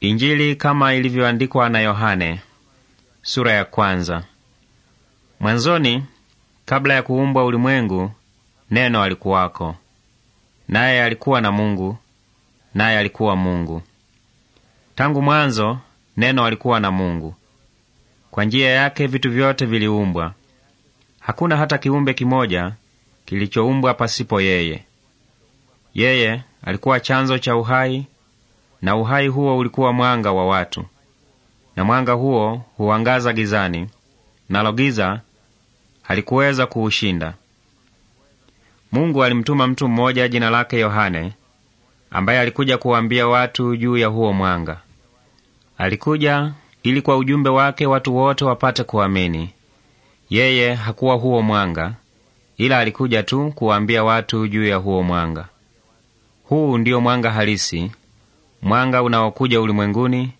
Injili kama ilivyoandikwa na Yohane sura ya kwanza. Mwanzoni, kabla ya kuumbwa ulimwengu, neno alikuwako, naye alikuwa na Mungu, naye alikuwa Mungu. Tangu mwanzo neno alikuwa na Mungu. Kwa njia yake vitu vyote viliumbwa, hakuna hata kiumbe kimoja kilichoumbwa pasipo yeye. Yeye alikuwa chanzo cha uhai na uhai huo ulikuwa mwanga wa watu, na mwanga huo huangaza gizani, nalo giza halikuweza kuushinda. Mungu alimtuma mtu mmoja jina lake Yohane, ambaye alikuja kuwaambia watu juu ya huo mwanga. Alikuja ili kwa ujumbe wake watu wote wapate kuamini. Yeye hakuwa huo mwanga, ila alikuja tu kuwaambia watu juu ya huo mwanga. Huu ndiyo mwanga halisi mwanga unaokuja ulimwenguni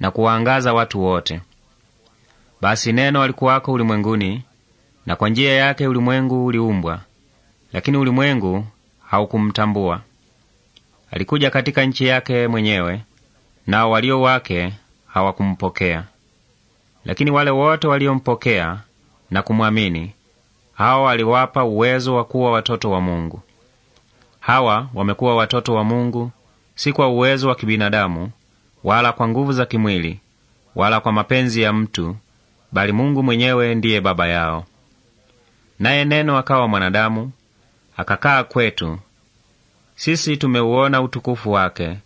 na kuwaangaza watu wote. Basi neno alikuwako ulimwenguni, na kwa njia yake ulimwengu uliumbwa, lakini ulimwengu haukumtambua. Alikuja katika nchi yake mwenyewe, nao walio wake hawakumpokea. Lakini wale wote waliompokea na kumwamini, hawa aliwapa uwezo wa kuwa watoto wa Mungu. Hawa wamekuwa watoto wa Mungu si kwa uwezo wa kibinadamu wala kwa nguvu za kimwili wala kwa mapenzi ya mtu, bali Mungu mwenyewe ndiye baba yao. Naye neno akawa mwanadamu akakaa kwetu, sisi tumeuona utukufu wake,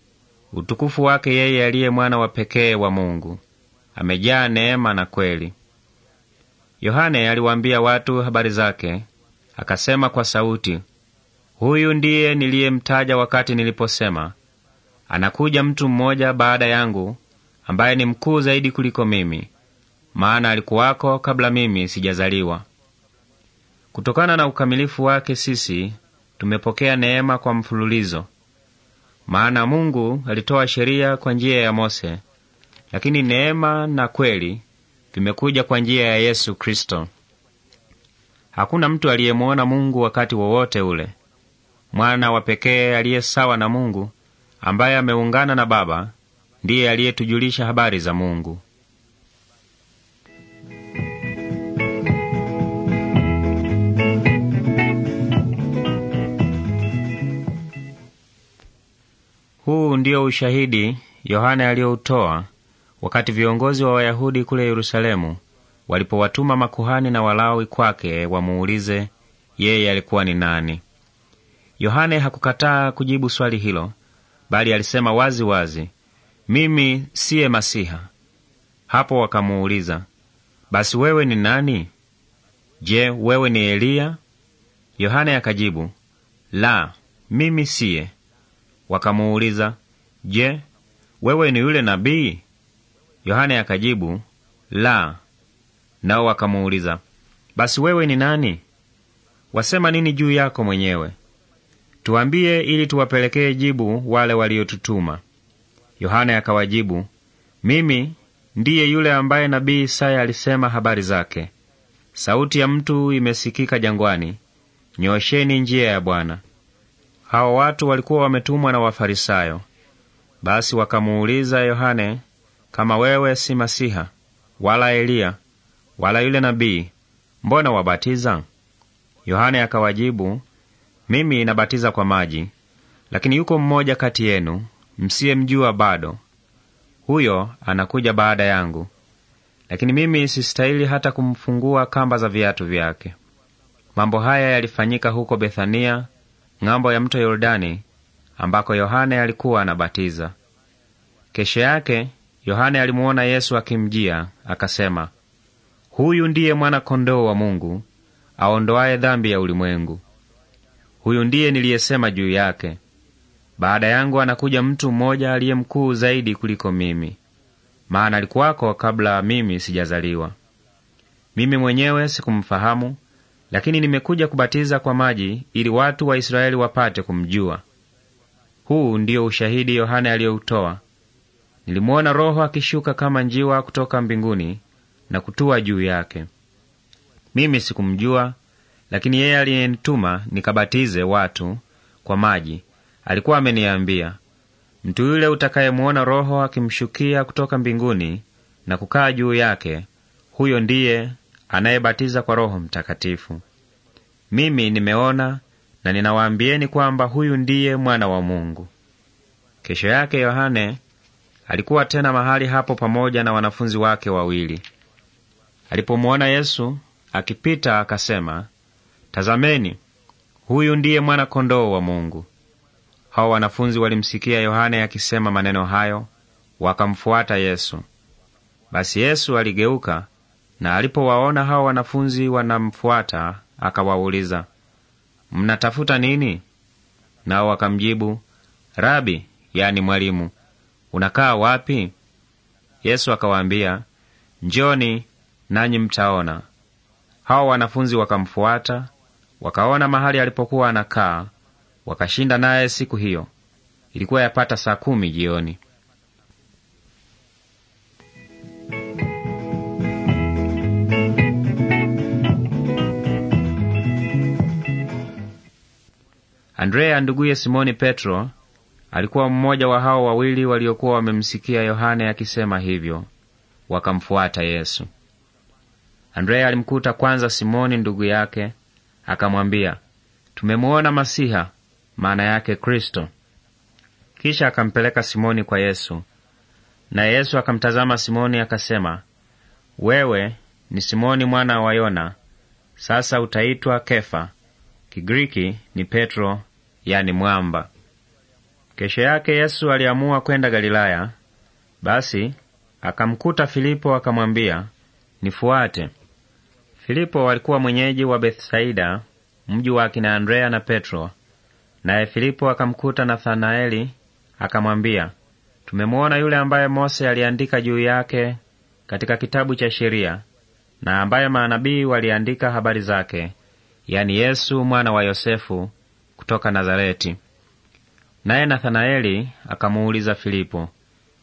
utukufu wake yeye aliye mwana wa pekee wa Mungu, amejaa neema na kweli. Yohane aliwaambia watu habari zake, akasema kwa sauti, huyu ndiye niliyemtaja wakati niliposema, Anakuja mtu mmoja baada yangu ambaye ni mkuu zaidi kuliko mimi, maana alikuwako kabla mimi sijazaliwa. Kutokana na ukamilifu wake sisi tumepokea neema kwa mfululizo. Maana Mungu alitoa sheria kwa njia ya Mose, lakini neema na kweli vimekuja kwa njia ya Yesu Kristo. Hakuna mtu aliyemwona Mungu wakati wowote ule. Mwana wa pekee aliye sawa na Mungu ambaye ameungana na Baba ndiye aliyetujulisha habari za Mungu. Huu ndiyo ushahidi Yohane aliyoutoa wakati viongozi wa Wayahudi kule Yerusalemu walipowatuma makuhani na Walawi kwake wamuulize yeye alikuwa ni nani. Yohane hakukataa kujibu swali hilo, bali alisema wazi wazi, mimi siye Masiha. Hapo wakamuuliza, basi wewe ni nani? Je, wewe ni Eliya? Yohane akajibu, la, mimi siye. Wakamuuliza, je, wewe ni yule nabii? Yohane akajibu, la. Nao wakamuuliza, basi wewe ni nani? Wasema nini juu yako mwenyewe? tuambie, ili tuwapelekee jibu wale waliotutuma. Yohana akawajibu, mimi ndiye yule ambaye nabii Isaya alisema habari zake, sauti ya mtu imesikika jangwani, nyoosheni njia ya Bwana. Hawa watu walikuwa wametumwa na Wafarisayo. Basi wakamuuliza Yohane, kama wewe si Masiha wala Eliya wala yule nabii, mbona wabatiza? Yohane akawajibu, mimi nabatiza kwa maji, lakini yuko mmoja kati yenu msiyemjua bado. Huyo anakuja baada yangu, lakini mimi sistahili hata kumfungua kamba za viatu vyake. Mambo haya yalifanyika huko Bethania, ng'ambo ya mto Yordani, ambako Yohane alikuwa anabatiza. Kesho yake Yohane alimuona Yesu akimjia, akasema, huyu ndiye mwana kondoo wa Mungu aondoaye dhambi ya ulimwengu. Huyu ndiye niliyesema juu yake, baada yangu anakuja mtu mmoja aliye mkuu zaidi kuliko mimi, maana alikuwako kabla mimi sijazaliwa. Mimi mwenyewe sikumfahamu, lakini nimekuja kubatiza kwa maji ili watu wa Israeli wapate kumjua. Huu ndiyo ushahidi Yohane aliyoutoa: nilimwona Roho akishuka kama njiwa kutoka mbinguni na kutua juu yake. Mimi sikumjua, lakini yeye aliyenituma nikabatize watu kwa maji alikuwa ameniambia, mtu yule utakayemwona Roho akimshukia kutoka mbinguni na kukaa juu yake, huyo ndiye anayebatiza kwa Roho Mtakatifu. Mimi nimeona na ninawaambieni kwamba huyu ndiye mwana wa Mungu. Kesho yake Yohane alikuwa tena mahali hapo pamoja na wanafunzi wake wawili. Alipomuona Yesu akipita, akasema, Tazameni, huyu ndiye mwana-kondoo wa Mungu. Hao wanafunzi walimsikia Yohane akisema maneno hayo, wakamfuata Yesu. Basi Yesu aligeuka na alipowaona hao wanafunzi wanamfuata, akawauliza, mnatafuta nini? Nao wakamjibu, Rabi, yani mwalimu, unakaa wapi? Yesu akawaambia, njoni nanyi mtaona. Hao wanafunzi wakamfuata Wakaona mahali alipokuwa anakaa, wakashinda naye siku hiyo. Ilikuwa yapata saa kumi jioni. Andrea nduguye Simoni Petro alikuwa mmoja wa hao wawili waliokuwa wamemsikia Yohane akisema hivyo, wakamfuata Yesu. Andrea alimkuta kwanza Simoni ndugu yake akamwambia, tumemwona Masiha, maana yake Kristo. Kisha akampeleka Simoni kwa Yesu. Naye Yesu akamtazama Simoni akasema, wewe ni Simoni mwana wa Yona, sasa utaitwa Kefa, Kigiriki ni Petro, yani mwamba. Kesho yake Yesu aliamua kwenda Galilaya. Basi akamkuta Filipo akamwambia, nifuate. Filipo alikuwa mwenyeji wa Bethsaida, mji wa akina Andrea na Petro. Naye Filipo akamkuta Nathanaeli akamwambia, tumemwona yule ambaye Mose aliandika juu yake katika kitabu cha sheria na ambaye manabii waliandika habari zake, yani Yesu mwana wa Yosefu kutoka Nazareti. Naye Nathanaeli akamuuliza Filipo,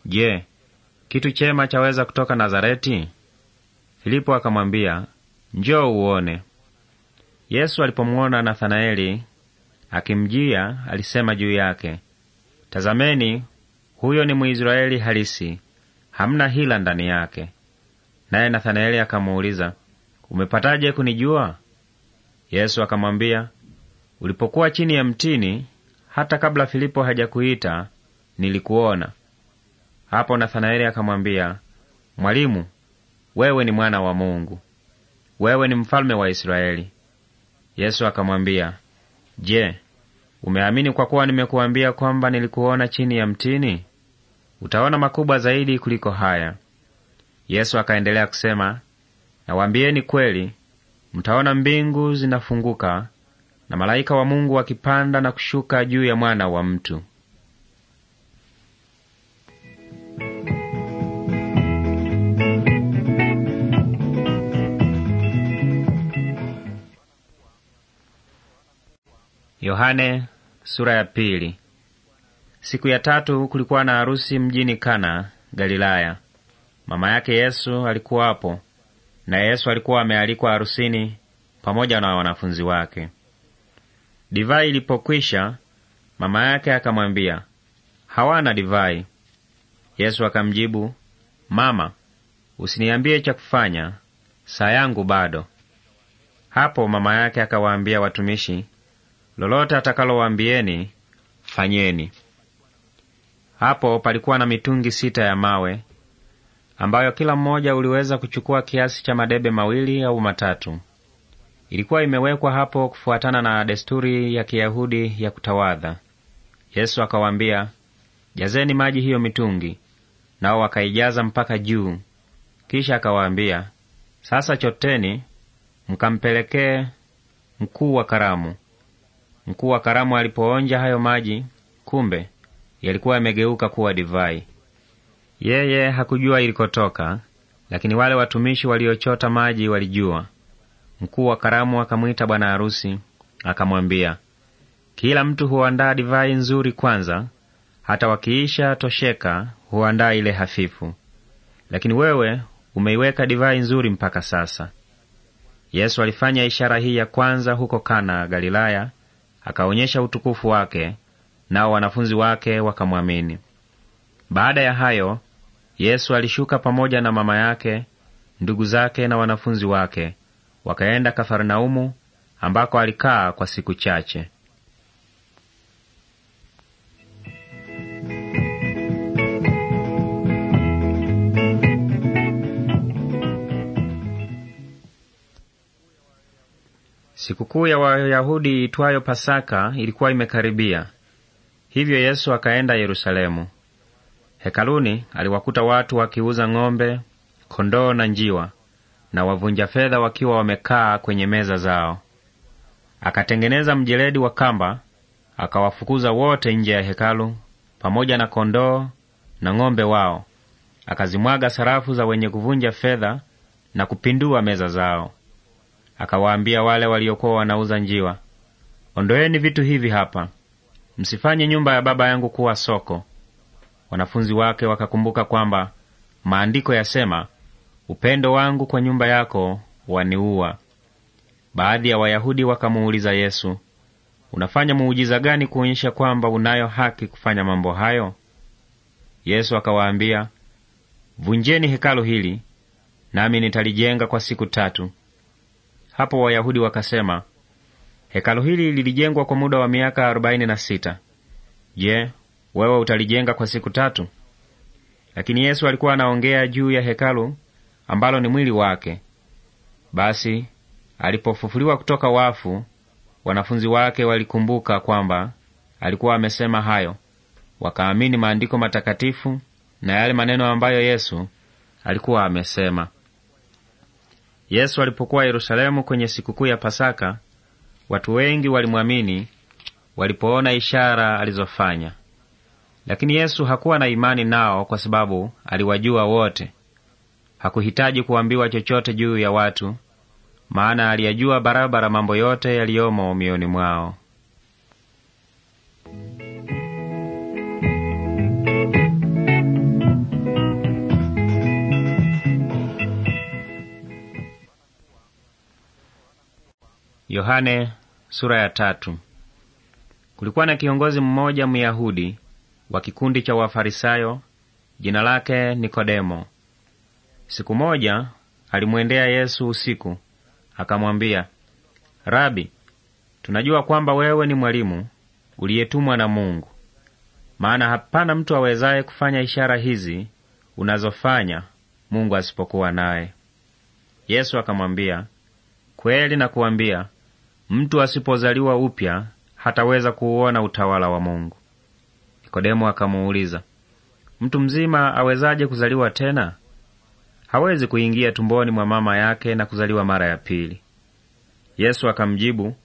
Je, kitu chema chaweza kutoka Nazareti? Filipo akamwambia, njoo uone. Yesu alipomwona Nathanaeli akimjia, alisema juu yake, tazameni, huyo ni Mwisraeli halisi, hamna hila ndani yake. Naye Nathanaeli akamuuliza, umepataje kunijua? Yesu akamwambia, ulipokuwa chini ya mtini, hata kabla Filipo hajakuita nilikuona. Hapo Nathanaeli akamwambia, Mwalimu, wewe ni mwana wa Mungu wewe ni mfalme wa Israeli. Yesu akamwambia, Je, umeamini kwa kuwa nimekuambia kwamba nilikuona chini ya mtini? Utaona makubwa zaidi kuliko haya. Yesu akaendelea kusema, nawaambieni kweli, mtaona mbingu zinafunguka na malaika wa Mungu wakipanda na kushuka juu ya mwana wa mtu. Yohane, sura ya pili. Siku ya tatu kulikuwa na harusi mjini Kana Galilaya. Mama yake Yesu alikuwa hapo, na Yesu alikuwa amealikwa harusini pamoja na wanafunzi wake. Divai ilipokwisha, mama yake akamwambia, hawana divai. Yesu akamjibu, mama, usiniambie cha kufanya, saa yangu bado. Hapo mama yake akawaambia watumishi, lolote atakalowaambieni fanyeni. Hapo palikuwa na mitungi sita ya mawe ambayo kila mmoja uliweza kuchukua kiasi cha madebe mawili au matatu. Ilikuwa imewekwa hapo kufuatana na desturi ya Kiyahudi ya kutawadha. Yesu akawaambia, jazeni maji hiyo mitungi, nao wakaijaza mpaka juu. Kisha akawaambia, sasa choteni mkampelekee mkuu wa karamu. Mkuu wa karamu alipoonja hayo maji, kumbe yalikuwa yamegeuka kuwa divai. Yeye hakujua ilikotoka, lakini wale watumishi waliochota maji walijua. Mkuu wa karamu akamwita bwana harusi akamwambia, kila mtu huandaa divai nzuri kwanza, hata wakiisha tosheka huandaa ile hafifu, lakini wewe umeiweka divai nzuri mpaka sasa. Yesu alifanya ishara hii ya kwanza huko Kana Galilaya, akaonyesha utukufu wake, nao wanafunzi wake wakamwamini. Baada ya hayo, Yesu alishuka pamoja na mama yake, ndugu zake na wanafunzi wake, wakaenda Kafarnaumu ambako alikaa kwa siku chache. Sikukuu ya Wayahudi itwayo Pasaka ilikuwa imekaribia, hivyo Yesu akaenda Yerusalemu. Hekaluni aliwakuta watu wakiuza ng'ombe, kondoo na njiwa, na wavunja fedha wakiwa wamekaa kwenye meza zao. Akatengeneza mjeledi wa kamba, akawafukuza wote nje ya hekalu, pamoja na kondoo na ng'ombe wao, akazimwaga sarafu za wenye kuvunja fedha na kupindua meza zao. Akawaambia wale waliokuwa wanauza njiwa, ondoeni vitu hivi hapa, msifanye nyumba ya Baba yangu kuwa soko. Wanafunzi wake wakakumbuka kwamba maandiko yasema, upendo wangu kwa nyumba yako waniua. Baadhi ya Wayahudi wakamuuliza Yesu, unafanya muujiza gani kuonyesha kwamba unayo haki kufanya mambo hayo? Yesu akawaambia, vunjeni hekalu hili, nami nitalijenga kwa siku tatu. Hapo Wayahudi wakasema, hekalu hili lilijengwa kwa muda wa miaka arobaini na sita. Je, wewe utalijenga kwa siku tatu? Lakini Yesu alikuwa anaongea juu ya hekalu ambalo ni mwili wake. Basi alipofufuliwa kutoka wafu, wanafunzi wake walikumbuka kwamba alikuwa amesema hayo, wakaamini maandiko matakatifu na yale maneno ambayo Yesu alikuwa amesema. Yesu alipokuwa Yerusalemu kwenye sikukuu ya Pasaka, watu wengi walimwamini walipoona ishara alizofanya. Lakini Yesu hakuwa na imani nao kwa sababu aliwajua wote. Hakuhitaji kuambiwa chochote juu ya watu, maana aliyajua barabara mambo yote yaliyomo mioyoni mwao. Yohane sura ya tatu. Kulikuwa na kiongozi mmoja Myahudi wa kikundi cha Wafarisayo, jina lake Nikodemo. Siku moja alimwendea Yesu usiku, akamwambia, Rabi, tunajua kwamba wewe ni mwalimu uliyetumwa na Mungu, maana hapana mtu awezaye kufanya ishara hizi unazofanya Mungu asipokuwa naye. Yesu akamwambia, kweli nakuambia Mtu asipozaliwa upya hataweza kuuona utawala wa Mungu. Nikodemo akamuuliza, mtu mzima awezaje kuzaliwa tena? Hawezi kuingia tumboni mwa mama yake na kuzaliwa mara ya pili. Yesu akamjibu,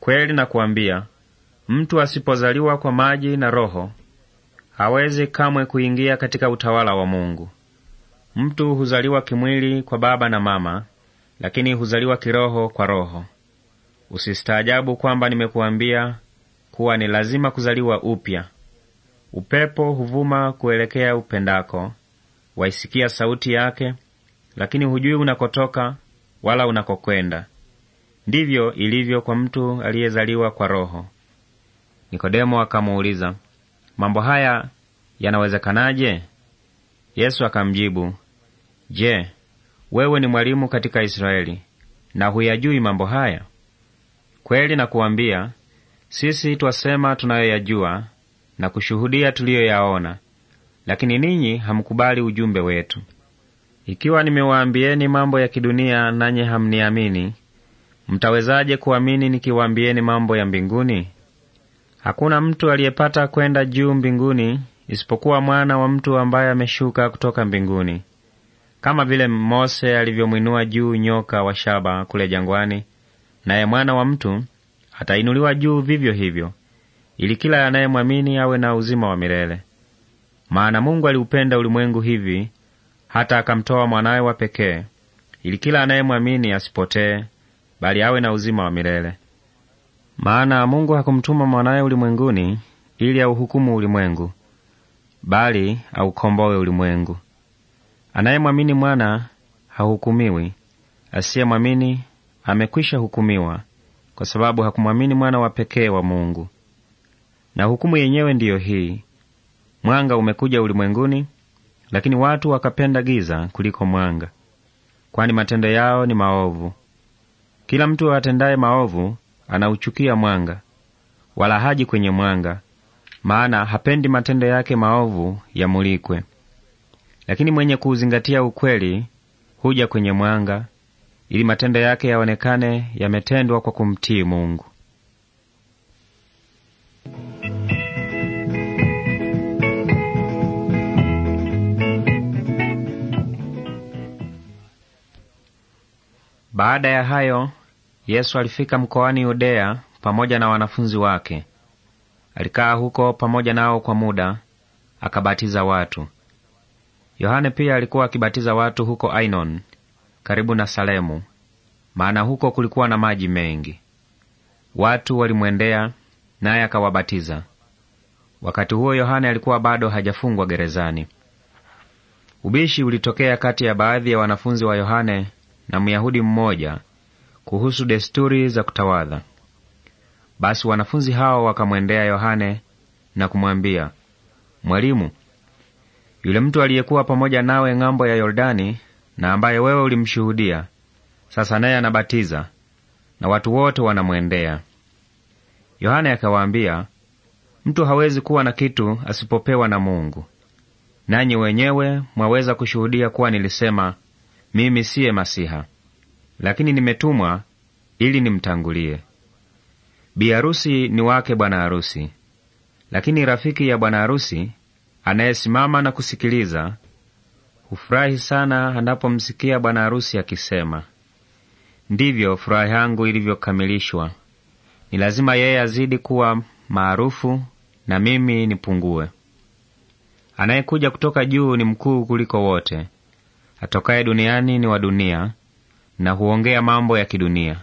kweli nakuambia, mtu asipozaliwa kwa maji na Roho hawezi kamwe kuingia katika utawala wa Mungu. Mtu huzaliwa kimwili kwa baba na mama, lakini huzaliwa kiroho kwa Roho. Usistaajabu kwamba nimekuambia kuwa ni lazima kuzaliwa upya. Upepo huvuma kuelekea upendako, waisikia sauti yake, lakini hujui unakotoka wala unakokwenda. Ndivyo ilivyo kwa mtu aliyezaliwa kwa Roho. Nikodemo akamuuliza, mambo haya yanawezekanaje? Yesu akamjibu, Je, wewe ni mwalimu katika Israeli na huyajui mambo haya? Kweli nakuwambia, sisi twasema tunayoyajua na kushuhudia tuliyoyaona, lakini ninyi hamkubali ujumbe wetu. Ikiwa nimewaambieni mambo ya kidunia nanyi hamniamini, mtawezaje kuamini nikiwaambieni mambo ya mbinguni? Hakuna mtu aliyepata kwenda juu mbinguni isipokuwa mwana wa mtu ambaye ameshuka kutoka mbinguni. Kama vile Mose alivyomwinua juu nyoka wa shaba kule jangwani, naye mwana wa mtu atainuliwa juu vivyo hivyo, ili kila anayemwamini awe na uzima wa milele. Maana Mungu aliupenda ulimwengu hivi hata akamtoa mwanawe wa pekee, ili kila anayemwamini asipotee, bali awe na uzima wa milele. Maana Mungu hakumtuma mwanawe ulimwenguni ili auhukumu ulimwengu, bali aukombowe ulimwengu. Anayemwamini mwana hahukumiwi, asiyemwamini amekwisha hukumiwa kwa sababu hakumwamini mwana wa pekee wa Mungu. Na hukumu yenyewe ndiyo hii: mwanga umekuja ulimwenguni, lakini watu wakapenda giza kuliko mwanga, kwani matendo yao ni maovu. Kila mtu atendaye maovu anauchukia mwanga, wala haji kwenye mwanga, maana hapendi matendo yake maovu yamulikwe. Lakini mwenye kuuzingatia ukweli huja kwenye mwanga ili matendo yake yaonekane yametendwa kwa kumtii Mungu. Baada ya hayo, Yesu alifika mkoani Yudea pamoja na wanafunzi wake. Alikaa huko pamoja nao kwa muda, akabatiza watu. Yohane pia alikuwa akibatiza watu huko Ainon karibu na Salemu, maana huko kulikuwa na maji mengi. Watu walimwendea naye akawabatiza. Wakati huo Yohane alikuwa bado hajafungwa gerezani. Ubishi ulitokea kati ya baadhi ya wanafunzi wa Yohane na Myahudi mmoja kuhusu desturi za kutawadha. Basi wanafunzi hao wakamwendea Yohane na kumwambia, Mwalimu, yule mtu aliyekuwa pamoja nawe ng'ambo ya Yordani na ambaye wewe ulimshuhudia, sasa naye anabatiza na watu wote wanamwendea. Yohane akawaambia, mtu hawezi kuwa na kitu asipopewa na Mungu. Nanyi wenyewe mwaweza kushuhudia kuwa nilisema mimi siye Masiha, lakini nimetumwa ili nimtangulie. Bi harusi ni wake bwana harusi, lakini rafiki ya bwana harusi anayesimama na kusikiliza hufurahi sana anapomsikia bwana harusi akisema, ndivyo furaha yangu ilivyokamilishwa. Ni lazima yeye azidi kuwa maarufu na mimi nipungue. Anayekuja kutoka juu ni mkuu kuliko wote, atokaye duniani ni wa dunia na huongea mambo ya kidunia,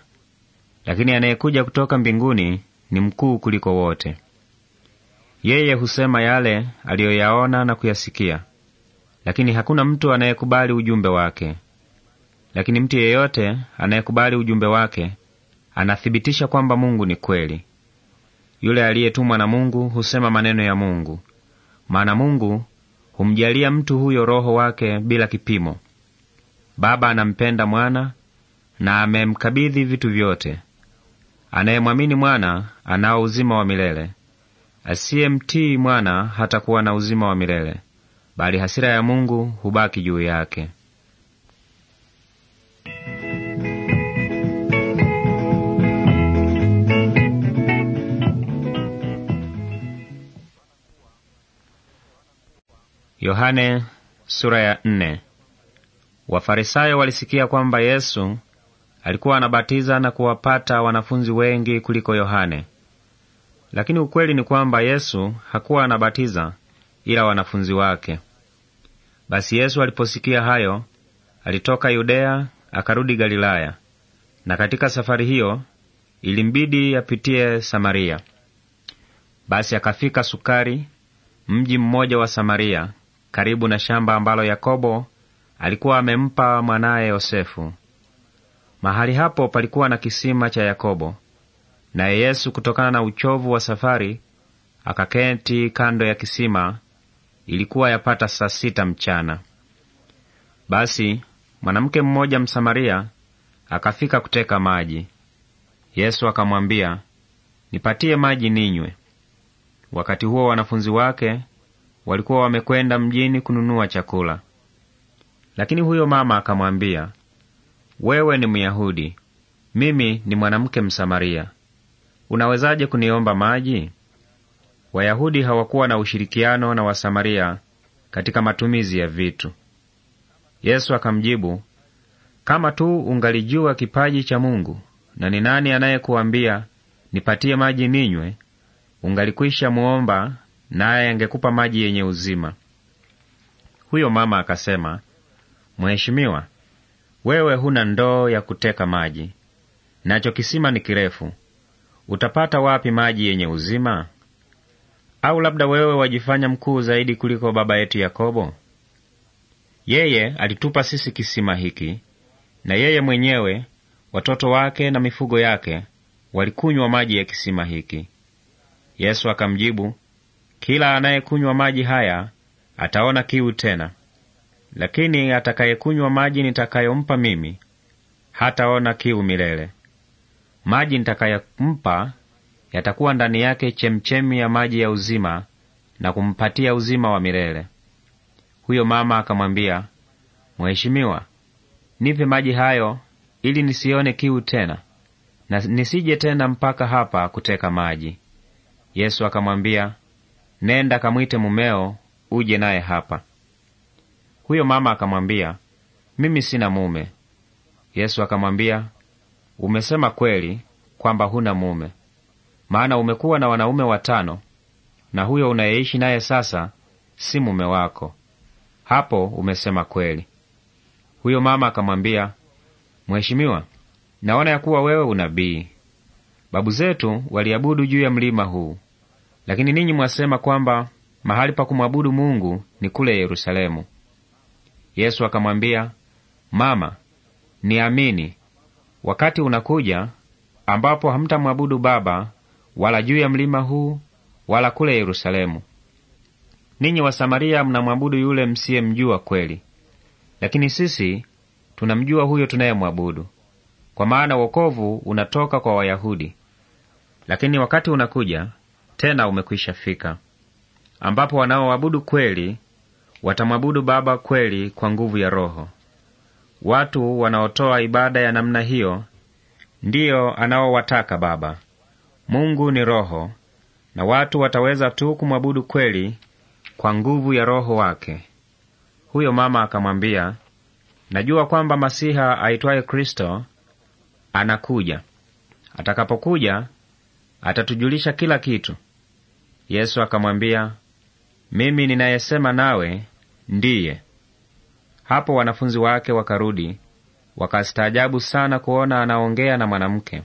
lakini anayekuja kutoka mbinguni ni mkuu kuliko wote. Yeye husema yale aliyoyaona na kuyasikia, lakini hakuna mtu anayekubali ujumbe wake. Lakini mtu yeyote anayekubali ujumbe wake anathibitisha kwamba Mungu ni kweli. Yule aliyetumwa na Mungu husema maneno ya Mungu, maana Mungu humjalia mtu huyo Roho wake bila kipimo. Baba anampenda Mwana na amemkabidhi vitu vyote. Anayemwamini Mwana anao uzima wa milele, asiyemtii Mwana hatakuwa na uzima wa milele bali hasira ya Mungu hubaki juu yake. Yohane sura ya nne. Wafarisayo walisikia kwamba Yesu alikuwa anabatiza na kuwapata wanafunzi wengi kuliko Yohane, lakini ukweli ni kwamba Yesu hakuwa anabatiza ila wanafunzi wake. Basi Yesu aliposikia hayo, alitoka Yudea akarudi Galilaya, na katika safari hiyo ilimbidi yapitiye Samaria. Basi akafika Sukari, mji mmoja wa Samaria, karibu na shamba ambalo Yakobo alikuwa amempa mwanaye Yosefu. Mahali hapo palikuwa na kisima cha Yakobo, naye Yesu kutokana na uchovu wa safari akaketi kando ya kisima Ilikuwa yapata saa sita mchana. Basi mwanamke mmoja Msamaria akafika kuteka maji. Yesu akamwambia, nipatie maji ninywe. Wakati huo wanafunzi wake walikuwa wamekwenda mjini kununua chakula. Lakini huyo mama akamwambia, wewe ni Myahudi, mimi ni mwanamke Msamaria, unawezaje kuniomba maji? Wayahudi hawakuwa na ushirikiano na Wasamaria katika matumizi ya vitu. Yesu akamjibu, kama tu ungalijua kipaji cha Mungu na ni nani anayekuambia nipatie maji ninywe, ungalikwisha muomba naye angekupa maji yenye uzima. Huyo mama akasema, Mheshimiwa, wewe huna ndoo ya kuteka maji, nacho kisima ni kirefu. Utapata wapi maji yenye uzima? Au labda wewe wajifanya mkuu zaidi kuliko baba yetu Yakobo? Yeye alitupa sisi kisima hiki, na yeye mwenyewe, watoto wake na mifugo yake walikunywa maji ya kisima hiki. Yesu akamjibu, kila anayekunywa maji haya ataona kiu tena, lakini atakayekunywa maji nitakayompa mimi hataona kiu milele. Maji nitakayompa yatakuwa ndani yake chemchemi ya maji ya uzima na kumpatia uzima wa milele. Huyo mama akamwambia, Mheshimiwa, nipe maji hayo ili nisione kiu tena na nisije tena mpaka hapa kuteka maji. Yesu akamwambia, nenda kamwite mumeo uje naye hapa. Huyo mama akamwambia, mimi sina mume. Yesu akamwambia, umesema kweli kwamba huna mume, maana umekuwa na wanaume watano, na huyo unayeishi naye sasa si mume wako. Hapo umesema kweli. Huyo mama akamwambia, Mheshimiwa, naona ya kuwa wewe unabii. Babu zetu waliabudu juu ya mlima huu, lakini ninyi mwasema kwamba mahali pa kumwabudu Mungu ni kule Yerusalemu. Yesu akamwambia, Mama, niamini, wakati unakuja ambapo hamtamwabudu Baba wala juu ya mlima huu wala kule Yerusalemu. Ninyi Wasamaria mnamwabudu yule msiyemjua kweli, lakini sisi tunamjua huyo tunayemwabudu, kwa maana wokovu unatoka kwa Wayahudi. Lakini wakati unakuja tena, umekwisha fika, ambapo wanaoabudu kweli watamwabudu Baba kweli kwa nguvu ya Roho. Watu wanaotoa ibada ya namna hiyo ndiyo anaowataka Baba. Mungu ni Roho, na watu wataweza tu kumwabudu kweli kwa nguvu ya Roho wake. Huyo mama akamwambia, najua kwamba Masiha aitwaye Kristo anakuja. Atakapokuja atatujulisha kila kitu. Yesu akamwambia, mimi ninayesema nawe ndiye. Hapo wanafunzi wake wakarudi, wakastaajabu sana kuona anaongea na mwanamke.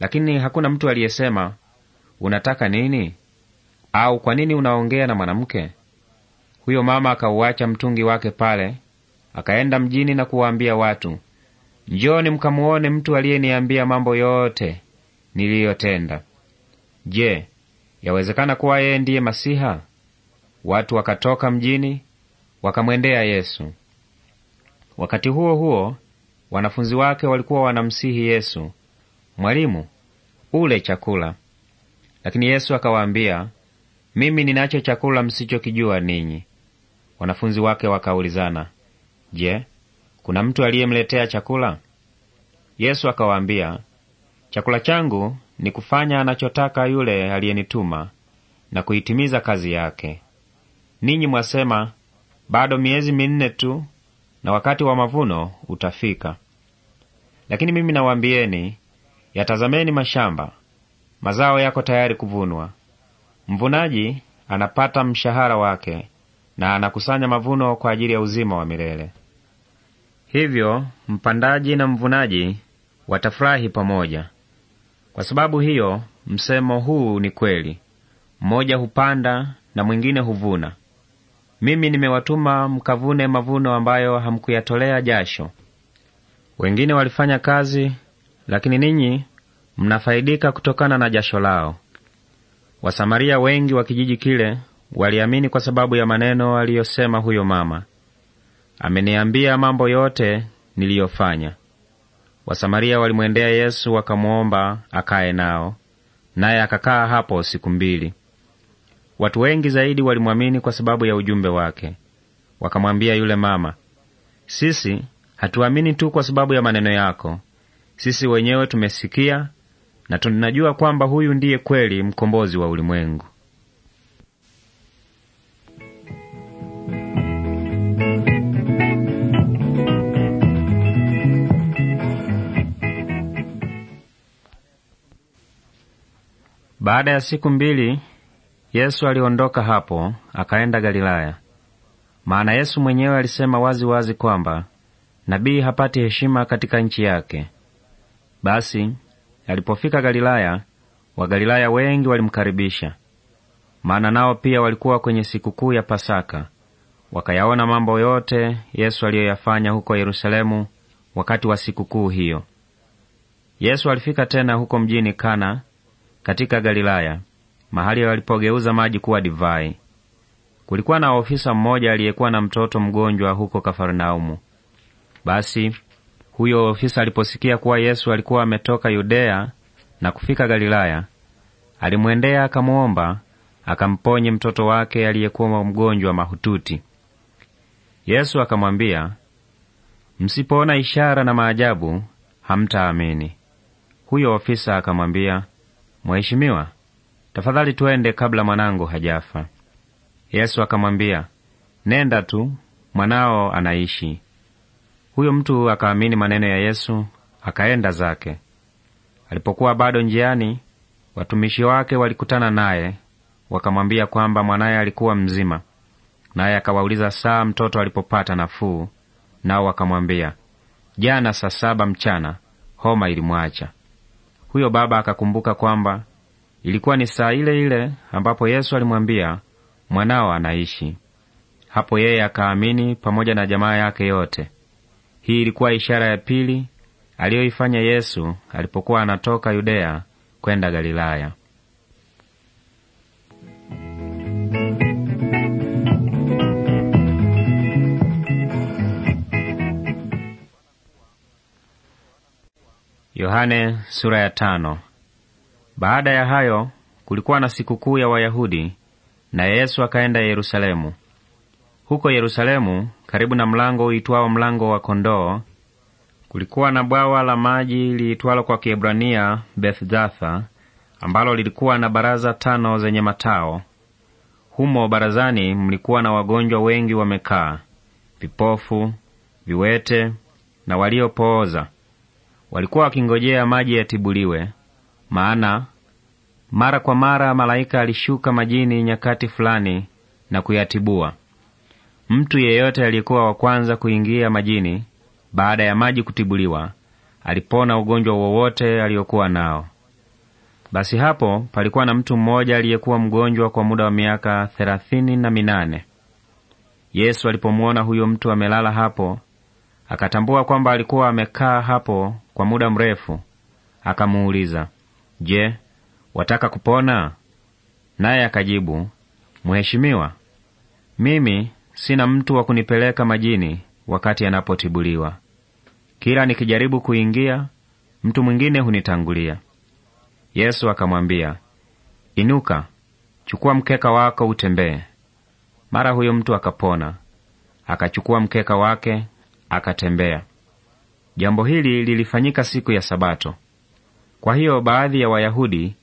Lakini hakuna mtu aliyesema, unataka nini? au kwa nini unaongea na mwanamke huyo? Mama akauacha mtungi wake pale, akaenda mjini na kuwaambia watu, njoni mkamuone mtu aliyeniambia mambo yote niliyotenda. Je, yawezekana kuwa yeye ndiye Masiha? Watu wakatoka mjini wakamwendea Yesu. Wakati huo huo, wanafunzi wake walikuwa wanamsihi Yesu Mwalimu, ule chakula. Lakini Yesu akawaambia, mimi ninacho chakula msichokijua ninyi. Wanafunzi wake wakaulizana, je, kuna mtu aliyemletea chakula? Yesu akawaambia, chakula changu ni kufanya anachotaka yule aliyenituma na kuitimiza kazi yake. Ninyi mwasema bado miezi minne tu na wakati wa mavuno utafika, lakini mimi nawaambieni Yatazameni mashamba, mazao yako tayari kuvunwa. Mvunaji anapata mshahara wake na anakusanya mavuno kwa ajili ya uzima wa milele. Hivyo mpandaji na mvunaji watafurahi pamoja. Kwa sababu hiyo, msemo huu ni kweli: mmoja hupanda na mwingine huvuna. Mimi nimewatuma mkavune mavuno ambayo hamkuyatolea jasho. Wengine walifanya kazi lakini ninyi mnafaidika kutokana na jasho lao. Wasamaria wengi wa kijiji kile waliamini kwa sababu ya maneno aliyosema huyo mama, ameniambia mambo yote niliyofanya. Wasamaria walimwendea Yesu wakamwomba akaye nao, naye akakaa hapo siku mbili. Watu wengi zaidi walimwamini kwa sababu ya ujumbe wake. Wakamwambia yule mama, sisi hatuamini tu kwa sababu ya maneno yako, sisi wenyewe tumesikia na tunajua kwamba huyu ndiye kweli mkombozi wa ulimwengu. Baada ya siku mbili Yesu aliondoka hapo akaenda Galilaya. Maana Yesu mwenyewe alisema wazi wazi kwamba nabii hapati heshima katika nchi yake. Basi alipofika Galilaya, Wagalilaya wengi walimkaribisha, maana nao pia walikuwa kwenye sikukuu ya Pasaka. Wakayaona mambo yote Yesu aliyoyafanya huko Yerusalemu wakati wa sikukuu hiyo. Yesu alifika tena huko mjini Kana katika Galilaya, mahali walipogeuza maji kuwa divai. Kulikuwa na ofisa mmoja aliyekuwa na mtoto mgonjwa huko Kafarnaumu. Basi huyo ofisa aliposikia kuwa Yesu alikuwa ametoka Yudea na kufika Galilaya, alimwendea akamuomba akamponye mtoto wake aliyekuwa mgonjwa mahututi. Yesu akamwambia, msipoona ishara na maajabu hamtaamini. Huyo ofisa akamwambia, Mheshimiwa, tafadhali twende kabla mwanangu hajafa. Yesu akamwambia, nenda tu, mwanao anaishi. Huyo mtu akaamini maneno ya Yesu akaenda zake. Alipokuwa bado njiani, watumishi wake walikutana naye wakamwambia kwamba mwanaye alikuwa mzima. Naye akawauliza saa mtoto alipopata nafuu, nao wakamwambia jana saa saba mchana homa ilimwacha. Huyo baba akakumbuka kwamba ilikuwa ni saa ile ile ambapo Yesu alimwambia mwanao anaishi. Hapo yeye akaamini pamoja na jamaa yake yote. Hii ilikuwa ishara ya pili aliyoifanya Yesu alipokuwa anatoka Yudeya kwenda Galilaya. Yohane sura ya tano. Baada ya hayo kulikuwa na sikukuu ya Wayahudi, na Yesu akaenda Yerusalemu. Huko Yerusalemu karibu na mlango uitwao mlango wa kondoo, kulikuwa na bwawa la maji liitwalo kwa Kiebrania Bethzatha, ambalo lilikuwa na baraza tano zenye matao. Humo barazani mlikuwa na wagonjwa wengi wamekaa, vipofu, viwete na waliopooza. Walikuwa wakingojea maji yatibuliwe, maana mara kwa mara malaika alishuka majini nyakati fulani na kuyatibua. Mtu yeyote aliyekuwa wa kwanza kuingia majini baada ya maji kutibuliwa alipona ugonjwa wowote aliyokuwa nao. Basi hapo palikuwa na mtu mmoja aliyekuwa mgonjwa kwa muda wa miaka thelathini na minane. Yesu alipomwona huyo mtu amelala hapo, akatambua kwamba alikuwa amekaa hapo kwa muda mrefu, akamuuliza, Je, wataka kupona? Naye akajibu, Mheshimiwa, mimi sina mtu wa kunipeleka majini wakati yanapotibuliwa. Kila nikijaribu kuingia, mtu mwingine hunitangulia. Yesu akamwambia, Inuka, chukua mkeka wako utembee. Mara huyo mtu akapona, akachukua mkeka wake akatembea. Jambo hili lilifanyika siku ya Sabato. Kwa hiyo baadhi ya Wayahudi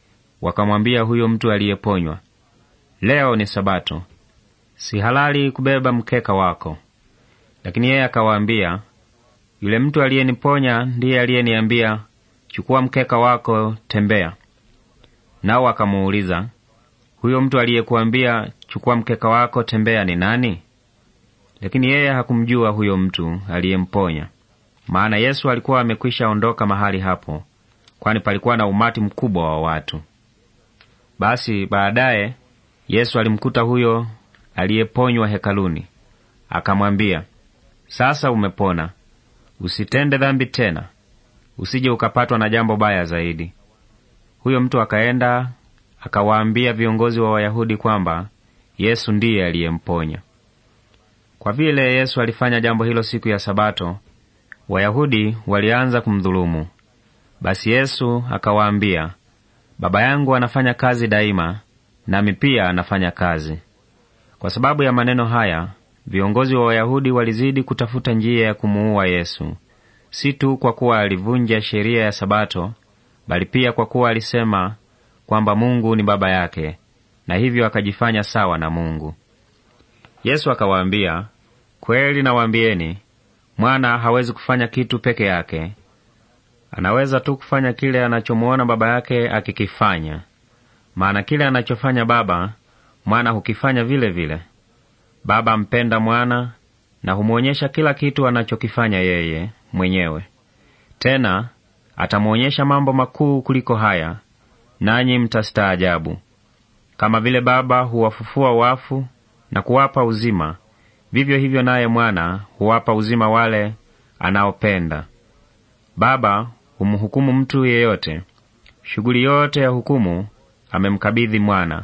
wakamwambia huyo mtu aliyeponywa, leo ni Sabato, si halali kubeba mkeka wako. Lakini yeye akawaambia, yule mtu aliyeniponya ndiye aliyeniambia, chukua mkeka wako, tembea. Nao akamuuliza, huyo mtu aliyekuambia chukua mkeka wako, tembea ni nani? Lakini yeye hakumjua huyo mtu aliyemponya, maana Yesu alikuwa amekwisha ondoka mahali hapo, kwani palikuwa na umati mkubwa wa watu. Basi baadaye Yesu alimkuta huyo aliyeponywa hekaluni, akamwambia, sasa umepona, usitende dhambi tena, usije ukapatwa na jambo baya zaidi. Huyo mtu akaenda akawaambia viongozi wa Wayahudi kwamba Yesu ndiye aliyemponya. Kwa vile Yesu alifanya jambo hilo siku ya Sabato, Wayahudi walianza kumdhulumu. Basi Yesu akawaambia, Baba yangu anafanya kazi daima, nami pia anafanya kazi. Kwa sababu ya maneno haya, viongozi wa Wayahudi walizidi kutafuta njia ya kumuua Yesu, si tu kwa kuwa alivunja sheria ya Sabato, bali pia kwa kuwa alisema kwamba Mungu ni baba yake na hivyo akajifanya sawa na Mungu. Yesu akawaambia, kweli nawaambieni, mwana hawezi kufanya kitu peke yake, anaweza tu kufanya kile anachomuona baba yake akikifanya, maana kile anachofanya baba mwana hukifanya vile vile. Baba mpenda mwana na humwonyesha kila kitu anachokifanya yeye mwenyewe. Tena atamwonyesha mambo makuu kuliko haya, nanyi mtastaajabu. Kama vile Baba huwafufua wafu na kuwapa uzima, vivyo hivyo naye Mwana huwapa uzima wale anaopenda. Baba humhukumu mtu yeyote; shughuli yote ya hukumu amemkabidhi Mwana,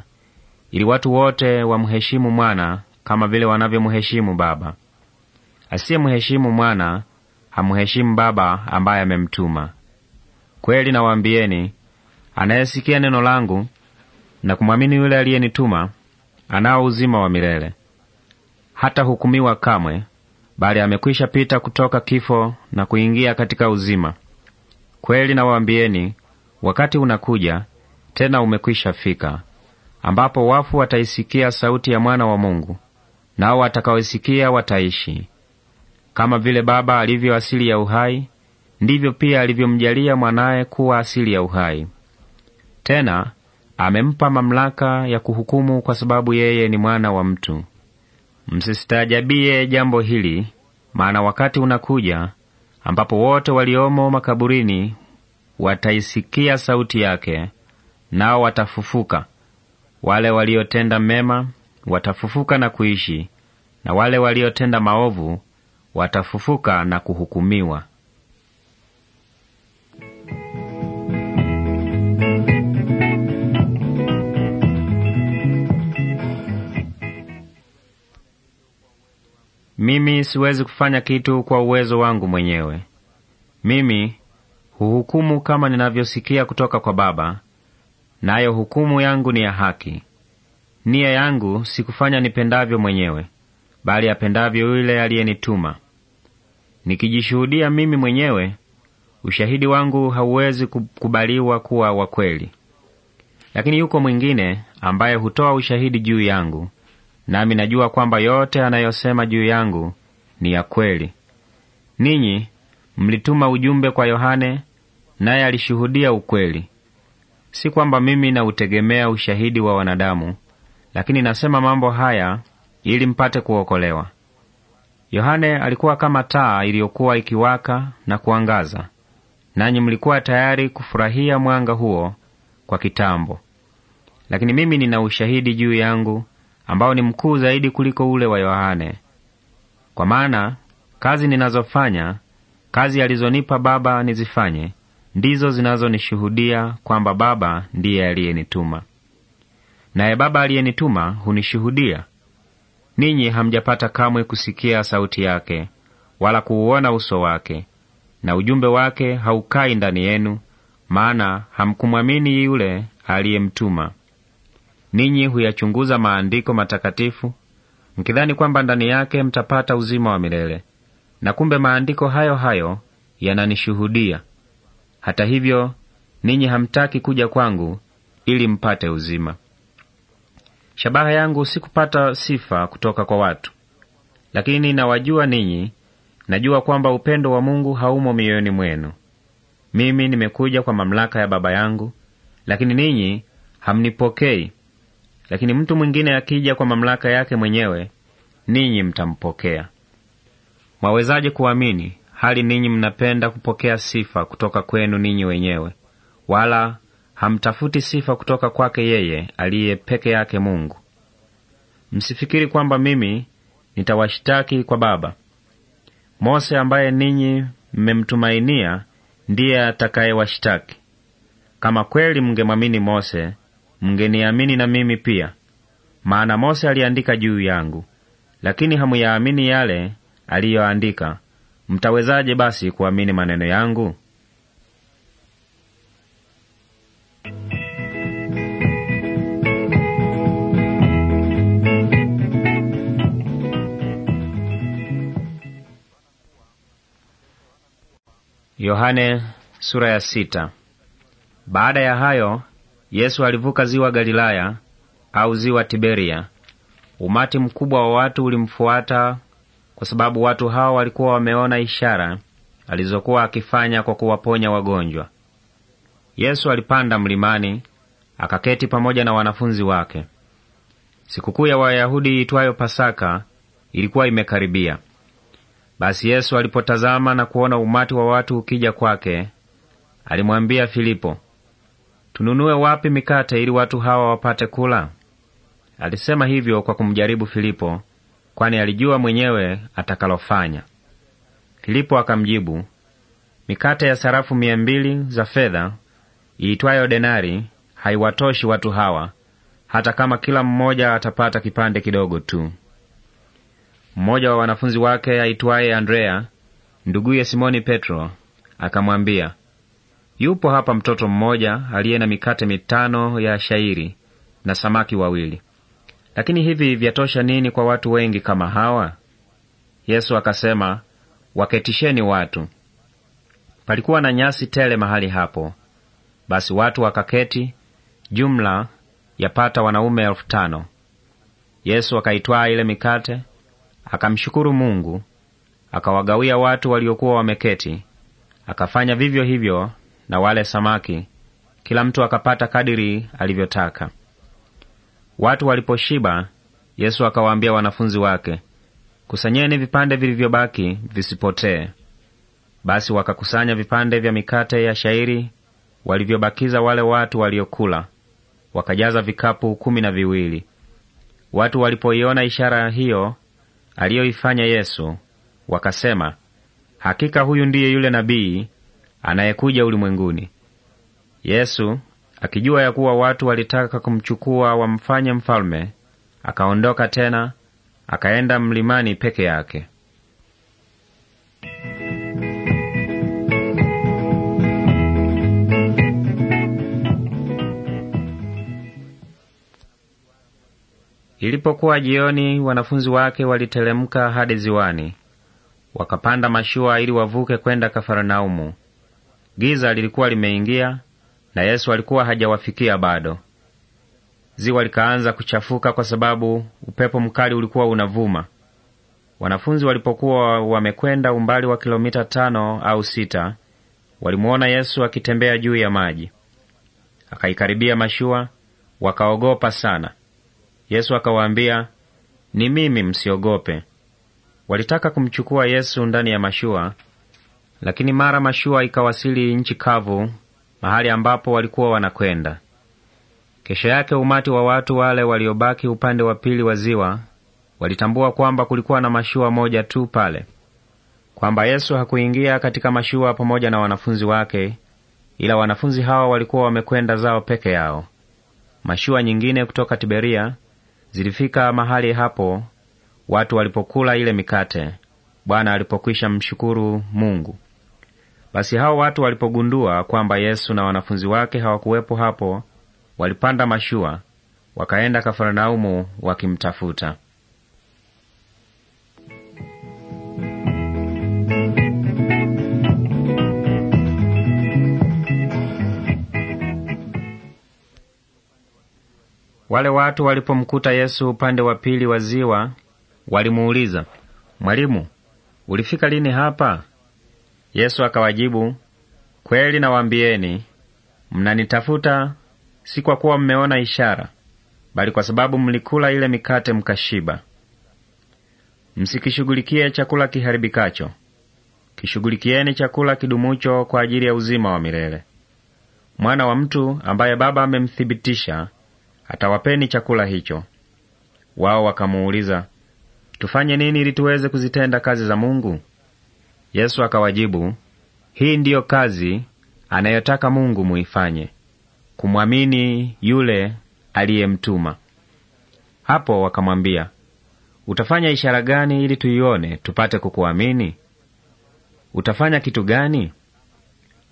ili watu wote wamheshimu mwana kama vile wanavyomheshimu Baba. Asiyemheshimu mwana hamheshimu Baba ambaye amemtuma. Kweli nawaambieni, anayesikia neno langu na kumwamini yule aliyenituma anao uzima wa milele, hata hukumiwa kamwe, bali amekwisha pita kutoka kifo na kuingia katika uzima. Kweli nawaambieni, wakati unakuja, tena umekwisha fika ambapo wafu wataisikia sauti ya mwana wa Mungu, nao watakaoisikia wataishi. Kama vile Baba alivyo asili ya uhai, ndivyo pia alivyomjalia mwanaye kuwa asili ya uhai. Tena amempa mamlaka ya kuhukumu, kwa sababu yeye ni mwana wa mtu. Msistajabie jambo hili, maana wakati unakuja ambapo wote waliomo makaburini wataisikia sauti yake, nao watafufuka wale waliotenda mema watafufuka na kuishi, na wale waliotenda maovu watafufuka na kuhukumiwa. Mimi siwezi kufanya kitu kwa uwezo wangu mwenyewe. Mimi huhukumu kama ninavyosikia kutoka kwa Baba, nayo na hukumu yangu ni ya haki. Nia yangu sikufanya nipendavyo mwenyewe, bali apendavyo yule aliyenituma. Nikijishuhudia mimi mwenyewe, ushahidi wangu hauwezi kukubaliwa kuwa wa kweli. Lakini yuko mwingine ambaye hutoa ushahidi juu yangu, nami najua kwamba yote anayosema juu yangu ni ya kweli. Ninyi mlituma ujumbe kwa Yohane, naye alishuhudia ukweli. Si kwamba mimi nautegemea ushahidi wa wanadamu, lakini nasema mambo haya ili mpate kuokolewa. Yohane alikuwa kama taa iliyokuwa ikiwaka na kuangaza, nanyi mlikuwa tayari kufurahia mwanga huo kwa kitambo. Lakini mimi nina ushahidi juu yangu ambao ni mkuu zaidi kuliko ule wa Yohane, kwa maana kazi ninazofanya, kazi alizonipa Baba nizifanye, ndizo zinazonishuhudia kwamba Baba ndiye aliyenituma, naye Baba aliyenituma hunishuhudia. Ninyi hamjapata kamwe kusikia sauti yake wala kuuona uso wake, na ujumbe wake haukai ndani yenu, maana hamkumwamini yule aliyemtuma. Ninyi huyachunguza maandiko matakatifu mkidhani kwamba ndani yake mtapata uzima wa milele, na kumbe maandiko hayo hayo yananishuhudia. Hata hivyo ninyi hamtaki kuja kwangu ili mpate uzima. Shabaha yangu si kupata sifa kutoka kwa watu, lakini nawajua ninyi, najua kwamba upendo wa Mungu haumo mioyoni mwenu. Mimi nimekuja kwa mamlaka ya Baba yangu, lakini ninyi hamnipokei. Lakini mtu mwingine akija kwa mamlaka yake mwenyewe, ninyi mtampokea. Mwawezaje kuamini hali ninyi mnapenda kupokea sifa kutoka kwenu ninyi wenyewe, wala hamtafuti sifa kutoka kwake yeye aliye peke yake Mungu. Msifikiri kwamba mimi nitawashitaki kwa Baba. Mose ambaye ninyi mmemtumainia ndiye atakayewashitaki. Kama kweli mngemwamini Mose, mngeniamini na mimi pia, maana Mose aliandika juu yangu. Lakini hamuyaamini yale aliyoandika, mtawezaje basi kuamini maneno yangu? Yohane sura ya sita. Baada ya hayo Yesu alivuka ziwa Galilaya au ziwa Tiberia. Umati mkubwa wa watu ulimfuata kwa sababu watu hao walikuwa wameona ishara alizokuwa akifanya kwa kuwaponya wagonjwa. Yesu alipanda mlimani akaketi pamoja na wanafunzi wake. Sikukuu ya Wayahudi itwayo Pasaka ilikuwa imekaribia. Basi Yesu alipotazama na kuona umati wa watu ukija kwake, alimwambia Filipo, tununue wapi mikate ili watu hawa wapate kula? Alisema hivyo kwa kumjaribu Filipo, kwani alijua mwenyewe atakalofanya. Filipo akamjibu, mikate ya sarafu mia mbili za fedha iitwayo denari haiwatoshi watu hawa, hata kama kila mmoja atapata kipande kidogo tu. Mmoja wa wanafunzi wake aitwaye Andrea, nduguye Simoni Petro, akamwambia, yupo hapa mtoto mmoja aliye na mikate mitano ya shairi na samaki wawili. Lakini hivi vyatosha nini kwa watu wengi kama hawa? Yesu akasema, waketisheni watu. Palikuwa na nyasi tele mahali hapo. Basi watu wakaketi, jumla yapata wanaume elfu tano. Yesu akaitwaa ile mikate, akamshukuru Mungu, akawagawia watu waliokuwa wameketi. Akafanya vivyo hivyo na wale samaki, kila mtu akapata kadiri alivyotaka. Watu waliposhiba, Yesu akawaambia wanafunzi wake, kusanyeni vipande vilivyobaki visipotee. Basi wakakusanya vipande vya mikate ya shairi walivyobakiza wale watu waliokula, wakajaza vikapu kumi na viwili. Watu walipoiona ishara hiyo aliyoifanya Yesu, wakasema, hakika huyu ndiye yule nabii anayekuja ulimwenguni. Yesu Akijua ya kuwa watu walitaka kumchukua wamfanye mfalme, akaondoka tena akaenda mlimani peke yake. Ilipokuwa jioni, wanafunzi wake waliteremka hadi ziwani, wakapanda mashua ili wavuke kwenda Kafarnaumu. Giza lilikuwa limeingia, na Yesu alikuwa hajawafikia bado. Ziwa likaanza kuchafuka kwa sababu upepo mkali ulikuwa unavuma. Wanafunzi walipokuwa wamekwenda umbali wa kilomita tano au sita, walimuona Yesu akitembea juu ya maji. Akaikaribia mashua, wakaogopa sana. Yesu akawaambia, ni mimi, msiogope. Walitaka kumchukua Yesu ndani ya mashua, lakini mara mashua ikawasili nchi kavu mahali ambapo walikuwa wanakwenda. Kesho yake umati wa watu wale waliobaki upande wa pili wa ziwa walitambua kwamba kulikuwa na mashua moja tu pale, kwamba Yesu hakuingia katika mashua pamoja na wanafunzi wake, ila wanafunzi hawa walikuwa wamekwenda zao peke yao. Mashua nyingine kutoka Tiberia zilifika mahali hapo watu walipokula ile mikate, Bwana alipokwisha mshukuru Mungu. Basi hao watu walipogundua kwamba Yesu na wanafunzi wake hawakuwepo hapo, walipanda mashua wakaenda Kafarnaumu wakimtafuta. Wale watu walipomkuta Yesu upande wa pili wa ziwa, walimuuliza, Mwalimu, ulifika lini hapa? Yesu akawajibu, kweli nawaambieni, mnanitafuta si kwa kuwa mmeona ishara, bali kwa sababu mlikula ile mikate mkashiba. Msikishughulikie chakula kiharibikacho, kishughulikieni chakula kidumucho kwa ajili ya uzima wa milele. Mwana wa mtu ambaye Baba amemthibitisha atawapeni chakula hicho. Wao wakamuuliza, tufanye nini ili tuweze kuzitenda kazi za Mungu? Yesu akawajibu, hii ndiyo kazi anayotaka Mungu muifanye, kumwamini yule aliyemtuma. Hapo wakamwambia, utafanya ishara gani ili tuione tupate kukuamini? Utafanya kitu gani?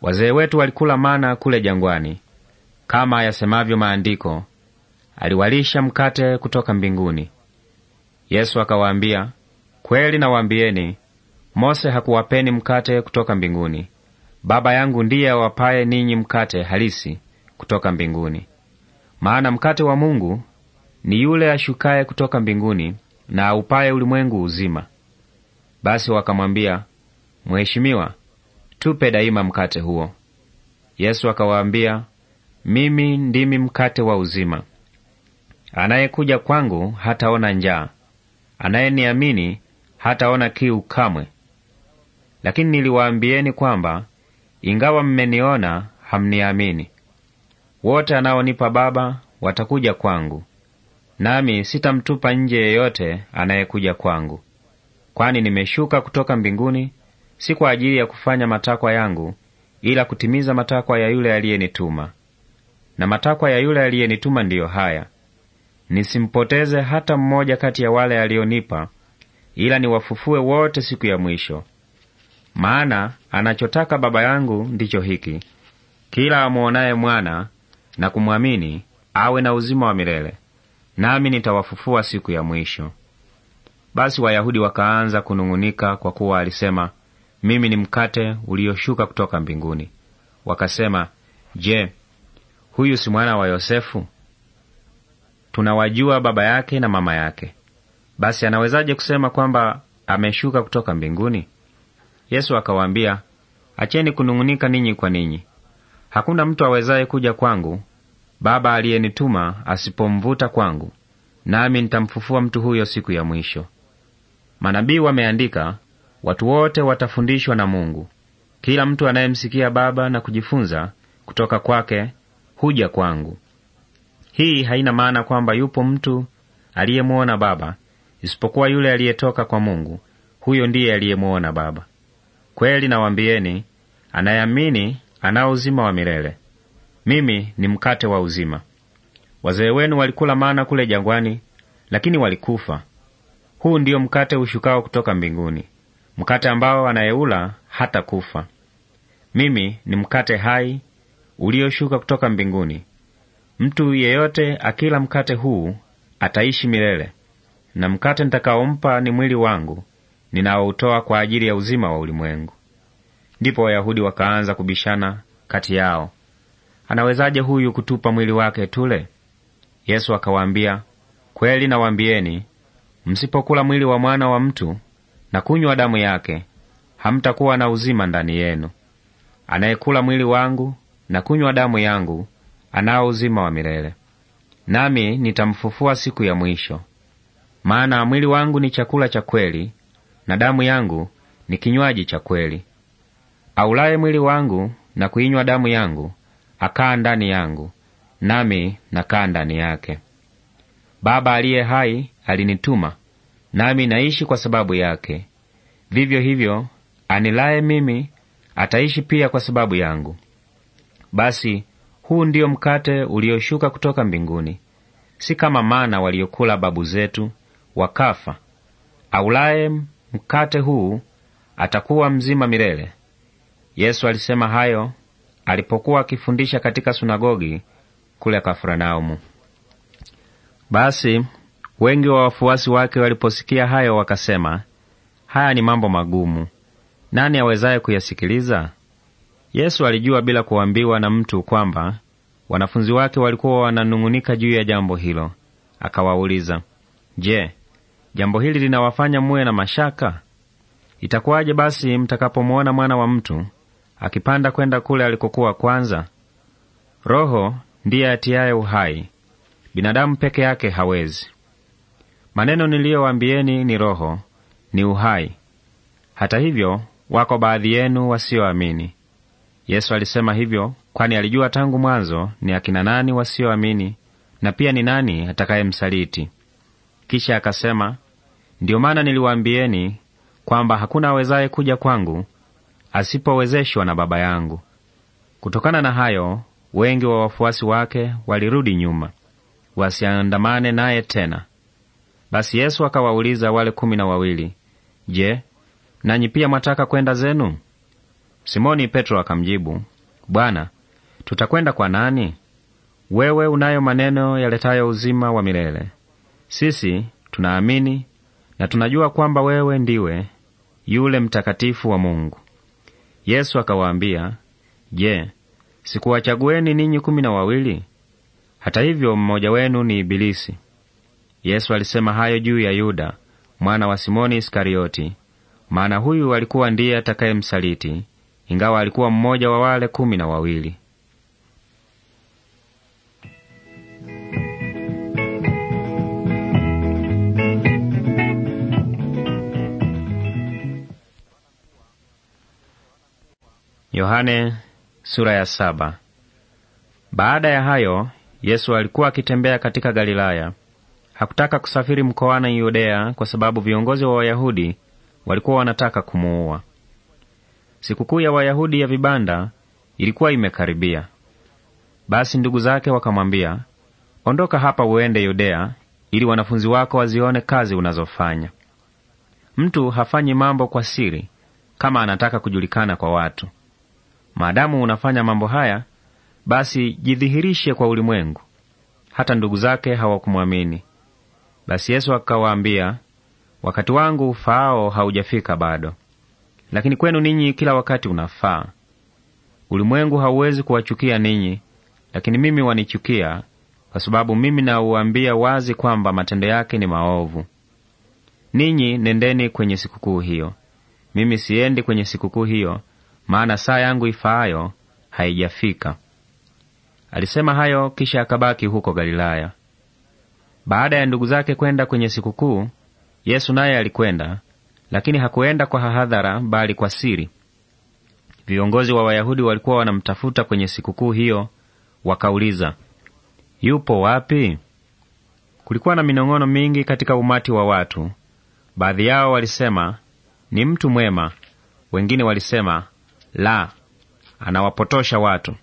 Wazee wetu walikula mana kule jangwani, kama yasemavyo Maandiko, aliwalisha mkate kutoka mbinguni. Yesu akawaambia, kweli nawaambieni, Mose hakuwapeni mkate kutoka mbinguni. Baba yangu ndiye awapaye ninyi mkate halisi kutoka mbinguni, maana mkate wa Mungu ni yule ashukaye kutoka mbinguni na aupaye ulimwengu uzima. Basi wakamwambia, Mheshimiwa, tupe daima mkate huo. Yesu akawaambia, mimi ndimi mkate wa uzima. Anayekuja kwangu hataona njaa, anayeniamini hataona kiu kamwe, lakini niliwaambieni kwamba ingawa mmeniona, hamniamini. Wote anaonipa Baba watakuja kwangu, nami sitamtupa nje yeyote anayekuja kwangu, kwani nimeshuka kutoka mbinguni si kwa ajili ya kufanya matakwa yangu, ila kutimiza matakwa ya yule aliyenituma. Na matakwa ya yule aliyenituma ndiyo haya: nisimpoteze hata mmoja kati ya wale alionipa, ila niwafufue wote siku ya mwisho. Maana anachotaka Baba yangu ndicho hiki, kila amwonaye mwana na kumwamini awe na uzima wa milele, nami nitawafufua siku ya mwisho. Basi Wayahudi wakaanza kunung'unika, kwa kuwa alisema, mimi ni mkate ulioshuka kutoka mbinguni. Wakasema, je, huyu si mwana wa Yosefu? Tunawajua baba yake na mama yake, basi anawezaje kusema kwamba ameshuka kutoka mbinguni? Yesu akawaambia, acheni kunung'unika ninyi kwa ninyi. Hakuna mtu awezaye kuja kwangu Baba aliyenituma asipomvuta kwangu, nami nitamfufua mtu huyo siku ya mwisho. Manabii wameandika, watu wote watafundishwa na Mungu. Kila mtu anayemsikia Baba na kujifunza kutoka kwake huja kwangu. Hii haina maana kwamba yupo mtu aliyemuona Baba, isipokuwa yule aliyetoka kwa Mungu. Huyo ndiye aliyemuona Baba. Kweli nawaambieni, anayamini ana uzima wa milele. Mimi ni mkate wa uzima. Wazee wenu walikula mana kule jangwani, lakini walikufa. Huu ndiyo mkate ushukao kutoka mbinguni, mkate ambao anayeula hata kufa. Mimi ni mkate hai ulioshuka kutoka mbinguni. Mtu yeyote akila mkate huu ataishi milele, na mkate nitakaompa ni mwili wangu ninaoutoa kwa ajili ya uzima wa ulimwengu. Ndipo Wayahudi wakaanza kubishana kati yao, anawezaje huyu kutupa mwili wake tule? Yesu akawaambia, kweli nawaambieni, msipokula mwili wa mwana wa mtu na kunywa damu yake, hamtakuwa na uzima ndani yenu. Anayekula mwili wangu na kunywa damu yangu anao uzima wa milele, nami nitamfufua siku ya mwisho. Maana mwili wangu ni chakula cha kweli na damu yangu ni kinywaji cha kweli. Aulaye mwili wangu na kuinywa damu yangu akaa ndani yangu, nami nakaa ndani yake. Baba aliye hai alinituma, nami naishi kwa sababu yake. Vivyo hivyo anilaye mimi ataishi pia kwa sababu yangu. Basi huu ndiyo mkate ulioshuka kutoka mbinguni, si kama mana waliokula babu zetu wakafa. Aulaye mkate huu atakuwa mzima milele. Yesu alisema hayo alipokuwa akifundisha katika sunagogi kule Kafarnaumu. Basi wengi wa wafuasi wake waliposikia hayo wakasema, haya ni mambo magumu, nani awezaye kuyasikiliza? Yesu alijua bila kuambiwa na mtu kwamba wanafunzi wake walikuwa wananung'unika juu ya jambo hilo. Akawauliza, je, Jambo hili linawafanya muwe na mashaka? Itakuwaje basi mtakapomwona mwana wa mtu akipanda kwenda kule alikokuwa kwanza? Roho ndiye atiaye uhai, binadamu peke yake hawezi. Maneno niliyowambieni ni roho, ni uhai. Hata hivyo, wako baadhi yenu wasioamini. Yesu alisema hivyo, kwani alijua tangu mwanzo ni akina nani wasioamini na pia ni nani atakayemsaliti. Kisha akasema, ndiyo maana niliwaambieni kwamba hakuna awezaye kuja kwangu asipowezeshwa na Baba yangu. Kutokana na hayo, wengi wa wafuasi wake walirudi nyuma wasiandamane naye tena. Basi Yesu akawauliza wale kumi na wawili, Je, nanyi pia mwataka kwenda zenu? Simoni Petro akamjibu, Bwana, tutakwenda kwa nani? Wewe unayo maneno yaletayo uzima wa milele, sisi tunaamini na tunajua kwamba wewe ndiwe yule mtakatifu wa Mungu. Yesu akawaambia, Je, sikuwachagueni ninyi kumi na wawili? Hata hivyo mmoja wenu ni Ibilisi. Yesu alisema hayo juu ya Yuda mwana wa Simoni Iskarioti, maana huyu alikuwa ndiye atakayemsaliti, ingawa alikuwa mmoja wa wale kumi na wawili. Yohane sura ya saba. Baada ya hayo Yesu alikuwa akitembea katika Galilaya. Hakutaka kusafiri na Yudea kwa sababu viongozi wa Wayahudi walikuwa wanataka kumuua. Sikukuu ya Wayahudi ya vibanda ilikuwa imekaribia. Basi ndugu zake wakamwambia, ondoka hapa uende Yudea ili wanafunzi wako wazione kazi unazofanya. Mtu hafanyi mambo kwa siri kama anataka kujulikana kwa watu. Maadamu unafanya mambo haya, basi jidhihirishe kwa ulimwengu. Hata ndugu zake hawakumwamini. Basi Yesu akawaambia, wakati wangu ufaao haujafika bado, lakini kwenu ninyi kila wakati unafaa. Ulimwengu hauwezi kuwachukia ninyi, lakini mimi wanichukia, kwa sababu mimi nauambia wazi kwamba matendo yake ni maovu. Ninyi nendeni kwenye sikukuu hiyo, mimi siendi kwenye sikukuu hiyo, maana saa yangu ifaayo haijafika. Alisema hayo kisha akabaki huko Galilaya. Baada ya ndugu zake kwenda kwenye sikukuu, Yesu naye alikwenda, lakini hakuenda kwa hadhara, bali kwa siri. Viongozi wa Wayahudi walikuwa wanamtafuta kwenye sikukuu hiyo, wakauliza, yupo wapi? Kulikuwa na minong'ono mingi katika umati wa watu. Baadhi yao walisema ni mtu mwema, wengine walisema la anawapotosha watu.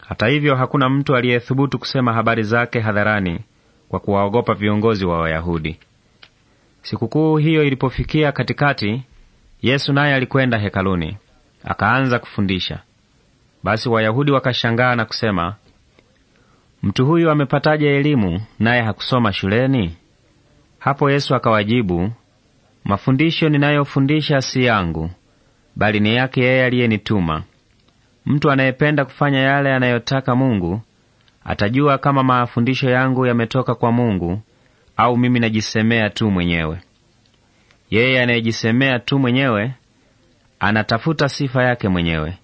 Hata hivyo, hakuna mtu aliyethubutu kusema habari zake hadharani kwa kuwaogopa viongozi wa Wayahudi. Sikukuu hiyo ilipofikia katikati, Yesu naye alikwenda hekaluni akaanza kufundisha. Basi Wayahudi wakashangaa na kusema, mtu huyu amepataje elimu naye hakusoma shuleni? Hapo Yesu akawajibu, mafundisho ninayofundisha si yangu bali ni yake yeye aliyenituma. Mtu anayependa kufanya yale anayotaka Mungu atajua kama mafundisho yangu yametoka kwa Mungu au mimi najisemea tu mwenyewe. Yeye anayejisemea tu mwenyewe anatafuta sifa yake mwenyewe,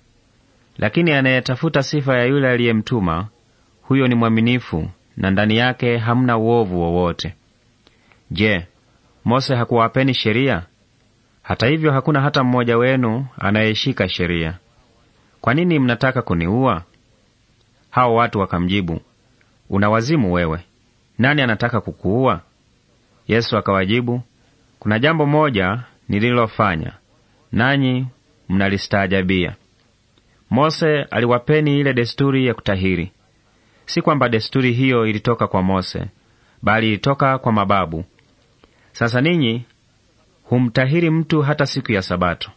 lakini anayetafuta sifa ya yule aliyemtuma, huyo ni mwaminifu na ndani yake hamna uovu wowote. Je, Mose hakuwapeni sheria? Hata hivyo hakuna hata mmoja wenu anayeshika sheria. Kwa nini mnataka kuniua? Hao watu wakamjibu, una wazimu wewe, nani anataka kukuua? Yesu akawajibu, kuna jambo moja nililofanya, nanyi mnalistaajabia. Mose aliwapeni ile desturi ya kutahiri. Si kwamba desturi hiyo ilitoka kwa Mose, bali ilitoka kwa mababu. Sasa ninyi humtahiri mtu hata siku ya Sabato.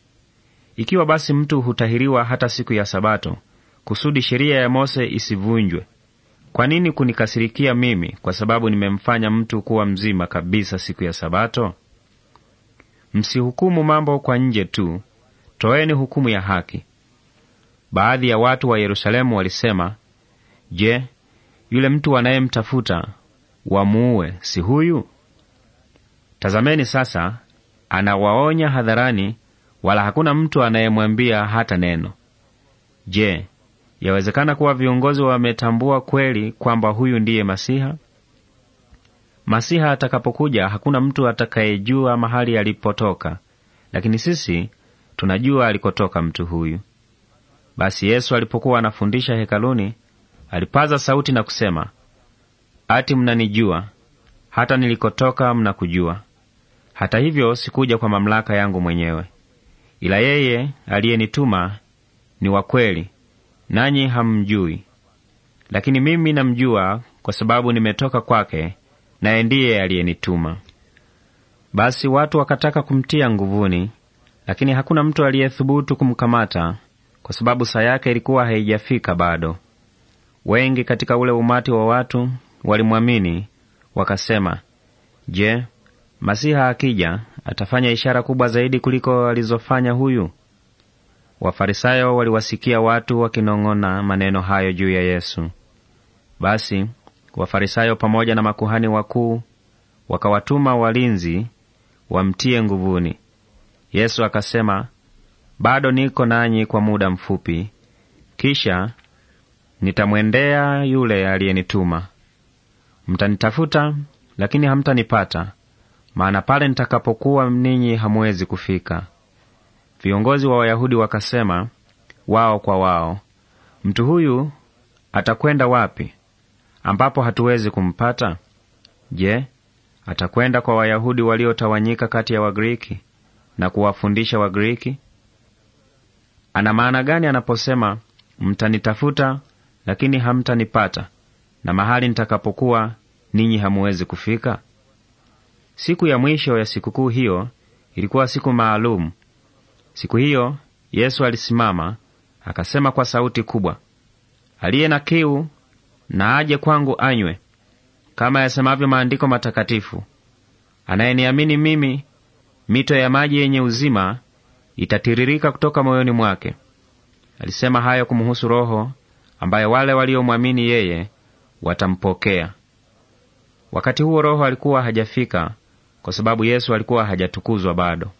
Ikiwa basi mtu hutahiriwa hata siku ya Sabato, kusudi sheria ya Mose isivunjwe, kwa nini kunikasirikia mimi kwa sababu nimemfanya mtu kuwa mzima kabisa siku ya Sabato? Msihukumu mambo kwa nje tu, toeni hukumu ya haki. Baadhi ya watu wa Yerusalemu walisema, Je, yule mtu anayemtafuta wamuue si huyu? Tazameni sasa, anawaonya hadharani, wala hakuna mtu anayemwambia hata neno. Je, yawezekana kuwa viongozi wametambua kweli kwamba huyu ndiye Masiha? Masiha atakapokuja hakuna mtu atakayejua mahali alipotoka, lakini sisi tunajua alikotoka mtu huyu. Basi Yesu alipokuwa anafundisha hekaluni, alipaza sauti na kusema, ati mnanijua, hata nilikotoka mnakujua, hata hivyo sikuja kwa mamlaka yangu mwenyewe, ila yeye aliyenituma ni wa kweli, nanyi hammjui. Lakini mimi namjua kwa sababu nimetoka kwake, naye ndiye aliyenituma. Basi watu wakataka kumtia nguvuni, lakini hakuna mtu aliyethubutu kumkamata, kwa sababu saa yake ilikuwa haijafika bado. Wengi katika ule umati wa watu walimwamini, wakasema, Je, Masiha akija atafanya ishara kubwa zaidi kuliko alizofanya huyu. Wafarisayo waliwasikia watu wakinong'ona maneno hayo juu ya Yesu. Basi Wafarisayo pamoja na makuhani wakuu wakawatuma walinzi wamtie nguvuni. Yesu akasema, bado niko nanyi kwa muda mfupi, kisha nitamwendea yule aliyenituma. Mtanitafuta, lakini hamtanipata, maana pale nitakapokuwa ninyi hamwezi kufika. Viongozi wa Wayahudi wakasema wao kwa wao, mtu huyu atakwenda wapi ambapo hatuwezi kumpata? Je, atakwenda kwa Wayahudi waliotawanyika kati ya Wagiriki na kuwafundisha Wagiriki? Ana maana gani anaposema mtanitafuta lakini hamtanipata, na mahali nitakapokuwa ninyi hamuwezi kufika? Siku ya mwisho ya sikukuu hiyo ilikuwa siku maalumu. Siku hiyo Yesu alisimama akasema kwa sauti kubwa, aliye na kiu na aje kwangu anywe, kama yasemavyo maandiko matakatifu, anayeniamini mimi, mito ya maji yenye uzima itatiririka kutoka moyoni mwake. Alisema hayo kumuhusu Roho ambaye wale waliomwamini yeye watampokea. Wakati huo Roho alikuwa hajafika kwa sababu Yesu alikuwa hajatukuzwa bado.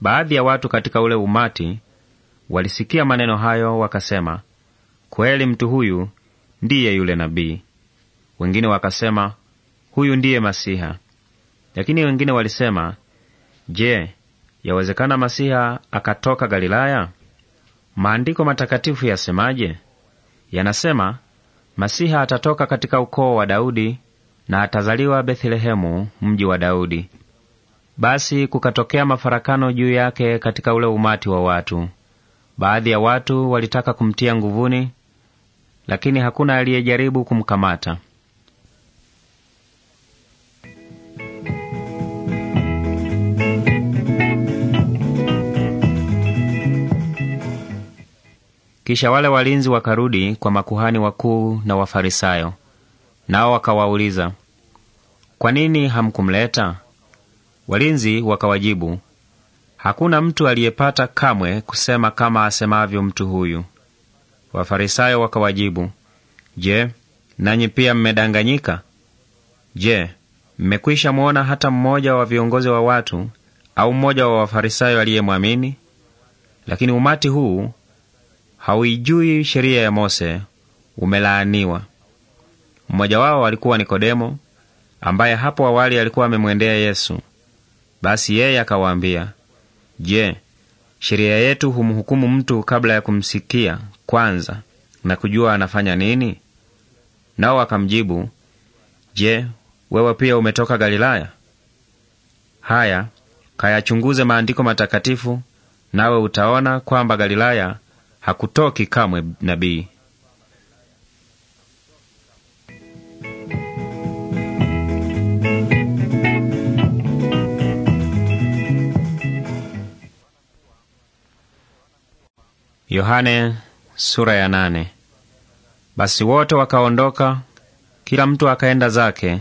Baadhi ya watu katika ule umati walisikia maneno hayo, wakasema, kweli mtu huyu ndiye yule nabii. Wengine wakasema, huyu ndiye Masiha. Lakini wengine walisema, je, yawezekana Masiha akatoka Galilaya? Maandiko matakatifu yasemaje? Yanasema Masiha atatoka katika ukoo wa Daudi na atazaliwa Bethlehemu, mji wa Daudi. Basi kukatokea mafarakano juu yake katika ule umati wa watu. Baadhi ya watu walitaka kumtia nguvuni, lakini hakuna aliyejaribu kumkamata. Kisha wale walinzi wakarudi kwa makuhani wakuu na Wafarisayo Nao wakawauliza kwa nini hamkumleta? Walinzi wakawajibu, hakuna mtu aliyepata kamwe kusema kama asemavyo mtu huyu. Wafarisayo wakawajibu, je, nanyi pia mmedanganyika? Je, mmekwisha mwona hata mmoja wa viongozi wa watu au mmoja wa Wafarisayo aliyemwamini? Lakini umati huu hauijui sheria ya Mose, umelaaniwa. Mmoja wao alikuwa Nikodemo, ambaye hapo awali alikuwa amemwendea Yesu. Basi yeye akawaambia, Je, sheria yetu humhukumu mtu kabla ya kumsikia kwanza na kujua anafanya nini? Nao akamjibu, Je, wewe pia umetoka Galilaya? Haya, kayachunguze maandiko matakatifu, nawe utaona kwamba Galilaya hakutoki kamwe nabii. Yohane, sura ya nane. Basi wote wakaondoka kila mtu akaenda zake,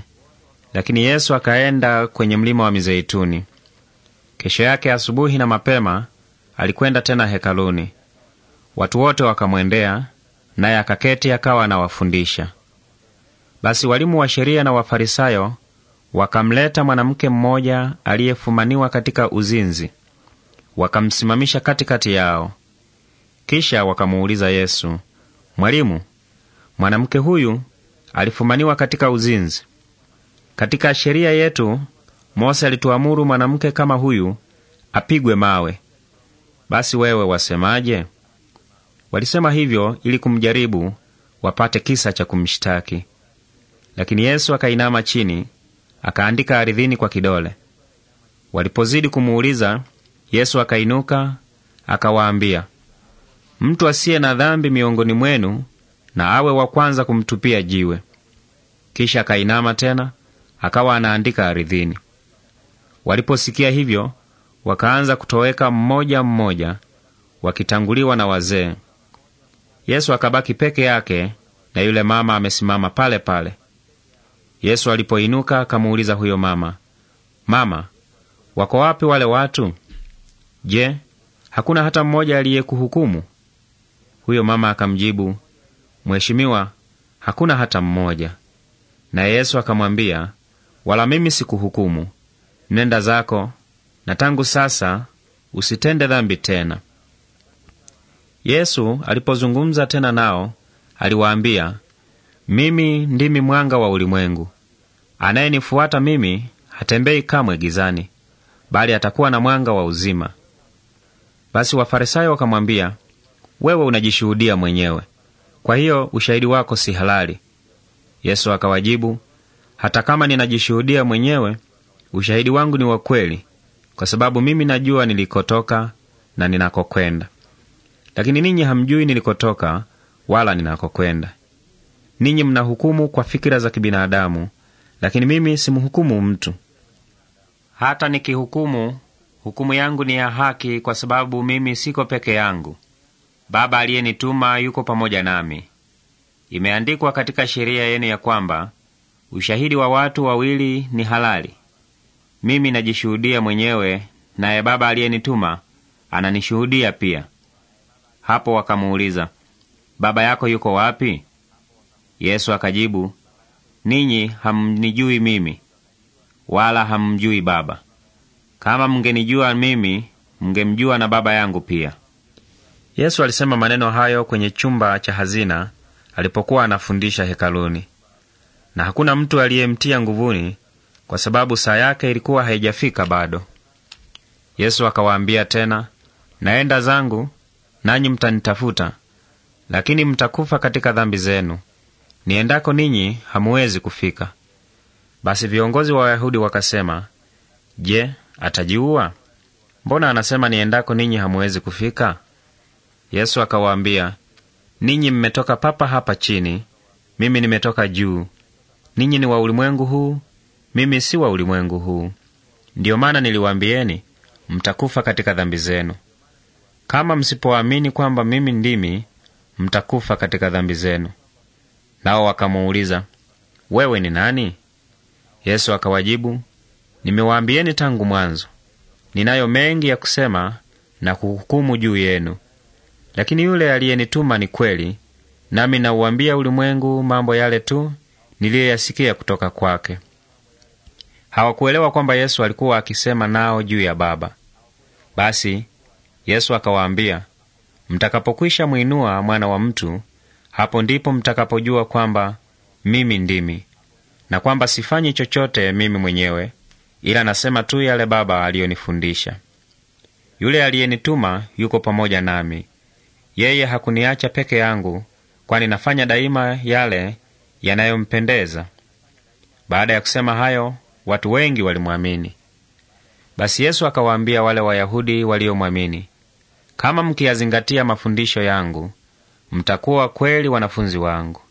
lakini Yesu akaenda kwenye mlima wa Mizeituni. Kesho yake asubuhi na mapema alikwenda tena hekaluni. Watu wote wakamwendea, naye akaketi akawa anawafundisha. Basi walimu wa sheria na Wafarisayo wakamleta mwanamke mmoja aliyefumaniwa katika uzinzi, wakamsimamisha katikati yao. Kisha wakamuuliza Yesu, Mwalimu, mwanamke huyu alifumaniwa katika uzinzi. Katika sheria yetu Mose alituamuru mwanamke kama huyu apigwe mawe. Basi wewe wasemaje? Walisema hivyo ili kumjaribu, wapate kisa cha kumshtaki. Lakini Yesu akainama chini, akaandika aridhini kwa kidole. Walipozidi kumuuliza, Yesu akainuka, akawaambia, Mtu asiye na dhambi miongoni mwenu na awe wa kwanza kumtupia jiwe. Kisha akainama tena akawa anaandika aridhini. Waliposikia hivyo, wakaanza kutoweka mmoja mmoja, wakitanguliwa na wazee. Yesu akabaki peke yake na yule mama amesimama pale pale. Yesu alipoinuka akamuuliza huyo mama, Mama, wako wapi wale watu? Je, hakuna hata mmoja aliyekuhukumu? Huyo mama akamjibu, Mheshimiwa, hakuna hata mmoja. Naye Yesu akamwambia, wala mimi sikuhukumu. Nenda zako, na tangu sasa usitende dhambi tena. Yesu alipozungumza tena nao, aliwaambia, mimi ndimi mwanga wa ulimwengu. Anayenifuata mimi hatembei kamwe gizani, bali atakuwa na mwanga wa uzima. Basi Wafarisayo wakamwambia, wewe unajishuhudia mwenyewe, kwa hiyo ushahidi wako si halali. Yesu akawajibu, hata kama ninajishuhudia mwenyewe, ushahidi wangu ni wa kweli, kwa sababu mimi najua nilikotoka na ninakokwenda, lakini ninyi hamjui nilikotoka wala ninakokwenda. Ninyi mnahukumu kwa fikira za kibinadamu, lakini mimi simhukumu mtu. Hata nikihukumu, hukumu yangu ni ya haki, kwa sababu mimi siko peke yangu, Baba aliyenituma yuko pamoja nami. Imeandikwa katika sheria yenu ya kwamba ushahidi wa watu wawili ni halali. Mimi najishuhudia mwenyewe, naye Baba aliyenituma ananishuhudia pia. Hapo wakamuuliza, baba yako yuko wapi? Yesu akajibu, ninyi hamnijui mimi wala hammjui Baba. Kama mngenijua mimi, mngemjua na Baba yangu pia. Yesu alisema maneno hayo kwenye chumba cha hazina alipokuwa anafundisha hekaluni, na hakuna mtu aliyemtia nguvuni, kwa sababu saa yake ilikuwa haijafika bado. Yesu akawaambia tena, naenda zangu, nanyi mtanitafuta, lakini mtakufa katika dhambi zenu. Niendako ninyi hamuwezi kufika. Basi viongozi wa Wayahudi wakasema, Je, atajiua? Mbona anasema niendako ninyi hamuwezi kufika? Yesu akawaambia, ninyi mmetoka papa hapa chini, mimi nimetoka juu. Ninyi ni wa ulimwengu huu, mimi si wa ulimwengu huu. Ndiyo maana niliwaambieni, mtakufa katika dhambi zenu. Kama msipoamini kwamba mimi ndimi, mtakufa katika dhambi zenu. Nao wakamuuliza, wewe ni nani? Yesu akawajibu, nimewaambieni tangu mwanzo. Ninayo mengi ya kusema na kuhukumu juu yenu, lakini yule aliyenituma ni kweli, nami nauambia ulimwengu mambo yale tu niliyoyasikia kutoka kwake. Hawakuelewa kwamba Yesu alikuwa akisema nao juu ya Baba. Basi Yesu akawaambia, mtakapokwisha mwinua mwana wa mtu, hapo ndipo mtakapojua kwamba mimi ndimi, na kwamba sifanyi chochote mimi mwenyewe, ila nasema tu yale Baba aliyonifundisha. Yule aliyenituma yuko pamoja nami, yeye hakuniacha peke yangu, kwani nafanya daima yale yanayompendeza. Baada ya kusema hayo, watu wengi walimwamini. Basi Yesu akawaambia wale Wayahudi waliomwamini, kama mkiyazingatia mafundisho yangu, mtakuwa kweli wanafunzi wangu,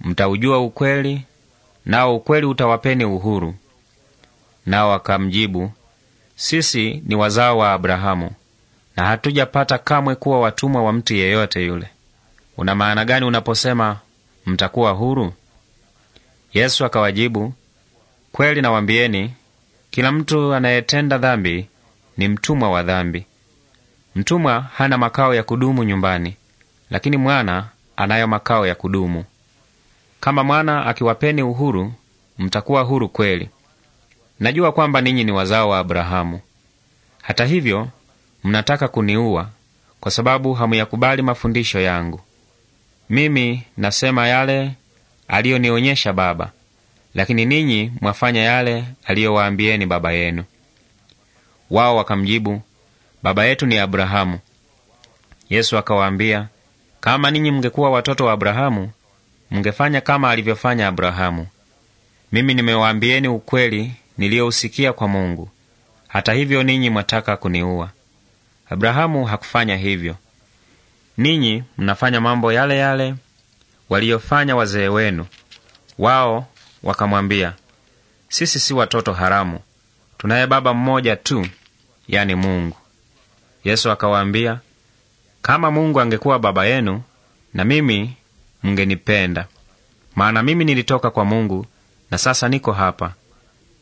mtaujua ukweli, nao ukweli utawapeni uhuru. Nao akamjibu, sisi ni wazao wa Abrahamu na hatujapata kamwe kuwa watumwa wa mtu yeyote yule. Una maana gani unaposema mtakuwa huru? Yesu akawajibu, kweli nawambieni, kila mtu anayetenda dhambi ni mtumwa wa dhambi. Mtumwa hana makao ya kudumu nyumbani, lakini mwana anayo makao ya kudumu. Kama mwana akiwapeni uhuru, mtakuwa huru kweli. Najua kwamba ninyi ni wazao wa Abrahamu. Hata hivyo, mnataka kuniua kwa sababu hamuyakubali mafundisho yangu. Mimi nasema yale aliyonionyesha Baba, lakini ninyi mwafanya yale aliyowaambieni baba yenu. Wao wakamjibu, baba yetu ni Abrahamu. Yesu akawaambia, kama ninyi mngekuwa watoto wa Abrahamu, mngefanya kama alivyofanya Abrahamu. Mimi nimewaambieni ukweli niliyousikia kwa Mungu. Hata hivyo ninyi mwataka kuniua. Abrahamu hakufanya hivyo. Ninyi mnafanya mambo yale yale waliyofanya wazee wenu. Wao wakamwambia, sisi si watoto haramu, tunaye baba mmoja tu, yani Mungu. Yesu akawaambia, kama Mungu angekuwa baba yenu, na mimi mngenipenda, maana mimi nilitoka kwa Mungu na sasa niko hapa.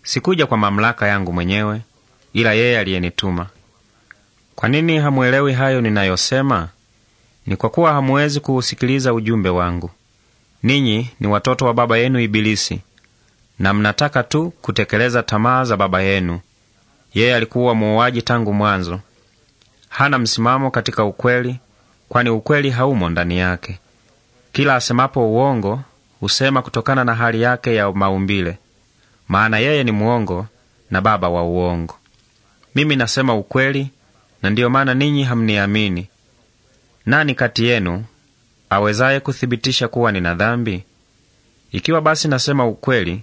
Sikuja kwa mamlaka yangu mwenyewe, ila yeye aliyenituma. Kwa nini hamwelewi hayo ninayosema? Ni kwa kuwa hamuwezi kuusikiliza ujumbe wangu. Ninyi ni watoto wa baba yenu Ibilisi, na mnataka tu kutekeleza tamaa za baba yenu. Yeye alikuwa muuaji tangu mwanzo, hana msimamo katika ukweli, kwani ukweli haumo ndani yake. Kila asemapo uongo husema kutokana na hali yake ya maumbile, maana yeye ni mwongo na baba wa uongo. Mimi nasema ukweli, na ndiyo maana ninyi hamniamini. Nani kati yenu awezaye kuthibitisha kuwa nina dhambi? Ikiwa basi nasema ukweli,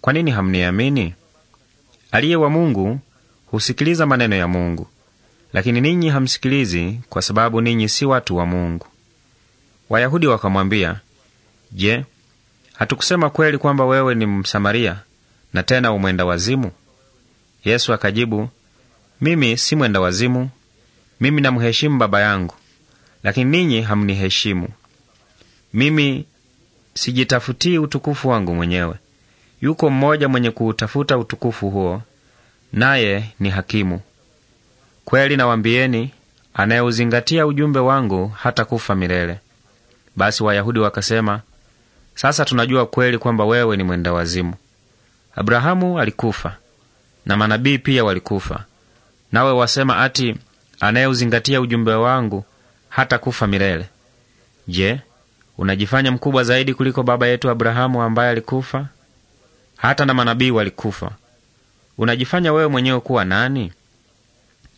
kwa nini hamniamini? Aliye wa Mungu husikiliza maneno ya Mungu, lakini ninyi hamsikilizi, kwa sababu ninyi si watu wa Mungu. Wayahudi wakamwambia, Je, hatukusema kweli kwamba wewe ni Msamaria na tena umwenda wazimu? Yesu akajibu, mimi si mwenda wazimu, mimi namheshimu Baba yangu, lakini ninyi hamniheshimu. Mimi sijitafutii utukufu wangu mwenyewe, yuko mmoja mwenye kuutafuta utukufu huo, naye ni hakimu. Kweli nawambieni, anayeuzingatia ujumbe wangu hata kufa milele. Basi Wayahudi wakasema, sasa tunajua kweli kwamba wewe ni mwenda wazimu. Abrahamu alikufa na manabii pia walikufa nawe wasema ati anayeuzingatia ujumbe wangu hata kufa milele. Je, unajifanya mkubwa zaidi kuliko baba yetu Abrahamu ambaye alikufa? Hata na manabii walikufa. Unajifanya wewe mwenyewe kuwa nani?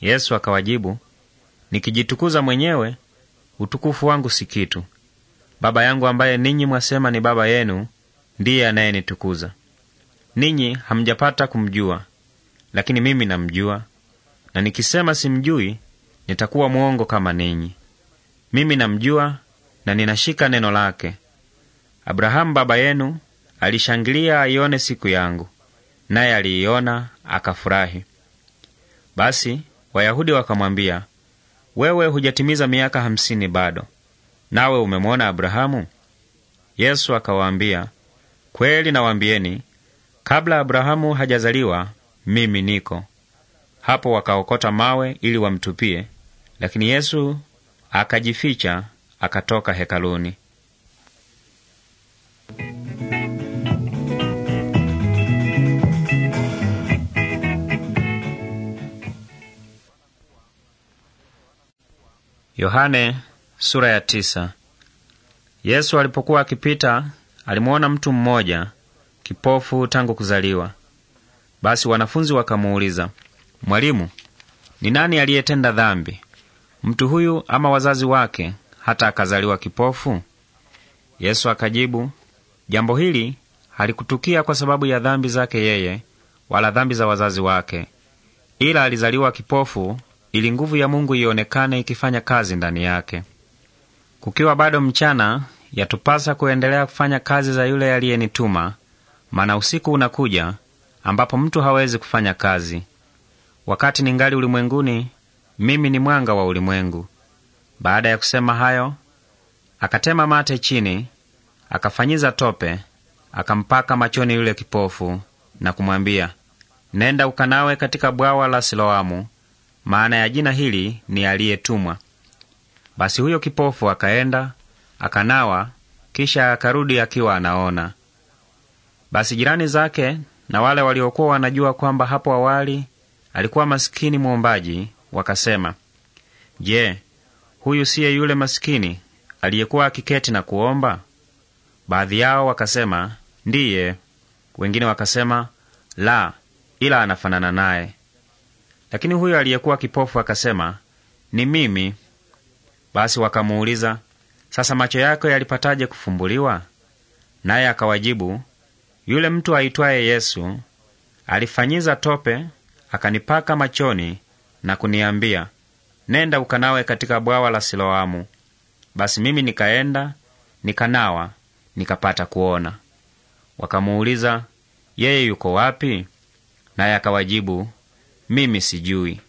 Yesu akawajibu, nikijitukuza mwenyewe, utukufu wangu si kitu. Baba yangu ambaye ninyi mwasema ni baba yenu ndiye anayenitukuza. Ninyi hamjapata kumjua, lakini mimi namjua, na nikisema simjui, nitakuwa mwongo kama ninyi. Mimi namjua na ninashika neno lake. Abrahamu baba yenu alishangilia aione siku yangu, naye aliiona akafurahi. Basi Wayahudi wakamwambia, wewe hujatimiza miaka hamsini bado, nawe umemwona Abrahamu? Yesu akawaambia, kweli nawaambieni, kabla Abrahamu hajazaliwa mimi niko. Hapo wakaokota mawe ili wamtupie, lakini Yesu akajificha akatoka hekaluni. Yohane, sura ya tisa. Yesu alipokuwa akipita alimwona mtu mmoja kipofu tangu kuzaliwa. Basi wanafunzi wakamuuliza, Mwalimu, ni nani aliyetenda dhambi, mtu huyu ama wazazi wake, hata akazaliwa kipofu? Yesu akajibu, jambo hili halikutukia kwa sababu ya dhambi zake yeye, wala dhambi za wazazi wake, ila alizaliwa kipofu ili nguvu ya Mungu ionekane ikifanya kazi ndani yake. Kukiwa bado mchana, yatupasa kuendelea kufanya kazi za yule aliyenituma, maana usiku unakuja ambapo mtu hawezi kufanya kazi. Wakati ningali ulimwenguni, mimi ni mwanga wa ulimwengu. Baada ya kusema hayo, akatema mate chini, akafanyiza tope, akampaka machoni yule kipofu na kumwambia, nenda ukanawe katika bwawa la Siloamu, maana ya jina hili ni aliyetumwa. Basi huyo kipofu akaenda akanawa, kisha akarudi akiwa anaona. Basi jirani zake na wale waliokuwa wanajua kwamba hapo awali alikuwa masikini mwombaji, wakasema, Je, huyu siye yule masikini aliyekuwa akiketi na kuomba? Baadhi yao wakasema, ndiye. Wengine wakasema, la, ila anafanana naye. Lakini huyo aliyekuwa kipofu akasema, ni mimi. Basi wakamuuliza, sasa macho yako yalipataje kufumbuliwa? Naye akawajibu, yule mtu aitwaye Yesu alifanyiza tope akanipaka machoni na kuniambia, nenda ukanawe katika bwawa la Siloamu. Basi mimi nikaenda nikanawa, nikapata kuona. Wakamuuliza, yeye yuko wapi? Naye akawajibu, mimi sijui.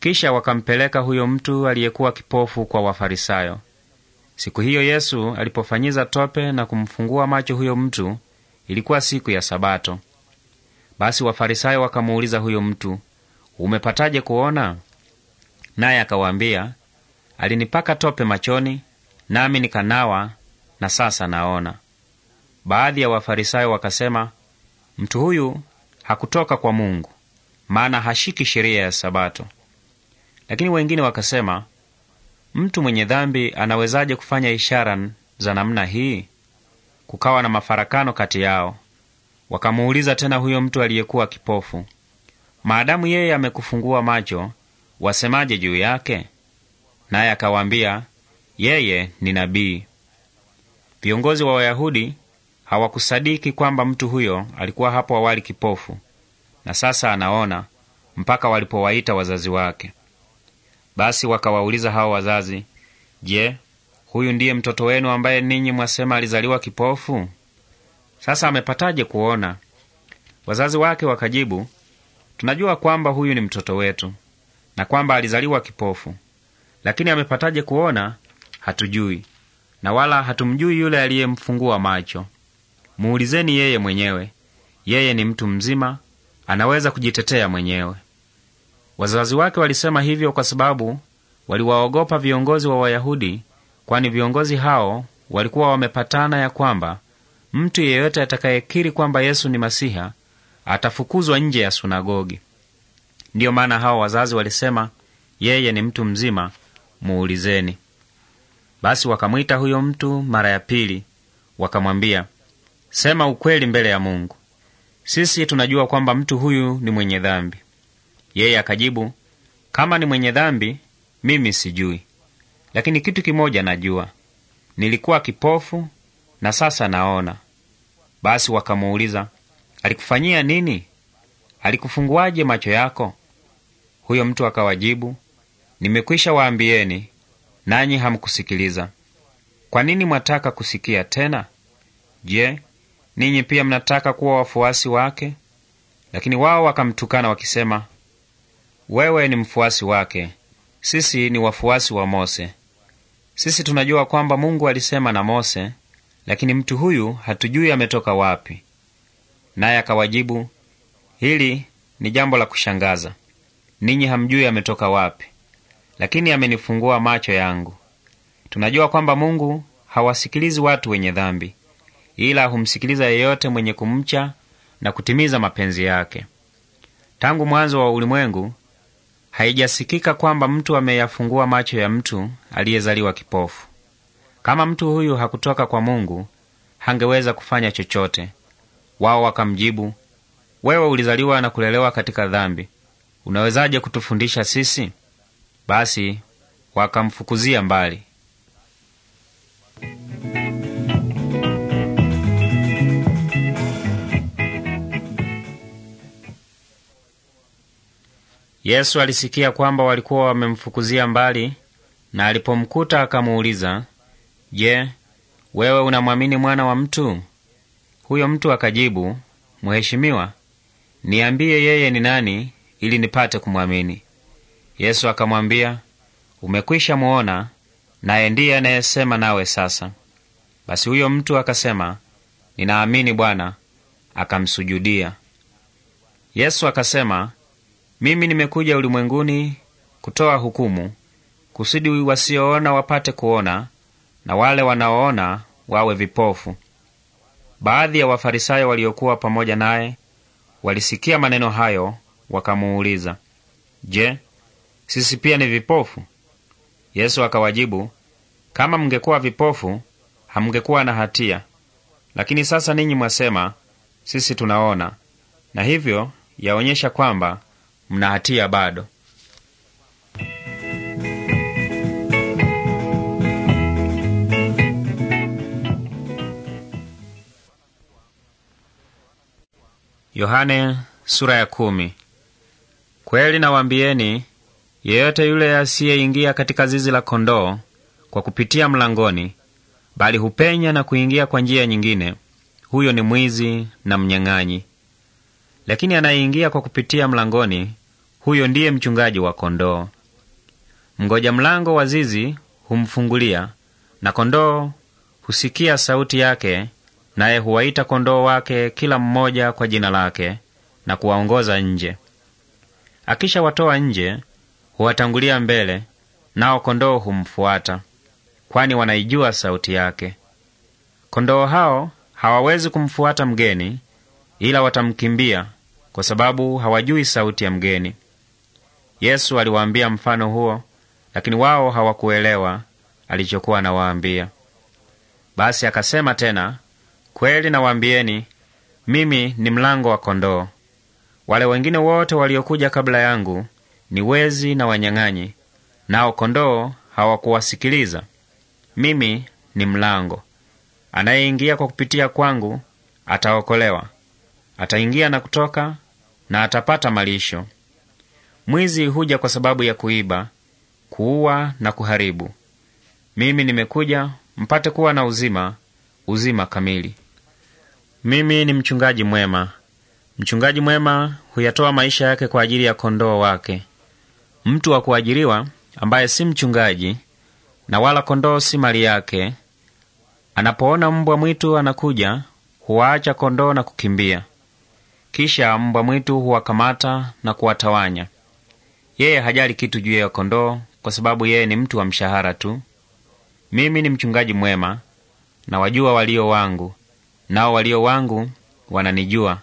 Kisha wakampeleka huyo mtu aliyekuwa kipofu kwa Wafarisayo. Siku hiyo Yesu alipofanyiza tope na kumfungua macho huyo mtu, ilikuwa siku ya Sabato. Basi Wafarisayo wakamuuliza huyo mtu, umepataje kuona? Naye akawaambia, alinipaka tope machoni, nami nikanawa, na sasa naona. Baadhi ya Wafarisayo wakasema, mtu huyu hakutoka kwa Mungu, maana hashiki sheria ya Sabato. Lakini wengine wakasema, mtu mwenye dhambi anawezaje kufanya ishara za namna hii? Kukawa na mafarakano kati yao. Wakamuuliza tena huyo mtu aliyekuwa kipofu, maadamu yeye amekufungua macho, wasemaje juu yake? Naye akawaambia, yeye ni nabii. Viongozi wa Wayahudi hawakusadiki kwamba mtu huyo alikuwa hapo awali kipofu na sasa anaona, mpaka walipowaita wazazi wake. Basi wakawauliza hao wazazi, Je, huyu ndiye mtoto wenu ambaye ninyi mwasema alizaliwa kipofu? Sasa amepataje kuona? Wazazi wake wakajibu, tunajua kwamba huyu ni mtoto wetu na kwamba alizaliwa kipofu, lakini amepataje kuona hatujui, na wala hatumjui yule aliyemfungua macho. Muulizeni yeye mwenyewe, yeye ni mtu mzima, anaweza kujitetea mwenyewe. Wazazi wake walisema hivyo kwa sababu waliwaogopa viongozi wa Wayahudi, kwani viongozi hao walikuwa wamepatana ya kwamba Mtu yeyote atakayekiri kwamba Yesu ni Masiha atafukuzwa nje ya sunagogi. Ndiyo maana hawa wazazi walisema, yeye ni mtu mzima, muulizeni. Basi wakamwita huyo mtu mara ya pili, wakamwambia, sema ukweli mbele ya Mungu, sisi tunajua kwamba mtu huyu ni mwenye dhambi. Yeye akajibu, kama ni mwenye dhambi mimi sijui, lakini kitu kimoja najua, nilikuwa kipofu na sasa naona, basi wakamuuliza, alikufanyia nini? Alikufunguaje macho yako? Huyo mtu akawajibu, nimekwisha waambieni, nanyi hamkusikiliza. Kwa nini mwataka kusikia tena? Je, ninyi pia mnataka kuwa wafuasi wake? Lakini wao wakamtukana wakisema, wewe ni mfuasi wake, sisi ni wafuasi wa Mose. Sisi tunajua kwamba Mungu alisema na Mose lakini mtu huyu hatujui ametoka wapi. Naye akawajibu, hili ni jambo la kushangaza, ninyi hamjui ametoka wapi, lakini amenifungua macho yangu. Tunajua kwamba Mungu hawasikilizi watu wenye dhambi, ila humsikiliza yeyote mwenye kumcha na kutimiza mapenzi yake. Tangu mwanzo wa ulimwengu haijasikika kwamba mtu ameyafungua macho ya mtu aliyezaliwa kipofu. Kama mtu huyu hakutoka kwa Mungu hangeweza kufanya chochote. Wao wakamjibu, wewe ulizaliwa na kulelewa katika dhambi, unawezaje kutufundisha sisi? Basi wakamfukuzia mbali. Yesu alisikia kwamba walikuwa wamemfukuzia mbali, na alipomkuta akamuuliza Je, wewe unamwamini mwana wa mtu? Huyo mtu akajibu, Mheshimiwa, niambie yeye ni nani ili nipate kumwamini. Yesu akamwambia, umekwisha muona, naye ndiye anayesema nawe sasa. Basi huyo mtu akasema, ninaamini Bwana, akamsujudia. Yesu akasema, mimi nimekuja ulimwenguni kutoa hukumu, kusudi wasioona wapate kuona na wale wanaoona wawe vipofu. Baadhi ya Wafarisayo waliokuwa pamoja naye walisikia maneno hayo, wakamuuliza, Je, sisi pia ni vipofu? Yesu akawajibu, kama mngekuwa vipofu hamngekuwa na hatia, lakini sasa ninyi mwasema sisi tunaona, na hivyo yaonyesha kwamba mna hatia bado. Yohane sura ya kumi. Kweli nawaambieni, yeyote yule asiyeingia katika zizi la kondoo kwa kupitia mlangoni, bali hupenya na kuingia kwa njia nyingine, huyo ni mwizi na mnyang'anyi. Lakini anayeingia kwa kupitia mlangoni, huyo ndiye mchungaji wa kondoo. Mgoja mlango wa zizi humfungulia, na kondoo husikia sauti yake, naye huwaita kondoo wake kila mmoja kwa jina lake na kuwaongoza nje. akisha watoa nje, huwatangulia mbele, nao kondoo humfuata, kwani wanaijua sauti yake. Kondoo hao hawawezi kumfuata mgeni, ila watamkimbia, kwa sababu hawajui sauti ya mgeni. Yesu aliwaambia mfano huo, lakini wao hawakuelewa alichokuwa anawaambia. Basi akasema tena, Kweli nawaambieni, mimi ni mlango wa kondoo. Wale wengine wote waliokuja kabla yangu ni wezi na wanyang'anyi, nao kondoo hawakuwasikiliza. Mimi ni mlango. Anayeingia kwa kupitia kwangu ataokolewa, ataingia na kutoka na atapata malisho. Mwizi huja kwa sababu ya kuiba, kuua na kuharibu. Mimi nimekuja mpate kuwa na uzima, uzima kamili. Mimi ni mchungaji mwema. Mchungaji mwema huyatoa maisha yake kwa ajili ya kondoo wake. Mtu wa kuajiriwa ambaye si mchungaji na wala kondoo si mali yake, anapoona mbwa mwitu anakuja, huwaacha kondoo na kukimbia. Kisha mbwa mwitu huwakamata na kuwatawanya. Yeye hajali kitu juu ya kondoo, kwa sababu yeye ni mtu wa mshahara tu. Mimi ni mchungaji mwema, na wajua walio wangu, nao walio wangu wananijua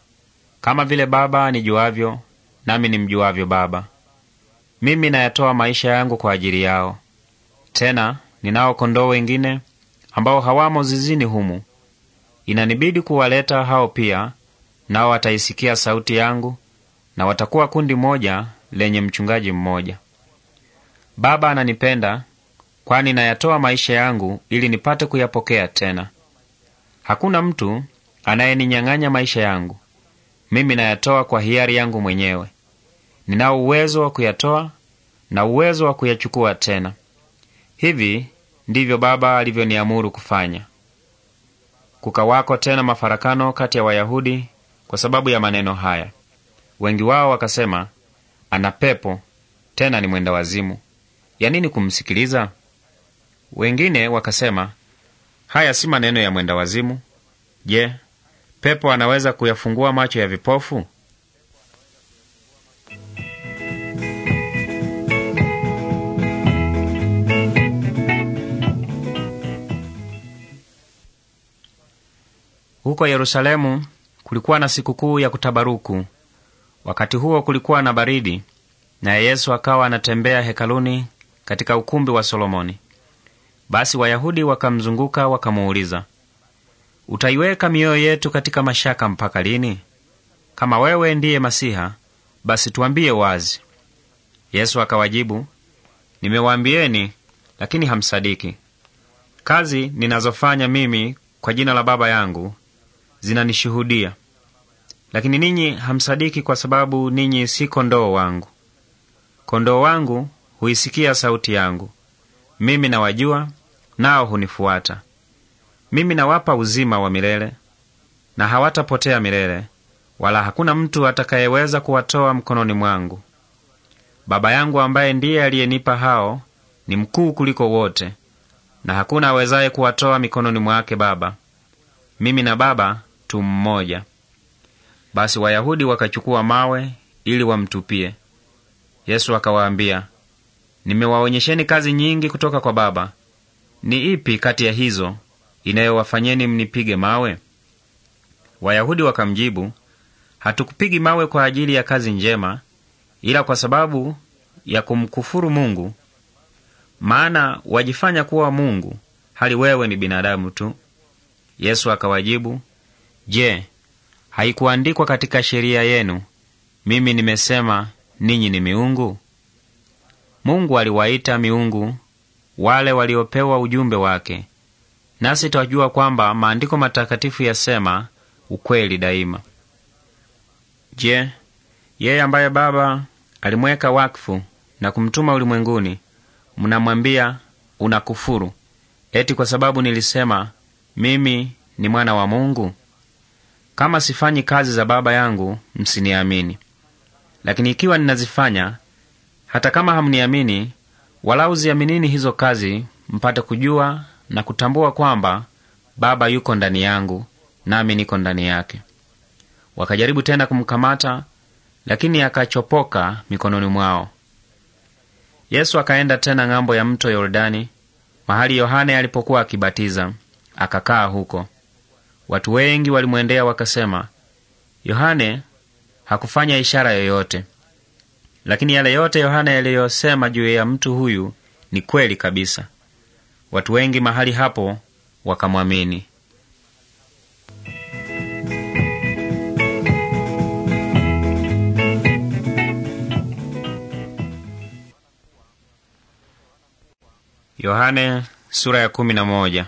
kama vile Baba anijuavyo nami nimjuavyo Baba. Mimi nayatoa maisha yangu kwa ajili yao. Tena ninao kondoo wengine ambao hawamo zizini humu, inanibidi kuwaleta hao pia, nao wataisikia sauti yangu, na watakuwa kundi moja lenye mchungaji mmoja. Baba ananipenda, kwani nayatoa maisha yangu ili nipate kuyapokea tena. Hakuna mtu anayeninyang'anya maisha yangu. Mimi nayatoa kwa hiari yangu mwenyewe. Ninao uwezo wa kuyatoa na uwezo wa kuyachukua tena. Hivi ndivyo Baba alivyoniamuru kufanya. Kukawako tena mafarakano kati ya Wayahudi kwa sababu ya maneno haya. Wengi wao wakasema, ana pepo tena ni mwenda wazimu, ya nini kumsikiliza? Wengine wakasema Haya si maneno ya mwenda wazimu. Je, pepo anaweza kuyafungua macho ya vipofu? Huko Yerusalemu kulikuwa na sikukuu ya kutabaruku. Wakati huo kulikuwa na baridi, naye Yesu akawa anatembea hekaluni katika ukumbi wa Solomoni. Basi Wayahudi wakamzunguka wakamuuliza, utaiweka mioyo yetu katika mashaka mpaka lini? Kama wewe ndiye Masiha, basi tuambie wazi. Yesu akawajibu, nimewaambieni, lakini hamsadiki. Kazi ninazofanya mimi kwa jina la Baba yangu zinanishuhudia, lakini ninyi hamsadiki kwa sababu ninyi si kondoo wangu. Kondoo wangu huisikia sauti yangu, mimi nawajua nao hunifuata mimi. Nawapa uzima wa milele, na hawatapotea milele, wala hakuna mtu atakayeweza kuwatoa mkononi mwangu. Baba yangu ambaye ndiye aliyenipa hao ni mkuu kuliko wote, na hakuna awezaye kuwatoa mikononi mwake Baba. Mimi na Baba tu mmoja. Basi Wayahudi wakachukua mawe ili wamtupie. Yesu akawaambia, nimewaonyesheni kazi nyingi kutoka kwa Baba. Ni ipi kati ya hizo inayowafanyeni mnipige mawe? Wayahudi wakamjibu, hatukupigi mawe kwa ajili ya kazi njema, ila kwa sababu ya kumkufuru Mungu, maana wajifanya kuwa Mungu hali wewe ni binadamu tu. Yesu akawajibu, Je, haikuandikwa katika sheria yenu, mimi nimesema ninyi ni miungu? Mungu aliwaita miungu wale waliopewa ujumbe wake. Nasi twajua kwamba maandiko matakatifu yasema ukweli daima. Je, yeye ambaye Baba alimweka wakfu na kumtuma ulimwenguni, mnamwambia unakufuru, eti kwa sababu nilisema mimi ni mwana wa Mungu? Kama sifanyi kazi za Baba yangu, msiniamini. Lakini ikiwa ninazifanya, hata kama hamniamini, Wala uziaminini hizo kazi, mpate kujua na kutambua kwamba Baba yuko ndani yangu, nami niko ndani yake. Wakajaribu tena kumkamata, lakini akachopoka mikononi mwao. Yesu akaenda tena ng'ambo ya mto Yordani, mahali Yohane alipokuwa akibatiza, akakaa huko. Watu wengi walimwendea wakasema, Yohane hakufanya ishara yoyote, lakini yale yote Yohana yaliyosema juu ya mtu huyu ni kweli kabisa. Watu wengi mahali hapo wakamwamini. Yohane sura ya kumi na moja.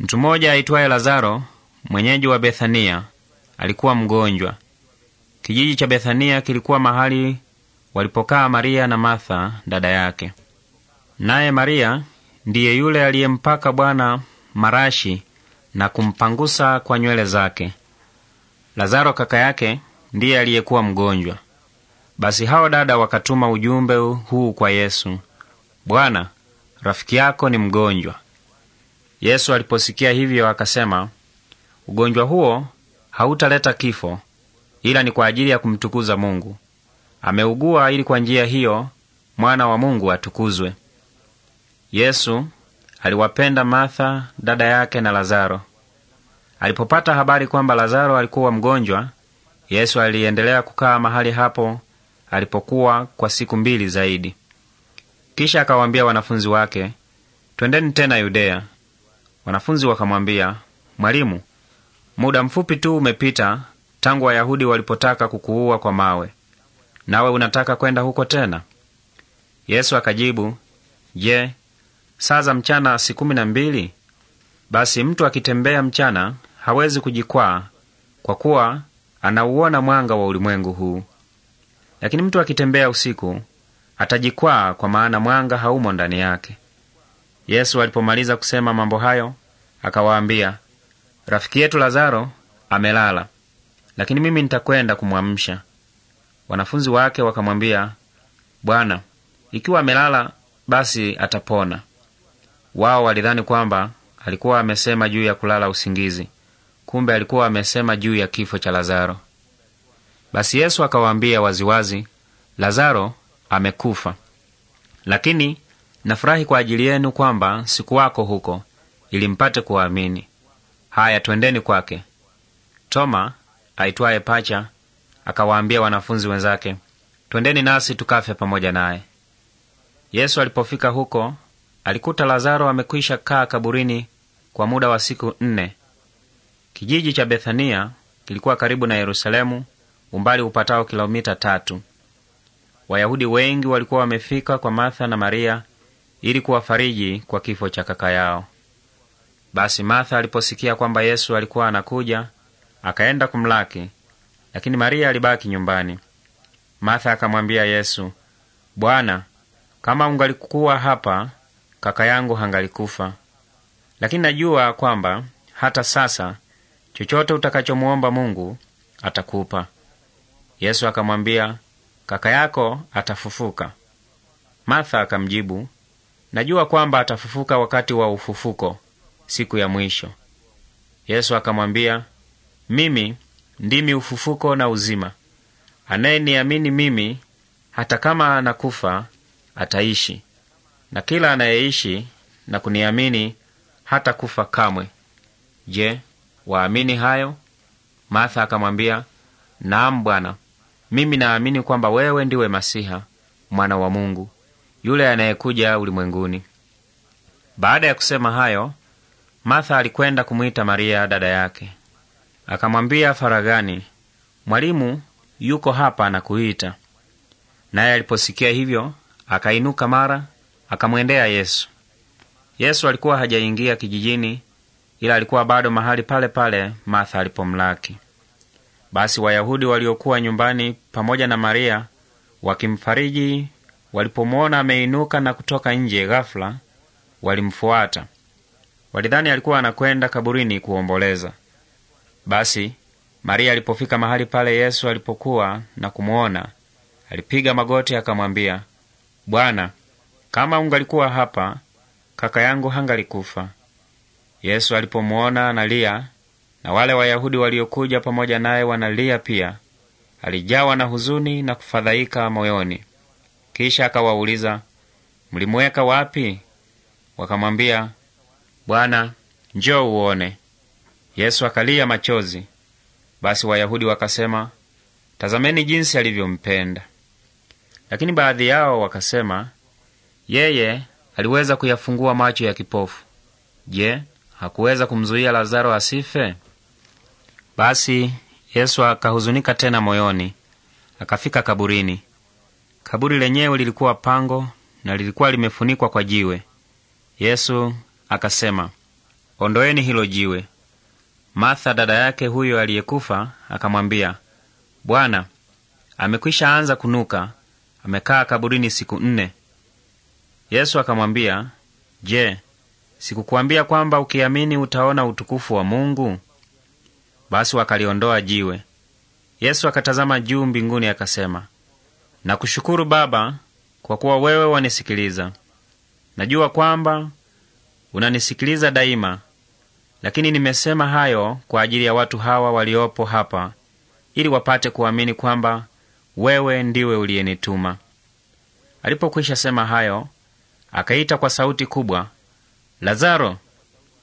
Mtu mmoja aitwaye Lazaro mwenyeji wa Bethania alikuwa mgonjwa. Kijiji cha Bethania kilikuwa mahali walipokaa Maria na Martha dada yake. Naye Maria ndiye yule aliyempaka Bwana marashi na kumpangusa kwa nywele zake. Lazaro kaka yake ndiye aliyekuwa mgonjwa. Basi hao dada wakatuma ujumbe huu kwa Yesu: Bwana, rafiki yako ni mgonjwa. Yesu aliposikia hivyo akasema, ugonjwa huo hautaleta kifo, ila ni kwa ajili ya kumtukuza Mungu. Ameugua ili kwa njia hiyo mwana wa Mungu atukuzwe. Yesu aliwapenda Martha, dada yake na Lazaro. Alipopata habari kwamba Lazaro alikuwa mgonjwa, Yesu aliendelea kukaa mahali hapo alipokuwa kwa siku mbili zaidi. Kisha akawaambia wanafunzi wake, twendeni tena Yudeya. Wanafunzi wakamwambia, Mwalimu, muda mfupi tu umepita tangu Wayahudi walipotaka kukuua kwa mawe, nawe unataka kwenda huko tena? Yesu akajibu, Je, saa za mchana si kumi na mbili? Basi mtu akitembea mchana hawezi kujikwaa, kwa kuwa anauona mwanga wa ulimwengu huu. Lakini mtu akitembea usiku atajikwaa, kwa maana mwanga haumo ndani yake. Yesu alipomaliza kusema mambo hayo, akawaambia, rafiki yetu Lazaro amelala, lakini mimi nitakwenda kumwamsha. Wanafunzi wake wakamwambia, Bwana, ikiwa amelala basi atapona. Wao walidhani kwamba alikuwa amesema juu ya kulala usingizi, kumbe alikuwa amesema juu ya kifo cha Lazaro. Basi Yesu akawaambia waziwazi, Lazaro amekufa, lakini nafurahi kwa ajili yenu kwamba sikuwako huko, ili mpate kuwaamini. Haya, twendeni kwake. Toma aitwaye Pacha akawaambia wanafunzi wenzake, twendeni nasi tukafe pamoja naye. Yesu alipofika huko, alikuta Lazaro amekwisha kaa kaburini kwa muda wa siku nne. Kijiji cha Bethania kilikuwa karibu na Yerusalemu, umbali upatao kilomita tatu. Wayahudi wengi walikuwa wamefika kwa Martha na Maria ili kuwafariji kwa kifo cha kaka yao. Basi Martha aliposikia kwamba Yesu alikuwa anakuja, akaenda kumlaki, lakini Maria alibaki nyumbani. Martha akamwambia Yesu, Bwana, kama ungalikuwa hapa, kaka yangu hangalikufa. Lakini najua kwamba hata sasa chochote utakachomuomba Mungu atakupa. Yesu akamwambia, kaka yako atafufuka. Martha akamjibu, najua kwamba atafufuka wakati wa ufufuko siku ya mwisho. Yesu akamwambia, mimi ndimi ufufuko na uzima. Anayeniamini mimi, hata kama anakufa, ataishi, na kila anayeishi na kuniamini hata kufa kamwe. Je, waamini hayo? Martha akamwambia, naam Bwana, mimi naamini kwamba wewe ndiwe Masiha mwana wa Mungu yule anayekuja ulimwenguni. Baada ya kusema hayo, Martha alikwenda kumwita Maria dada yake. Akamwambia faraghani, Mwalimu yuko hapa na kuita. Naye aliposikia hivyo, akainuka mara akamwendea Yesu. Yesu alikuwa hajaingia kijijini, ila alikuwa bado mahali pale pale Martha alipomlaki. Basi Wayahudi waliokuwa nyumbani pamoja na Maria wakimfariji, walipomwona ameinuka na kutoka nje ghafula, walimfuata. Walidhani alikuwa anakwenda kaburini kuomboleza. Basi Maria alipofika mahali pale Yesu alipokuwa na kumuona, alipiga magoti akamwambia, Bwana, kama ungalikuwa hapa, kaka yangu hangalikufa. Yesu alipomuona analia na wale Wayahudi waliokuja pamoja naye wanalia pia, alijawa na huzuni na kufadhaika moyoni. Kisha akawauliza, mlimuweka wapi? Wakamwambia, Bwana, njoo uone. Yesu akalia machozi. Basi Wayahudi wakasema, tazameni jinsi alivyompenda. Lakini baadhi yao wakasema, yeye aliweza kuyafungua macho ya kipofu. Je, hakuweza kumzuia Lazaro asife? Basi Yesu akahuzunika tena moyoni, akafika kaburini. Kaburi lenyewe lilikuwa pango na lilikuwa limefunikwa kwa jiwe. Yesu akasema, ondoeni hilo jiwe. Martha dada yake huyo aliyekufa akamwambia, Bwana, amekwisha anza kunuka, amekaa kaburini siku nne. Yesu akamwambia, Je, sikukuambia kwamba ukiamini utaona utukufu wa Mungu? Basi wakaliondoa jiwe. Yesu akatazama juu mbinguni akasema, nakushukuru Baba kwa kuwa wewe wanisikiliza. Najua kwamba unanisikiliza daima, lakini nimesema hayo kwa ajili ya watu hawa waliopo hapa, ili wapate kuamini kwamba wewe ndiwe uliyenituma. Alipokwisha sema hayo, akaita kwa sauti kubwa, Lazaro,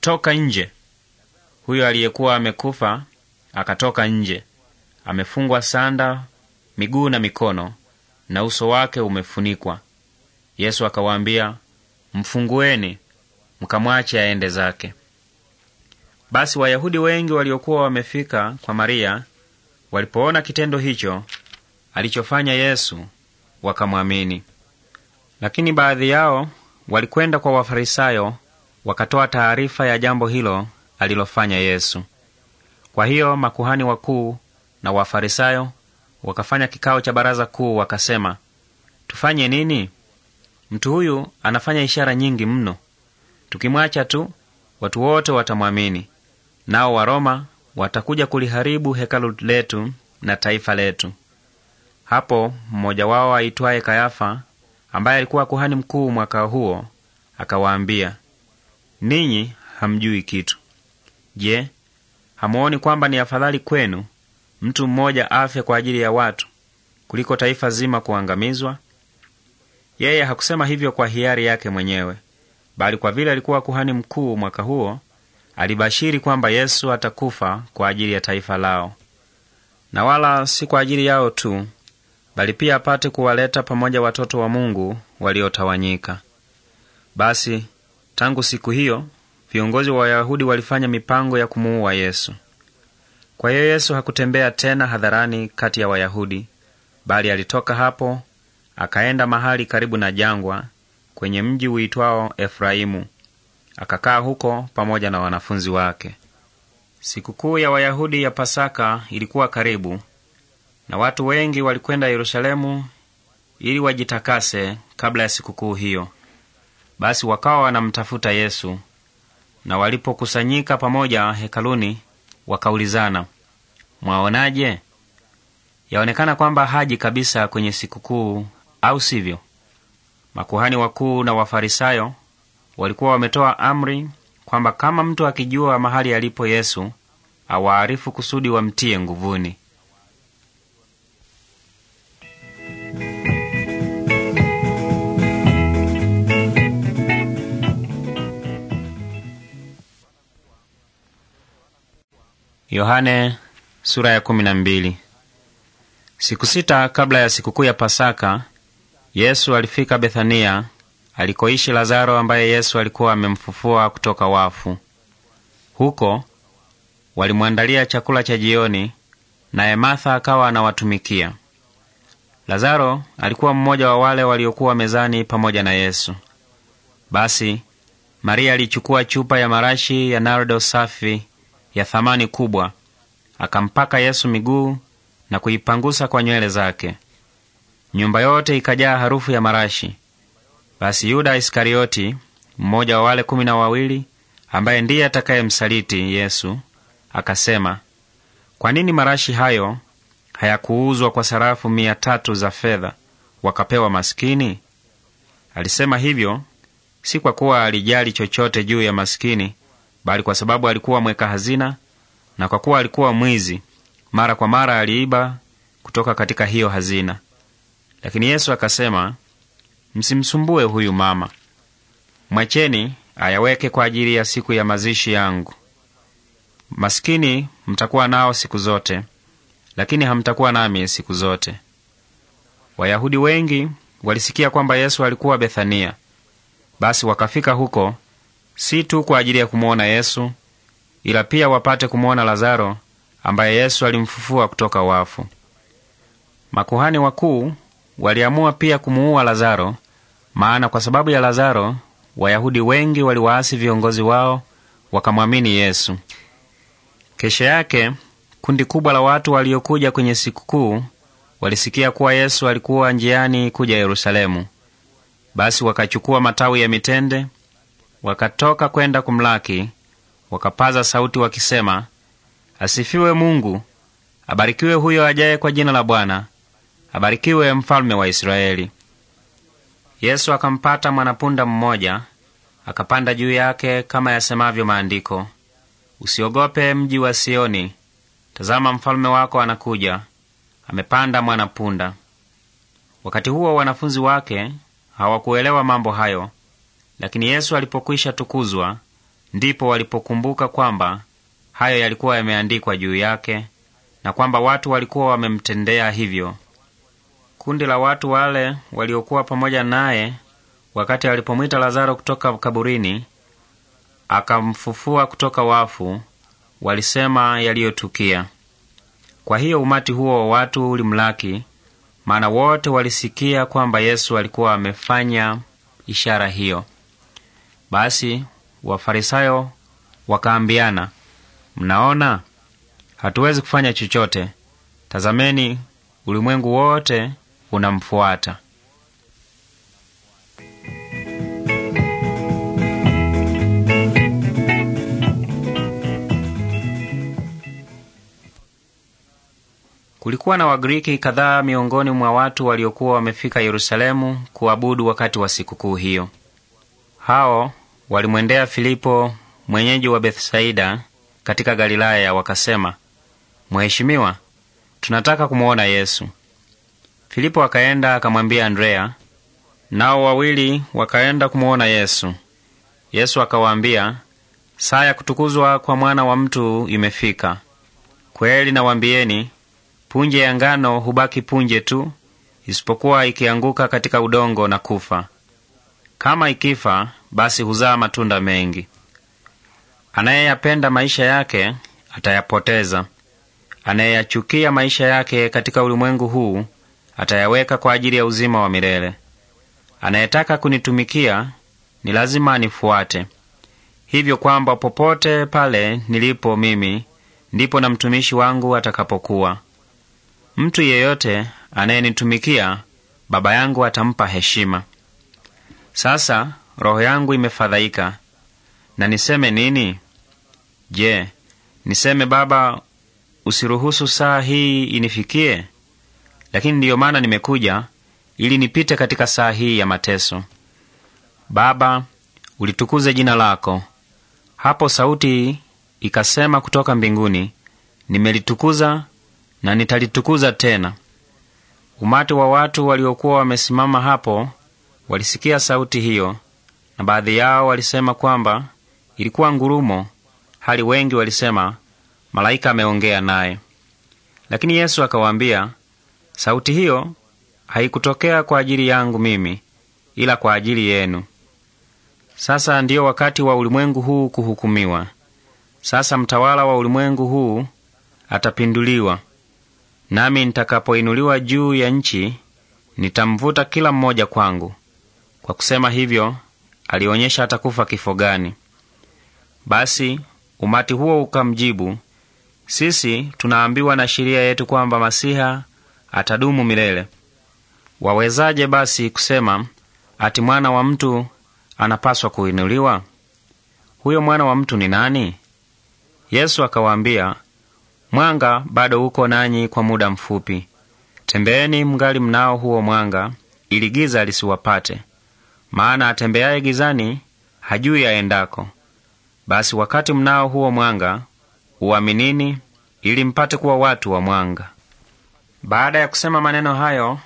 toka nje! Huyo aliyekuwa amekufa akatoka nje, amefungwa sanda miguu na mikono, na uso wake umefunikwa. Yesu akawaambia, mfungueni mkamwache aende zake. Basi Wayahudi wengi waliokuwa wamefika kwa Maria walipoona kitendo hicho alichofanya Yesu wakamwamini. Lakini baadhi yao walikwenda kwa Wafarisayo wakatoa taarifa ya jambo hilo alilofanya Yesu. Kwa hiyo makuhani wakuu na Wafarisayo wakafanya kikao cha baraza kuu, wakasema, tufanye nini? Mtu huyu anafanya ishara nyingi mno, tukimwacha tu watu wote watamwamini nao Waroma watakuja kuliharibu hekalu letu na taifa letu. Hapo mmoja wao aitwaye Kayafa, ambaye alikuwa kuhani mkuu mwaka huo, akawaambia, ninyi hamjui kitu. Je, hamuoni kwamba ni afadhali kwenu mtu mmoja afe kwa ajili ya watu kuliko taifa zima kuangamizwa? Yeye hakusema hivyo kwa hiari yake mwenyewe, bali kwa vile alikuwa kuhani mkuu mwaka huo, alibashiri kwamba Yesu atakufa kwa ajili ya taifa lao, na wala si kwa ajili yao tu, bali pia apate kuwaleta pamoja watoto wa Mungu waliotawanyika. Basi tangu siku hiyo viongozi wa Wayahudi walifanya mipango ya kumuua Yesu. Kwa hiyo Yesu hakutembea tena hadharani kati ya Wayahudi, bali alitoka hapo akaenda mahali karibu na jangwa kwenye mji uitwao Efraimu akakaa huko pamoja na wanafunzi wake. Sikukuu ya Wayahudi ya Pasaka ilikuwa karibu, na watu wengi walikwenda Yerusalemu ili wajitakase kabla ya sikukuu hiyo. Basi wakawa wanamtafuta Yesu, na walipokusanyika pamoja hekaluni, wakaulizana, mwaonaje? Yaonekana kwamba haji kabisa kwenye sikukuu, au sivyo? Makuhani wakuu na Wafarisayo walikuwa wametoa amri kwamba kama mtu akijua mahali alipo Yesu awaarifu kusudi wamtiye nguvuni. Yohane, sura ya kumi na mbili. Siku sita kabla ya sikukuu ya Pasaka, Yesu alifika Bethania alikoishi Lazaro ambaye Yesu alikuwa amemfufua kutoka wafu. Huko walimwandalia chakula cha jioni, naye Martha akawa anawatumikia. Lazaro alikuwa mmoja wa wale waliokuwa mezani pamoja na Yesu. Basi Maria alichukua chupa ya marashi ya nardo safi ya thamani kubwa, akampaka Yesu miguu na kuipangusa kwa nywele zake. Nyumba yote ikajaa harufu ya marashi. Basi Yuda Iskarioti, mmoja wa wale kumi na wawili, ambaye ndiye atakayemsaliti Yesu, akasema, kwa nini marashi hayo hayakuuzwa kwa sarafu mia tatu za fedha wakapewa maskini? Alisema hivyo si kwa kuwa alijali chochote juu ya maskini, bali kwa sababu alikuwa mweka hazina, na kwa kuwa alikuwa mwizi, mara kwa mara aliiba kutoka katika hiyo hazina. Lakini Yesu akasema, Msimsumbue huyu mama, mwacheni ayaweke kwa ajili ya siku ya mazishi yangu. masikini mtakuwa nao siku zote, lakini hamtakuwa nami siku zote. Wayahudi wengi walisikia kwamba Yesu alikuwa Bethania, basi wakafika huko, si tu kwa ajili ya kumwona Yesu, ila pia wapate kumwona Lazaro ambaye Yesu alimfufua kutoka wafu. Makuhani wakuu waliamua pia kumuua Lazaro maana kwa sababu ya Lazaro Wayahudi wengi waliwaasi viongozi wao wakamwamini Yesu. Kesha yake kundi kubwa la watu waliokuja kwenye sikukuu walisikia kuwa Yesu alikuwa njiani kuja Yerusalemu. Basi wakachukua matawi ya mitende, wakatoka kwenda kumlaki, wakapaza sauti wakisema, Asifiwe Mungu! Abarikiwe huyo ajaye kwa jina la Bwana! Abarikiwe mfalme wa Israeli! Yesu akampata mwanapunda mmoja, akapanda juu yake, kama yasemavyo Maandiko, usiogope mji wa Sioni, tazama mfalme wako anakuja, amepanda mwanapunda. Wakati huo wanafunzi wake hawakuelewa mambo hayo, lakini Yesu alipokwisha tukuzwa, ndipo walipokumbuka kwamba hayo yalikuwa yameandikwa juu yake na kwamba watu walikuwa wamemtendea hivyo. Kundi la watu wale waliokuwa pamoja naye wakati alipomwita Lazaro kutoka kaburini akamfufua kutoka wafu, walisema yaliyotukia. Kwa hiyo umati huo wa watu ulimlaki, maana wote walisikia kwamba Yesu alikuwa amefanya ishara hiyo. Basi Wafarisayo wakaambiana, mnaona, hatuwezi kufanya chochote. Tazameni, ulimwengu wote unamfuata. Kulikuwa na Wagriki kadhaa miongoni mwa watu waliokuwa wamefika Yerusalemu kuabudu wakati wa sikukuu hiyo. Hao walimwendea Filipo, mwenyeji wa Bethsaida katika Galilaya, wakasema, Mheshimiwa, tunataka kumwona Yesu. Filipo akaenda akamwambia Andrea, nao wawili wakaenda kumuona Yesu. Yesu akawaambia, saa ya kutukuzwa kwa mwana wa mtu imefika. Kweli nawaambieni, punje ya ngano hubaki punje tu, isipokuwa ikianguka katika udongo na kufa. Kama ikifa, basi huzaa matunda mengi. Anayeyapenda maisha yake atayapoteza. Anayeyachukia maisha yake katika ulimwengu huu atayaweka kwa ajili ya uzima wa milele. Anayetaka kunitumikia ni lazima anifuate, hivyo kwamba popote pale nilipo mimi ndipo na mtumishi wangu atakapokuwa. Mtu yeyote anayenitumikia Baba yangu atampa heshima. Sasa roho yangu imefadhaika, na niseme nini? Je, niseme Baba, usiruhusu saa hii inifikie? lakini ndiyo maana nimekuja ili nipite katika saa hii ya mateso. Baba, ulitukuze jina lako. Hapo sauti ikasema kutoka mbinguni, nimelitukuza na nitalitukuza tena. Umati wa watu waliokuwa wamesimama hapo walisikia sauti hiyo, na baadhi yao walisema kwamba ilikuwa ngurumo, hali wengi walisema malaika ameongea naye. Lakini Yesu akawaambia, Sauti hiyo haikutokea kwa ajili yangu mimi, ila kwa ajili yenu. Sasa ndiyo wakati wa ulimwengu huu kuhukumiwa. Sasa mtawala wa ulimwengu huu atapinduliwa, nami nitakapoinuliwa juu ya nchi nitamvuta kila mmoja kwangu. Kwa kusema hivyo, alionyesha atakufa kifo gani. Basi umati huo ukamjibu, sisi tunaambiwa na sheria yetu kwamba Masiha atadumu milele. Wawezaje basi kusema ati mwana wa mtu anapaswa kuinuliwa? Huyo mwana wa mtu ni nani? Yesu akawaambia, mwanga bado uko nanyi kwa muda mfupi. Tembeeni mngali mnao huo mwanga, ili giza lisiwapate. Maana atembeaye gizani hajui aendako. Basi wakati mnao huo mwanga, uaminini, ili mpate kuwa watu wa mwanga. Baada ya kusema maneno hayo,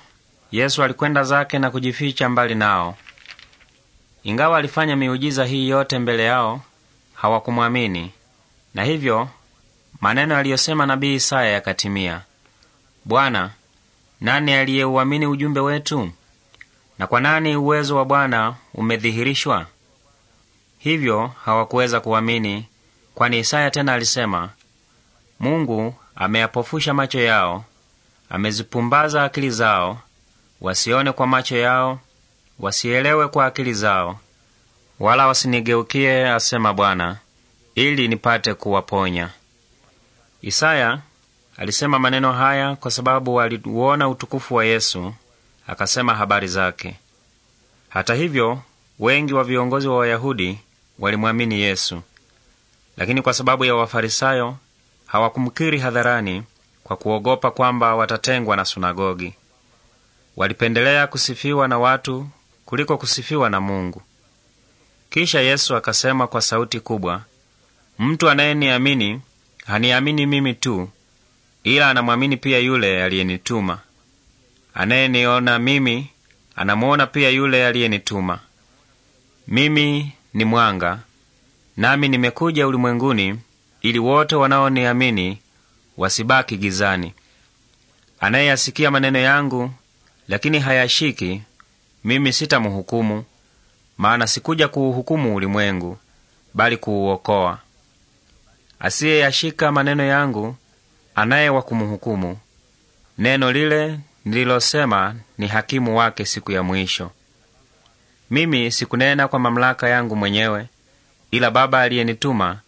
Yesu alikwenda zake na kujificha mbali nao. Ingawa alifanya miujiza hii yote mbele yao, hawakumwamini, na hivyo maneno aliyosema nabii Isaya yakatimia: Bwana, nani aliyeuamini ujumbe wetu? Na kwa nani uwezo wa Bwana umedhihirishwa? Hivyo hawakuweza kuamini, kwani Isaya tena alisema, Mungu ameyapofusha macho yao Amezipumbaza akili zao, wasione kwa macho yao, wasielewe kwa akili zao, wala wasinigeukie, asema Bwana, ili nipate kuwaponya. Isaya alisema maneno haya kwa sababu aliuona utukufu wa Yesu, akasema habari zake. Hata hivyo, wengi wa viongozi wa Wayahudi walimwamini Yesu, lakini kwa sababu ya Wafarisayo hawakumkiri hadharani kwa kuogopa kwamba watatengwa na sunagogi. Walipendelea kusifiwa na watu kuliko kusifiwa na Mungu. Kisha Yesu akasema kwa sauti kubwa, mtu anayeniamini haniamini mimi tu, ila anamwamini pia yule aliyenituma. Anayeniona mimi anamuona pia yule aliyenituma. Mimi ni mwanga, nami nimekuja ulimwenguni ili wote wanaoniamini wasibaki gizani. Anayeyasikia maneno yangu lakini hayashiki, mimi sitamhukumu, maana sikuja kuuhukumu ulimwengu, bali kuuokoa. Asiyeyashika maneno yangu anaye wa kumhukumu, neno lile nililosema ni hakimu wake siku ya mwisho. Mimi sikunena kwa mamlaka yangu mwenyewe, ila Baba aliyenituma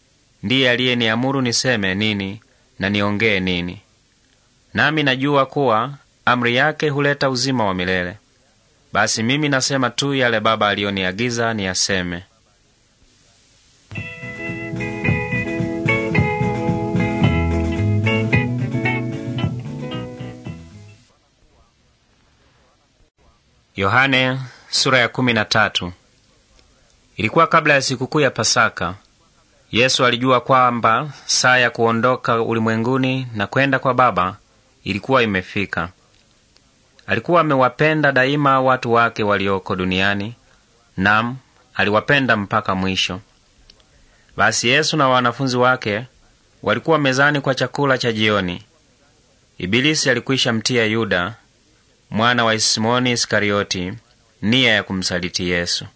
ndiye aliyeniamuru niseme nini na niongee nini? Nami najua kuwa amri yake huleta uzima wa milele. Basi mimi nasema tu yale Baba aliyoniagiza niyaseme. Yohane, sura ya kumi na tatu. Ilikuwa kabla ya sikukuu ya Pasaka. Yesu alijua kwamba saa ya kuondoka ulimwenguni na kwenda kwa Baba ilikuwa imefika. Alikuwa amewapenda daima watu wake walioko duniani, nam aliwapenda mpaka mwisho. Basi Yesu na wanafunzi wake walikuwa mezani kwa chakula cha jioni. Ibilisi alikwisha mtia Yuda mwana wa Simoni Iskarioti nia ya kumsaliti Yesu.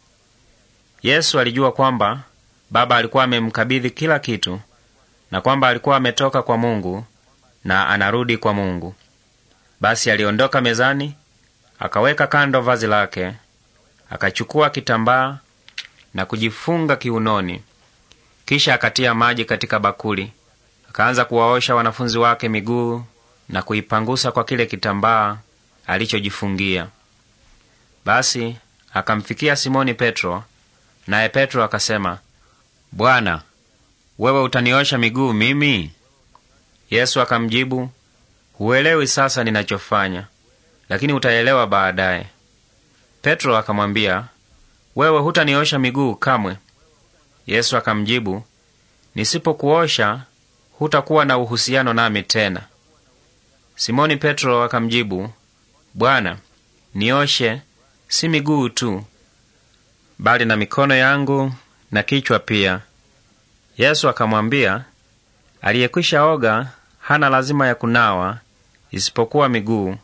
Yesu alijua kwamba Baba alikuwa amemkabidhi kila kitu na kwamba alikuwa ametoka kwa Mungu na anarudi kwa Mungu. Basi aliondoka mezani, akaweka kando vazi lake, akachukua kitambaa na kujifunga kiunoni. Kisha akatia maji katika bakuli, akaanza kuwaosha wanafunzi wake miguu na kuipangusa kwa kile kitambaa alichojifungia. Basi akamfikia Simoni Petro, naye Petro akasema, Bwana, wewe utaniosha miguu mimi? Yesu akamjibu, huelewi sasa ninachofanya, lakini utaelewa baadaye. Petro akamwambia, wewe hutaniosha miguu kamwe. Yesu akamjibu, nisipokuosha hutakuwa na uhusiano nami tena. Simoni Petro akamjibu, Bwana, nioshe si miguu tu, bali na mikono yangu na kichwa pia. Yesu akamwambia, aliyekwisha oga hana lazima ya kunawa isipokuwa miguu,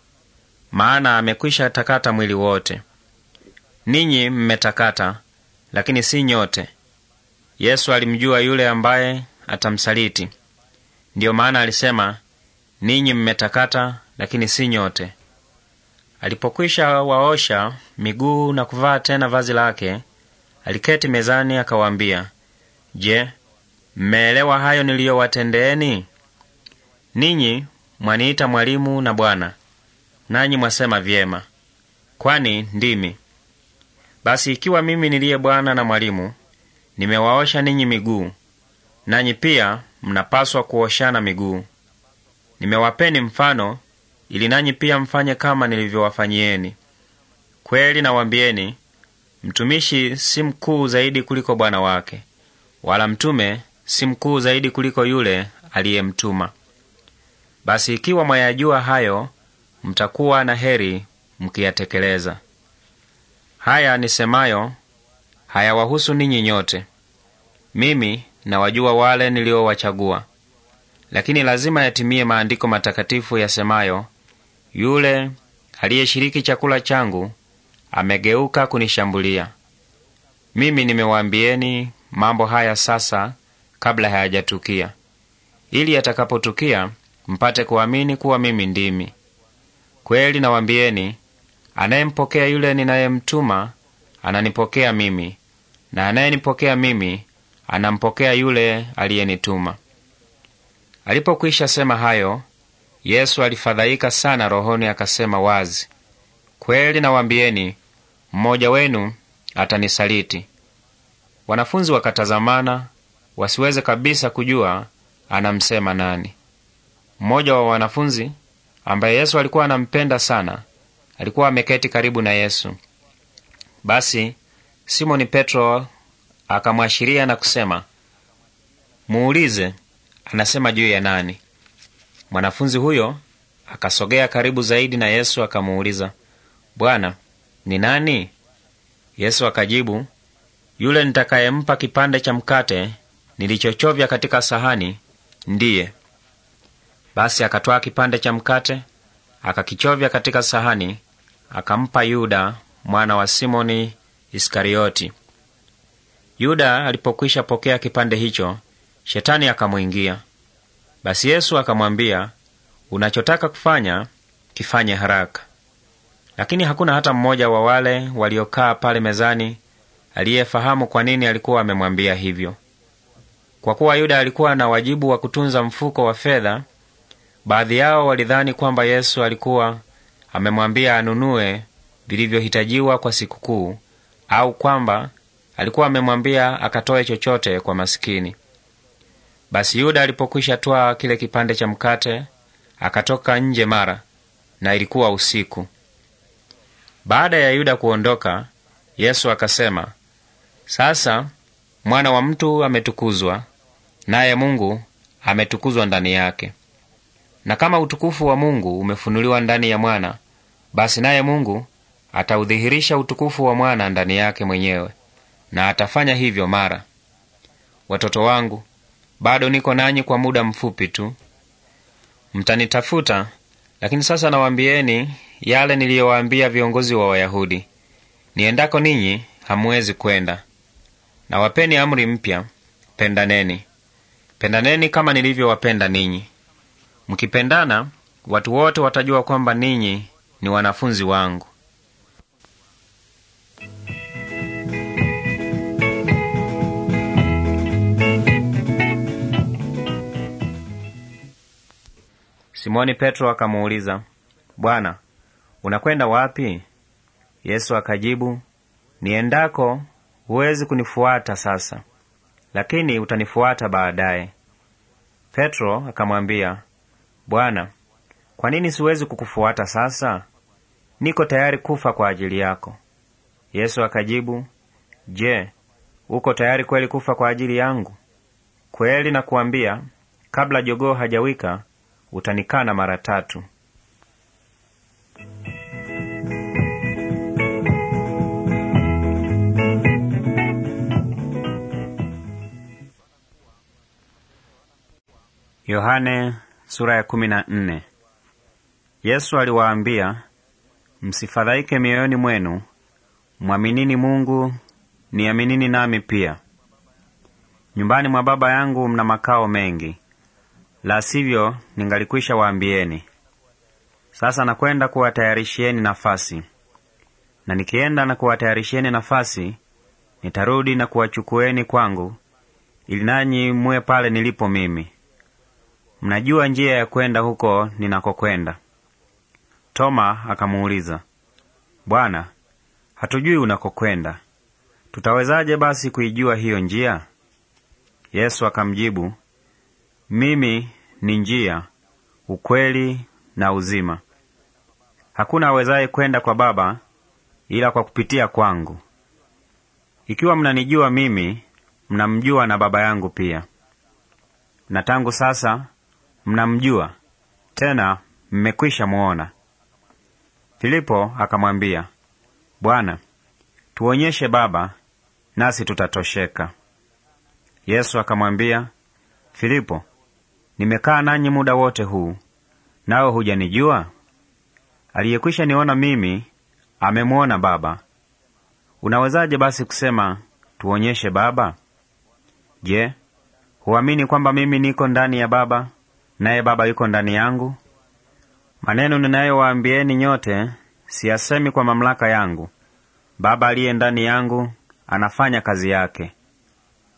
maana amekwisha takata mwili wote. Ninyi mmetakata, lakini si nyote. Yesu alimjua yule ambaye atamsaliti, ndiyo maana alisema, ninyi mmetakata, lakini si nyote. Alipokwisha waosha miguu na kuvaa tena vazi lake Aliketi mezani akawaambia, Je, mmeelewa hayo niliyowatendeeni? Ninyi mwaniita mwalimu na Bwana, nanyi mwasema vyema, kwani ndimi. Basi ikiwa mimi niliye Bwana na mwalimu nimewaosha ninyi miguu, nanyi pia mnapaswa kuoshana miguu. Nimewapeni mfano ili nanyi pia mfanye kama nilivyowafanyieni. Kweli nawambieni, Mtumishi si mkuu zaidi kuliko bwana wake, wala mtume si mkuu zaidi kuliko yule aliyemtuma. Basi ikiwa mwayajua hayo, mtakuwa na heri mkiyatekeleza. Haya nisemayo hayawahusu ninyi nyote. Mimi nawajua wale niliowachagua, lakini lazima yatimie maandiko matakatifu yasemayo, yule aliyeshiriki chakula changu amegeuka kunishambulia. Mimi nimewaambieni mambo haya sasa kabla hayajatukia, ili yatakapotukia mpate kuamini kuwa mimi ndimi. Kweli nawaambieni, anayempokea yule ninayemtuma ananipokea mimi, na anayenipokea mimi anampokea yule aliyenituma. Alipokwisha sema hayo, Yesu alifadhaika sana rohoni, akasema wazi, kweli nawaambieni mmoja wenu atanisaliti. Wanafunzi wakatazamana wasiweze kabisa kujua anamsema nani. Mmoja wa wanafunzi ambaye Yesu alikuwa anampenda sana alikuwa ameketi karibu na Yesu. Basi Simoni Petro akamwashiria na kusema, muulize anasema juu ya nani. Mwanafunzi huyo akasogea karibu zaidi na Yesu akamuuliza, Bwana, ni nani? Yesu akajibu, yule nitakayempa kipande cha mkate nilichochovya katika sahani ndiye. Basi akatwaa kipande cha mkate akakichovya katika sahani, akampa Yuda mwana wa Simoni Iskarioti. Yuda alipokwisha pokea kipande hicho, shetani akamwingia. Basi Yesu akamwambia, unachotaka kufanya kifanye haraka. Lakini hakuna hata mmoja wa wale waliokaa pale mezani aliyefahamu kwa nini alikuwa amemwambia hivyo. Kwa kuwa Yuda alikuwa na wajibu wa kutunza mfuko wa fedha, baadhi yao walidhani kwamba Yesu alikuwa amemwambia anunue vilivyohitajiwa kwa sikukuu au kwamba alikuwa amemwambia akatoe chochote kwa masikini. Basi Yuda alipokwisha twaa kile kipande cha mkate, akatoka nje mara, na ilikuwa usiku. Baada ya Yuda kuondoka, Yesu akasema, sasa mwana wa mtu ametukuzwa, naye Mungu ametukuzwa ndani yake. Na kama utukufu wa Mungu umefunuliwa ndani ya mwana, basi naye Mungu ataudhihirisha utukufu wa mwana ndani yake mwenyewe, na atafanya hivyo mara. Watoto wangu, bado niko nanyi kwa muda mfupi tu. Mtanitafuta, lakini sasa nawaambieni yale niliyowaambia viongozi wa Wayahudi, niendako ninyi hamuwezi kwenda. Na wapeni amri mpya, pendaneni. Pendaneni kama nilivyowapenda ninyi. Mkipendana, watu wote watajua kwamba ninyi ni wanafunzi wangu. Simoni Petro akamuuliza, Bwana, unakwenda wapi? Yesu akajibu, niendako huwezi kunifuata sasa, lakini utanifuata baadaye. Petro akamwambia, Bwana, kwa nini siwezi kukufuata sasa? Niko tayari kufa kwa ajili yako. Yesu akajibu, Je, uko tayari kweli kufa kwa ajili yangu? Kweli nakuambia, kabla jogoo hajawika utanikana mara tatu. Yohane sura ya kumi na nne. Yesu aliwaambia, msifadhaike mioyoni mwenu, mwaminini Mungu, niaminini nami pia. Nyumbani mwa Baba yangu mna makao mengi, la sivyo ningalikwisha waambieni. Sasa nakwenda kuwatayarishieni nafasi, na nikienda na kuwatayarishieni nafasi, nitarudi na kuwachukueni kwangu, ili nanyi muwe pale nilipo mimi mnajua njia ya kwenda huko ninakokwenda. Toma akamuuliza, Bwana, hatujui unakokwenda, tutawezaje basi kuijua hiyo njia? Yesu akamjibu, mimi ni njia, ukweli na uzima. Hakuna awezaye kwenda kwa Baba ila kwa kupitia kwangu. Ikiwa mnanijua mimi, mnamjua na Baba yangu pia. Na tangu sasa mnamjua tena mmekwisha muona Filipo akamwambia, Bwana, tuonyeshe Baba, nasi tutatosheka. Yesu akamwambia, Filipo, nimekaa nanyi muda wote huu, nawe hujanijua? Aliyekwisha niona mimi amemwona Baba. Unawezaje basi kusema tuonyeshe Baba? Je, huamini kwamba mimi niko ndani ya Baba naye Baba yuko ndani yangu. Maneno ninayowaambieni nyote siyasemi kwa mamlaka yangu. Baba aliye ndani yangu anafanya kazi yake.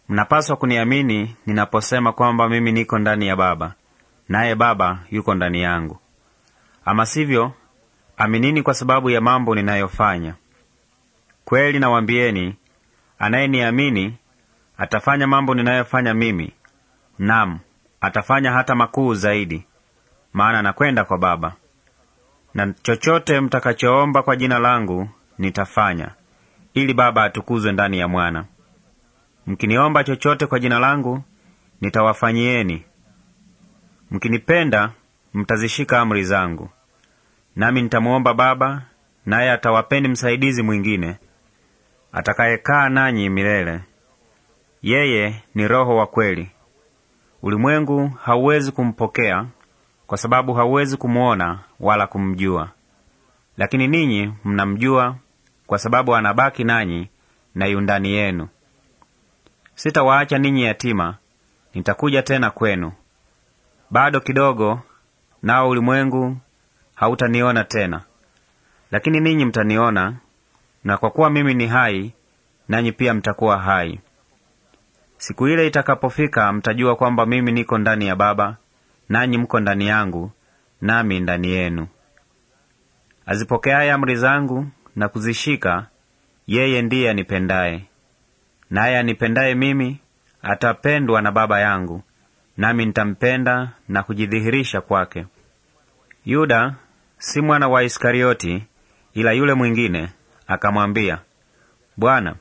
Mnapaswa kuniamini ninaposema kwamba mimi niko ndani ya Baba naye Baba yuko ndani yangu. Ama sivyo, aminini kwa sababu ya mambo ninayofanya. Kweli nawambieni, anayeniamini atafanya mambo ninayofanya mimi, nam atafanya hata makuu zaidi, maana nakwenda kwa Baba. Na chochote mtakachoomba kwa jina langu nitafanya, ili Baba atukuzwe ndani ya Mwana. Mkiniomba chochote kwa jina langu nitawafanyieni. Mkinipenda mtazishika amri zangu. Nami nitamuomba Baba, naye atawapeni msaidizi mwingine atakayekaa nanyi milele. Yeye ni Roho wa kweli, Ulimwengu hauwezi kumpokea kwa sababu hauwezi kumwona wala kumjua, lakini ninyi mnamjua kwa sababu anabaki nanyi na yu ndani yenu. Sitawaacha ninyi yatima, nitakuja tena kwenu. Bado kidogo, nao ulimwengu hautaniona tena, lakini ninyi mtaniona, na kwa kuwa mimi ni hai, nanyi pia mtakuwa hai. Siku ile itakapofika, mtajua kwamba mimi niko ndani ya Baba, nanyi mko ndani yangu, nami ndani yenu. Azipokeaye amri zangu na kuzishika, yeye ndiye anipendaye, naye anipendaye mimi atapendwa na Baba yangu, nami nitampenda na kujidhihirisha kwake. Yuda si mwana wa Iskarioti, ila yule mwingine, akamwambia, Bwana,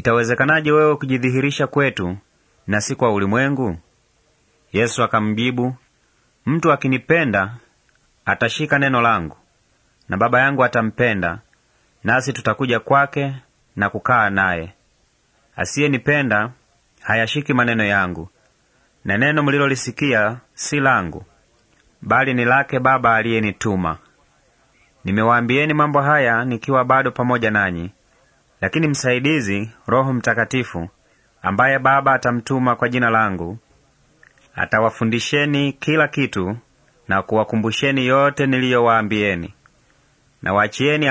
itawezekanaje wewe kujidhihirisha kwetu na si kwa ulimwengu? Yesu akamjibu, mtu akinipenda atashika neno langu, na Baba yangu atampenda, nasi tutakuja kwake na kukaa naye. Asiyenipenda hayashiki maneno yangu, na neno mlilolisikia si langu, bali ni lake Baba aliyenituma. Nimewaambieni mambo haya nikiwa bado pamoja nanyi. Lakini msaidizi, Roho Mtakatifu, ambaye Baba atamtuma kwa jina langu, atawafundisheni kila kitu na kuwakumbusheni yote niliyowaambieni. Na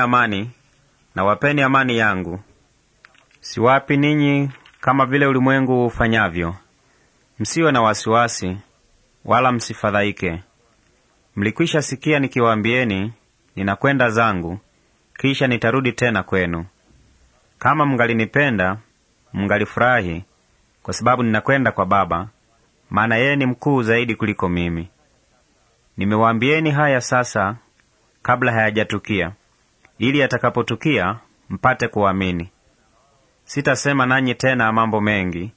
amani, na wapeni amani yangu. Siwapi ninyi kama vile ulimwengu ufanyavyo. Msiwe na wasiwasi wala msifadhaike. Mlikwisha sikia nikiwaambieni, ninakwenda zangu, kisha nitarudi tena kwenu. Kama mngalinipenda mngalifurahi, kwa sababu ninakwenda kwa Baba, maana yeye ni mkuu zaidi kuliko mimi. Nimewaambieni haya sasa kabla hayajatukia, ili yatakapotukia mpate kuamini. Sitasema nanyi tena mambo mengi,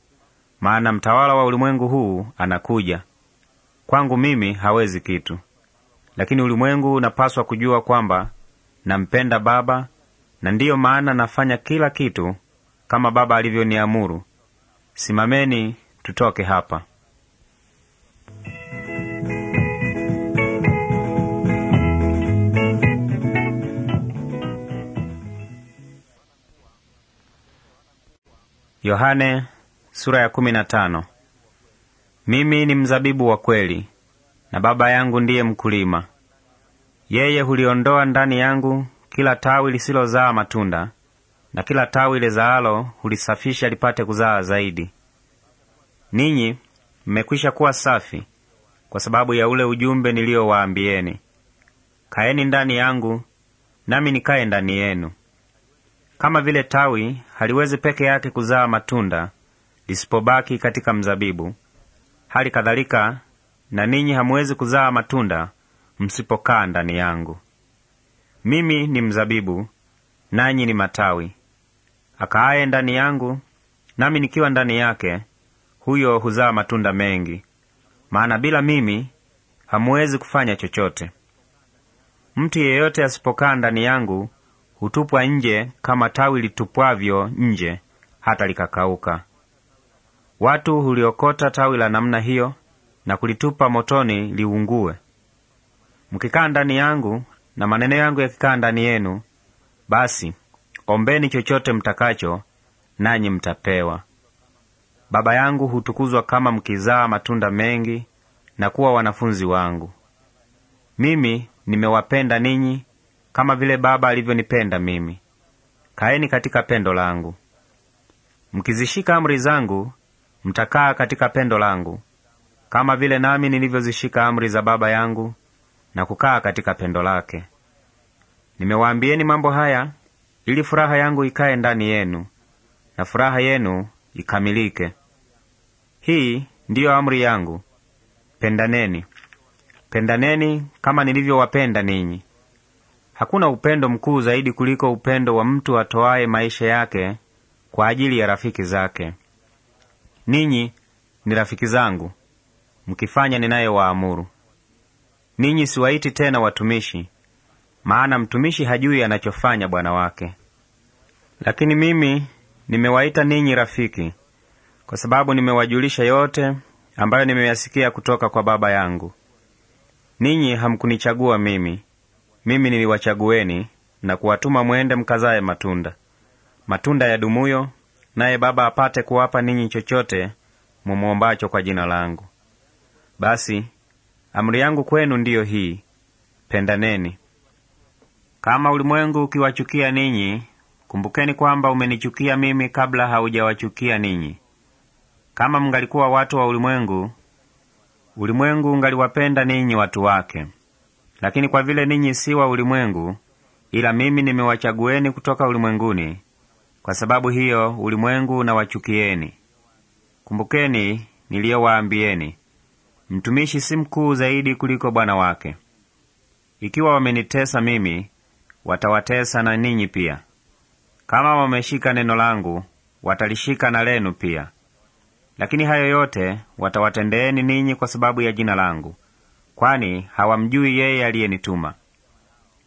maana mtawala wa ulimwengu huu anakuja. Kwangu mimi hawezi kitu, lakini ulimwengu unapaswa kujua kwamba nampenda Baba na ndiyo maana nafanya kila kitu kama Baba alivyoniamuru. Simameni, tutoke hapa. Yohane sura ya kumi na tano. Mimi ni mzabibu wa kweli na Baba yangu ndiye mkulima. Yeye huliondoa ndani yangu kila tawi lisilozaa matunda na kila tawi lizaalo hulisafisha lipate kuzaa zaidi. Ninyi mmekwisha kuwa safi kwa sababu ya ule ujumbe niliyowaambieni. Kaeni ndani yangu, nami nikae ndani yenu. Kama vile tawi haliwezi peke yake kuzaa matunda lisipobaki katika mzabibu, hali kadhalika na ninyi hamuwezi kuzaa matunda msipokaa ndani yangu. Mimi ni mzabibu, nanyi ni matawi. Akaaye ndani yangu, nami nikiwa ndani yake, huyo huzaa matunda mengi, maana bila mimi hamuwezi kufanya chochote. Mtu yeyote asipokaa ndani yangu hutupwa nje kama tawi litupwavyo nje, hata likakauka. Watu huliokota tawi la namna hiyo na kulitupa motoni liungue. Mkikaa ndani yangu na maneno yangu yakikaa ndani yenu, basi ombeni chochote mtakacho, nanyi mtapewa. Baba yangu hutukuzwa kama mkizaa matunda mengi na kuwa wanafunzi wangu. Mimi nimewapenda ninyi kama vile Baba alivyonipenda mimi. Kaeni katika pendo langu. Mkizishika amri zangu, mtakaa katika pendo langu, kama vile nami nilivyozishika amri za Baba yangu na kukaa katika pendo lake. Nimewaambieni mambo haya ili furaha yangu ikae ndani yenu na furaha yenu ikamilike. Hii ndiyo amri yangu, pendaneni. Pendaneni kama nilivyowapenda ninyi. Hakuna upendo mkuu zaidi kuliko upendo wa mtu atoaye maisha yake kwa ajili ya rafiki zake. Ninyi ni rafiki zangu mkifanya ninayowaamuru. Ninyi siwaiti tena watumishi, maana mtumishi hajui anachofanya bwana wake, lakini mimi nimewaita ninyi rafiki, kwa sababu nimewajulisha yote ambayo nimeyasikia kutoka kwa Baba yangu. Ninyi hamkunichagua mimi, mimi niliwachagueni na kuwatuma mwende mkazaye matunda, matunda ya dumuyo, naye Baba apate kuwapa ninyi chochote mumwombacho kwa jina langu. Basi Amri yangu kwenu ndiyo hii, pendaneni. Kama ulimwengu ukiwachukia ninyi, kumbukeni kwamba umenichukia mimi kabla haujawachukia ninyi. Kama mngalikuwa watu wa ulimwengu, ulimwengu ungaliwapenda ninyi watu wake. Lakini kwa vile ninyi si wa ulimwengu, ila mimi nimewachagueni kutoka ulimwenguni, kwa sababu hiyo ulimwengu unawachukieni. Kumbukeni niliyowaambieni. Mtumishi si mkuu zaidi kuliko bwana wake. Ikiwa wamenitesa mimi, watawatesa na ninyi pia. Kama wameshika neno langu, watalishika na lenu pia. Lakini hayo yote watawatendeeni ninyi kwa sababu ya jina langu, kwani hawamjui yeye aliyenituma.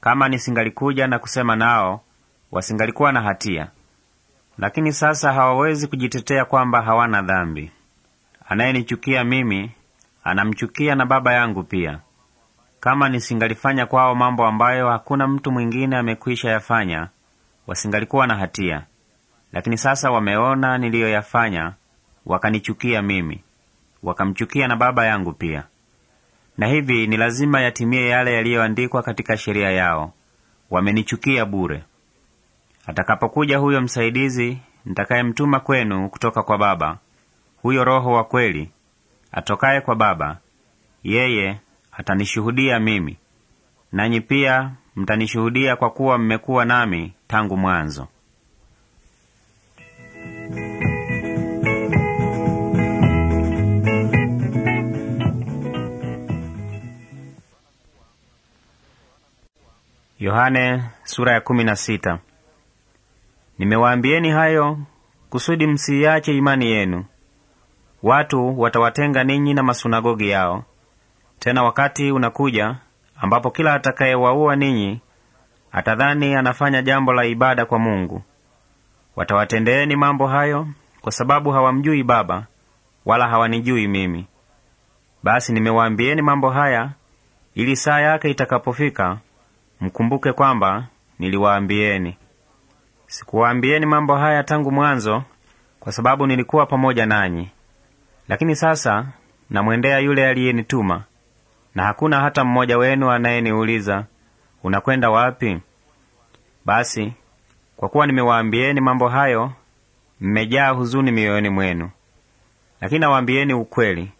Kama nisingalikuja na kusema nao, wasingalikuwa na hatia, lakini sasa hawawezi kujitetea kwamba hawana dhambi. Anayenichukia mimi anamchukia na Baba yangu pia. Kama nisingalifanya kwao mambo ambayo hakuna mtu mwingine amekwisha yafanya, wasingalikuwa na hatia. Lakini sasa wameona niliyoyafanya, wakanichukia mimi, wakamchukia na Baba yangu pia. Na hivi ni lazima yatimie yale yaliyoandikwa katika sheria yao, wamenichukia bure. Atakapokuja huyo msaidizi nitakayemtuma kwenu kutoka kwa Baba, huyo Roho wa kweli Atokaye kwa Baba, yeye atanishuhudia mimi, nanyi pia mtanishuhudia kwa kuwa mmekuwa nami tangu mwanzo. Yohane sura ya kumi na sita. Nimewaambieni hayo kusudi msiiache imani yenu. Watu watawatenga ninyi na masunagogi yao. Tena wakati unakuja ambapo kila atakayewaua ninyi atadhani anafanya jambo la ibada kwa Mungu. Watawatendeeni mambo hayo kwa sababu hawamjui Baba wala hawanijui mimi. Basi nimewaambieni mambo haya ili saa yake itakapofika mkumbuke kwamba niliwaambieni. Sikuwaambieni mambo haya tangu mwanzo kwa sababu nilikuwa pamoja nanyi. Lakini sasa namwendea yule aliyenituma, na hakuna hata mmoja wenu anayeniuliza unakwenda wapi? Basi kwa kuwa nimewaambieni mambo hayo, mmejaa huzuni mioyoni mwenu. Lakini nawaambieni ukweli,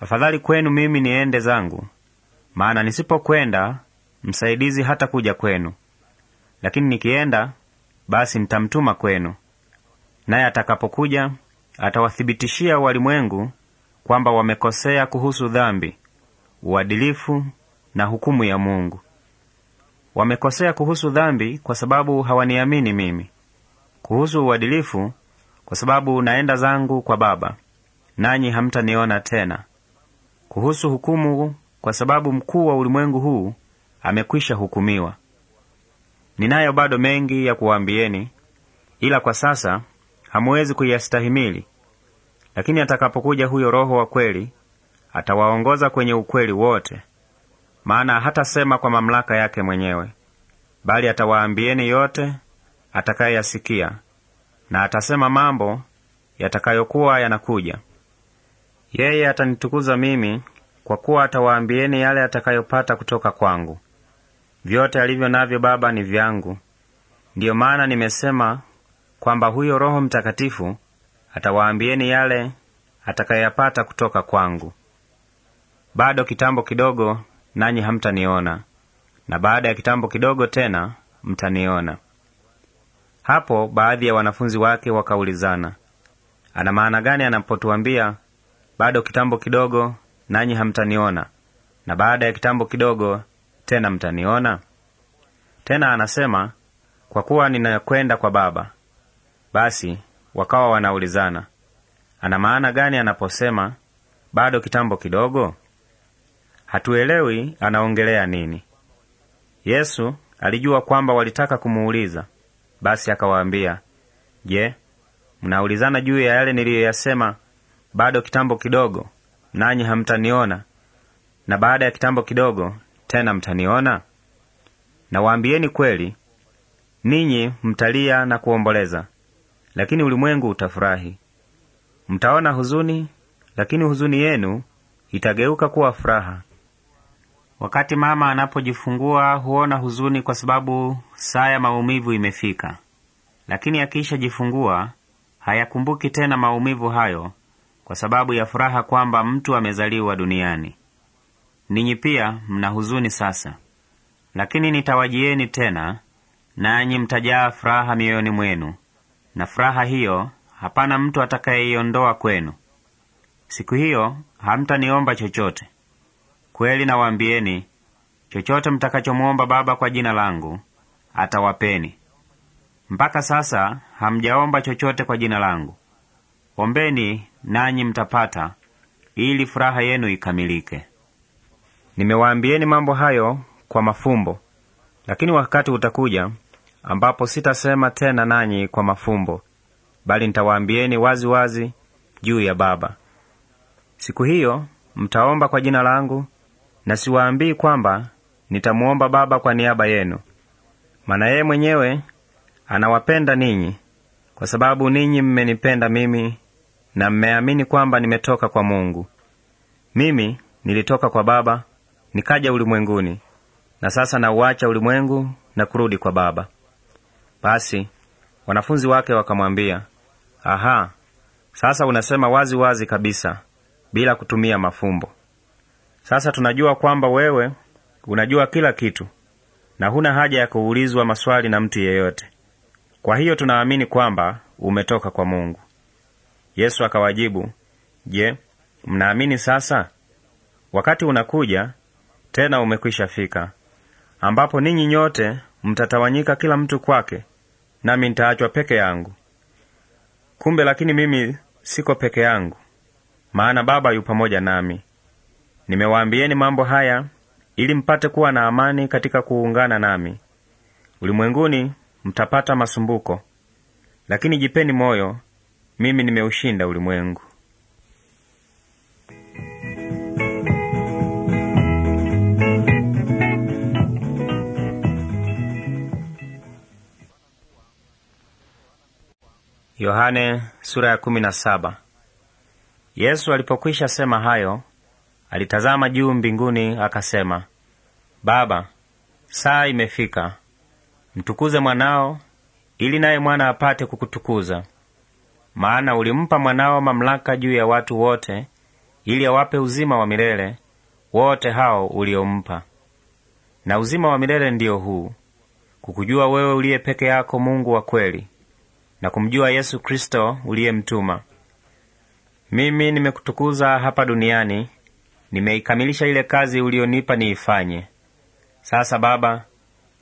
afadhali kwenu mimi niende zangu, maana nisipokwenda msaidizi hata kuja kwenu, lakini nikienda, basi nitamtuma kwenu. Naye atakapokuja atawathibitishia walimwengu kwamba wamekosea kuhusu dhambi, uadilifu na hukumu ya Mungu. Wamekosea kuhusu dhambi kwa sababu hawaniamini mimi, kuhusu uadilifu kwa sababu naenda zangu kwa Baba nanyi hamtaniona tena, kuhusu hukumu kwa sababu mkuu wa ulimwengu huu amekwisha hukumiwa. Ninayo bado mengi ya kuwaambieni, ila kwa sasa hamuwezi kuyastahimili. Lakini atakapokuja huyo Roho wa kweli, atawaongoza kwenye ukweli wote, maana hatasema kwa mamlaka yake mwenyewe, bali atawaambieni yote atakayeyasikia, na atasema mambo yatakayokuwa yanakuja. Yeye atanitukuza mimi, kwa kuwa atawaambieni yale atakayopata kutoka kwangu. Vyote alivyo navyo Baba ni vyangu, ndiyo maana nimesema kwamba huyo Roho Mtakatifu atawaambieni yale atakayapata kutoka kwangu. Bado kitambo kidogo, nanyi hamtaniona, na baada ya kitambo kidogo tena mtaniona. Hapo baadhi ya wanafunzi wake wakaulizana, ana maana gani anapotuambia bado kitambo kidogo, nanyi hamtaniona, na baada ya kitambo kidogo tena mtaniona? Tena anasema kwa kuwa ninakwenda kwa Baba, basi wakawa wanaulizana, ana maana gani anaposema bado kitambo kidogo? Hatuelewi anaongelea nini. Yesu alijua kwamba walitaka kumuuliza, basi akawaambia, Je, mnaulizana juu ya yale niliyoyasema, bado kitambo kidogo nanyi hamtaniona, na baada ya kitambo kidogo tena mtaniona? Nawaambieni kweli, ninyi mtalia na kuomboleza, lakini ulimwengu utafurahi. Mtaona huzuni, lakini huzuni yenu itageuka kuwa furaha. Wakati mama anapojifungua huona huzuni kwa sababu saa ya maumivu imefika, lakini jifungua hayakumbuki tena maumivu hayo kwa sababu ya furaha kwamba mtu amezaliwa duniani. Ninyi pia mna huzuni sasa, lakini nitawajieni tena, nanyi mtajaa furaha mioyoni mwenu, na furaha hiyo hapana mtu atakayeiondoa kwenu. Siku hiyo hamtaniomba chochote. Kweli nawaambieni, chochote mtakachomwomba Baba kwa jina langu atawapeni. Mpaka sasa hamjaomba chochote kwa jina langu. Ombeni nanyi mtapata, ili furaha yenu ikamilike. Nimewaambieni mambo hayo kwa mafumbo, lakini wakati utakuja ambapo sitasema tena nanyi kwa mafumbo, bali nitawaambieni wazi wazi juu ya Baba. Siku hiyo mtaomba kwa jina langu, na siwaambii kwamba nitamuomba Baba kwa niaba yenu, maana yeye mwenyewe anawapenda ninyi, kwa sababu ninyi mmenipenda mimi na mmeamini kwamba nimetoka kwa Mungu. Mimi nilitoka kwa Baba nikaja ulimwenguni, na sasa nauacha ulimwengu na kurudi kwa Baba basi wanafunzi wake wakamwambia aha sasa unasema wazi wazi kabisa bila kutumia mafumbo sasa tunajua kwamba wewe unajua kila kitu na huna haja ya kuulizwa maswali na mtu yeyote kwa hiyo tunaamini kwamba umetoka kwa mungu yesu akawajibu je mnaamini sasa wakati unakuja tena umekwisha fika ambapo ninyi nyote mtatawanyika kila mtu kwake nami nitaachwa peke yangu. Kumbe lakini mimi siko peke yangu, maana Baba yu pamoja nami. Nimewaambieni mambo haya ili mpate kuwa na amani katika kuungana nami. Ulimwenguni mtapata masumbuko, lakini jipeni moyo, mimi nimeushinda ulimwengu. Yohane, sura ya kumi na saba. Yesu alipokwisha sema hayo, alitazama juu mbinguni akasema, Baba, saa imefika, mtukuze mwanao, ili naye mwana apate kukutukuza. Maana ulimpa mwanao mamlaka juu ya watu wote, ili awape uzima wa milele wote hao uliompa. Na uzima wa milele ndiyo huu, kukujua wewe uliye peke yako Mungu wa kweli na kumjua Yesu Kristo uliyemtuma. Mimi nimekutukuza hapa duniani, nimeikamilisha ile kazi ulionipa niifanye. Sasa Baba,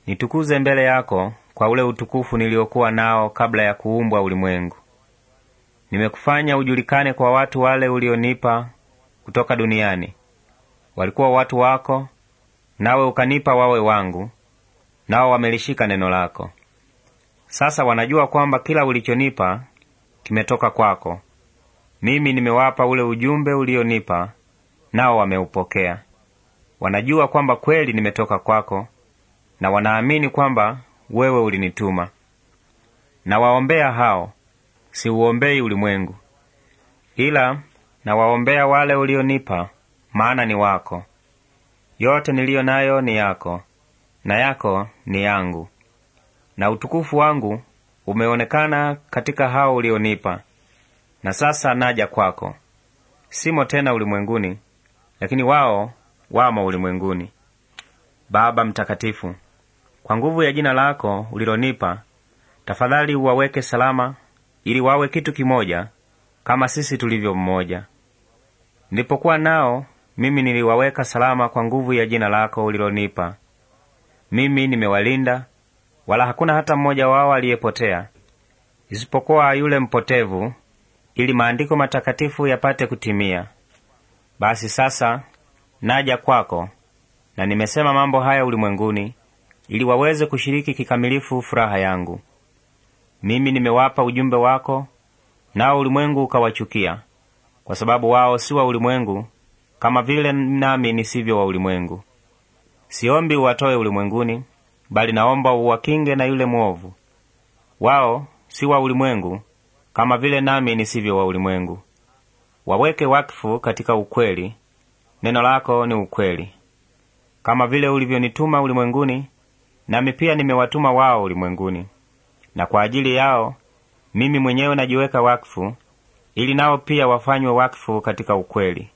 nitukuze mbele yako kwa ule utukufu niliokuwa nao kabla ya kuumbwa ulimwengu. Nimekufanya ujulikane kwa watu wale ulionipa kutoka duniani. Walikuwa watu wako, nawe ukanipa wawe wangu, nao wamelishika neno lako. Sasa wanajua kwamba kila ulichonipa kimetoka kwako. Mimi nimewapa ule ujumbe ulionipa, nao wameupokea. Wanajua kwamba kweli nimetoka kwako, na wanaamini kwamba wewe ulinituma. Nawaombea hao, siuombei ulimwengu, ila nawaombea wale ulionipa, maana ni wako. Yote niliyo nayo ni yako, na yako ni yangu, na utukufu wangu umeonekana katika hao ulionipa. Na sasa naja kwako, simo tena ulimwenguni, lakini wao wamo ulimwenguni. Baba Mtakatifu, kwa nguvu ya jina lako ulilonipa, tafadhali uwaweke salama, ili wawe kitu kimoja kama sisi tulivyo mmoja. Nilipokuwa nao mimi niliwaweka salama kwa nguvu ya jina lako ulilonipa. Mimi nimewalinda wala hakuna hata mmoja wao aliyepotea isipokuwa yule mpotevu, ili maandiko matakatifu yapate kutimia. Basi sasa naja kwako, na nimesema mambo haya ulimwenguni ili waweze kushiriki kikamilifu furaha yangu. Mimi nimewapa ujumbe wako, nao ulimwengu ukawachukia, kwa sababu wao si wa ulimwengu kama vile nami nisivyo wa ulimwengu. Siombi uwatoe ulimwenguni, bali naomba uwakinge na yule mwovu. Wao si wa ulimwengu kama vile nami nisivyo wa ulimwengu. Waweke wakfu katika ukweli, neno lako ni ukweli. Kama vile ulivyonituma ulimwenguni, nami pia nimewatuma wao ulimwenguni, na kwa ajili yao mimi mwenyewe najiweka wakfu, ili nao pia wafanywe wakfu katika ukweli.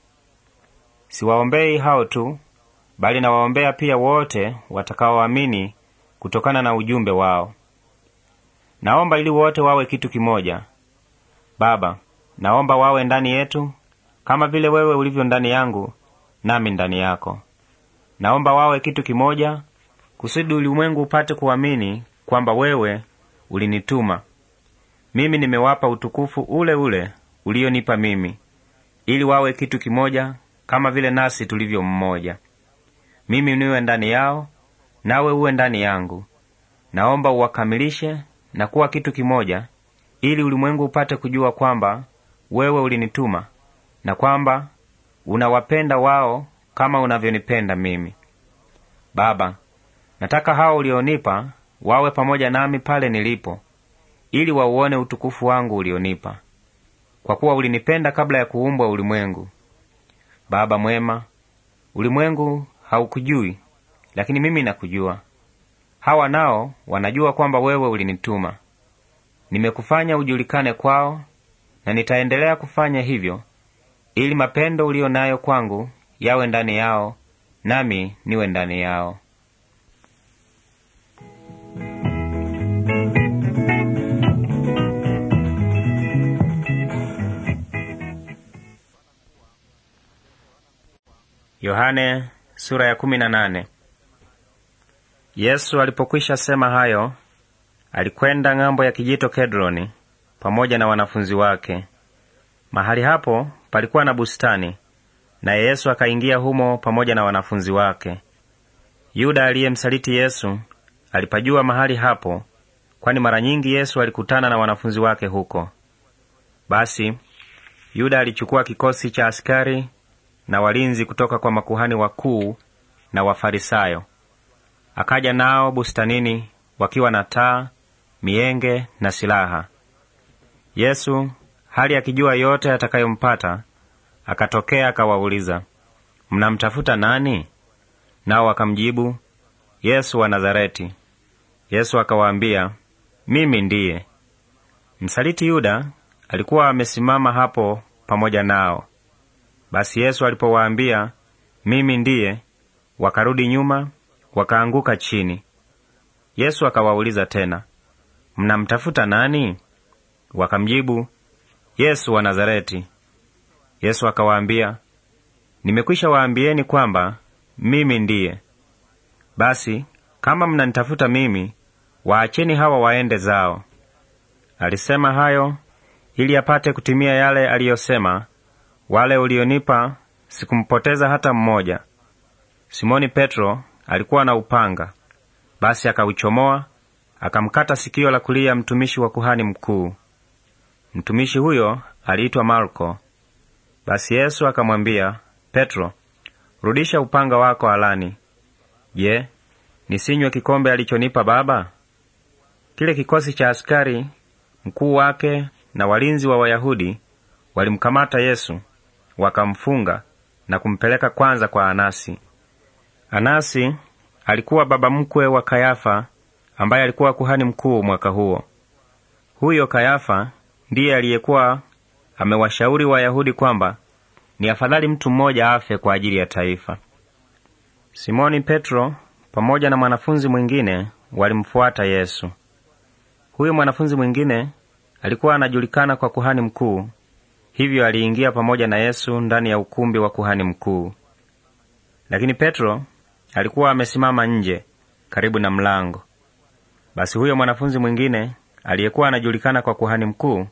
Siwaombei hao tu, bali nawaombea pia wote watakaoamini kutokana na ujumbe wao. Naomba ili wote wawe kitu kimoja. Baba, naomba wawe ndani yetu kama vile wewe ulivyo ndani yangu nami ndani yako. Naomba wawe kitu kimoja, kusudi ulimwengu upate kuamini kwamba wewe ulinituma mimi. Nimewapa utukufu ule ule ulionipa mimi, ili wawe kitu kimoja kama vile nasi tulivyo mmoja, mimi niwe ndani yao nawe uwe ndani yangu. Naomba uwakamilishe na kuwa kitu kimoja, ili ulimwengu upate kujua kwamba wewe ulinituma na kwamba unawapenda wao kama unavyonipenda mimi. Baba, nataka hao ulionipa wawe pamoja nami pale nilipo, ili wauone utukufu wangu ulionipa, kwa kuwa ulinipenda kabla ya kuumbwa ulimwengu. Baba mwema, ulimwengu haukujui, lakini mimi nakujua. Hawa nao wanajua kwamba wewe ulinituma. Nimekufanya ujulikane kwao, na nitaendelea kufanya hivyo, ili mapendo uliyo nayo kwangu yawe ndani yao, nami niwe ndani yao. Yohane, sura ya kumi na nane. Yesu alipokwisha sema hayo, alikwenda ng'ambo ya kijito Kedroni pamoja na wanafunzi wake. Mahali hapo palikuwa na bustani, naye Yesu akaingia humo pamoja na wanafunzi wake. Yuda aliyemsaliti Yesu alipajua mahali hapo, kwani mara nyingi Yesu alikutana na wanafunzi wake huko. Basi Yuda alichukua kikosi cha askari na walinzi kutoka kwa makuhani wakuu na Wafarisayo. Akaja nao bustanini wakiwa na taa, mienge na silaha. Yesu hali akijua yote yatakayompata, akatokea akawauliza, mnamtafuta nani? Nao wakamjibu, Yesu wa Nazareti. Yesu akawaambia, mimi ndiye. Msaliti Yuda alikuwa amesimama hapo pamoja nao. Basi Yesu alipowaambia, mimi ndiye, wakarudi nyuma wakaanguka chini. Yesu akawauliza tena, mnamtafuta nani? Wakamjibu, Yesu wa Nazareti. Yesu akawaambia, nimekwisha waambieni kwamba mimi ndiye. Basi kama mnanitafuta mimi, waacheni hawa waende zao. Alisema hayo ili apate kutimia yale aliyosema, wale ulionipa sikumpoteza hata mmoja. Simoni Petro alikuwa na upanga. Basi akauchomoa akamkata sikio la kulia mtumishi wa kuhani mkuu. Mtumishi huyo aliitwa Marko. Basi Yesu akamwambia Petro, rudisha upanga wako alani. Je, nisinywe kikombe alichonipa Baba? Kile kikosi cha askari mkuu wake na walinzi wa Wayahudi walimkamata Yesu wakamfunga na kumpeleka kwanza kwa Anasi. Anasi alikuwa baba mkwe wa Kayafa ambaye alikuwa kuhani mkuu mwaka huo. Huyo Kayafa ndiye aliyekuwa amewashauri Wayahudi kwamba ni afadhali mtu mmoja afe kwa ajili ya taifa. Simoni Petro pamoja na mwanafunzi mwingine walimfuata Yesu. Huyu mwanafunzi mwingine alikuwa anajulikana kwa kuhani mkuu, hivyo aliingia pamoja na Yesu ndani ya ukumbi wa kuhani mkuu. Lakini Petro alikuwa amesimama nje karibu na mlango. Basi huyo mwanafunzi mwingine aliyekuwa anajulikana kwa kuhani mkuu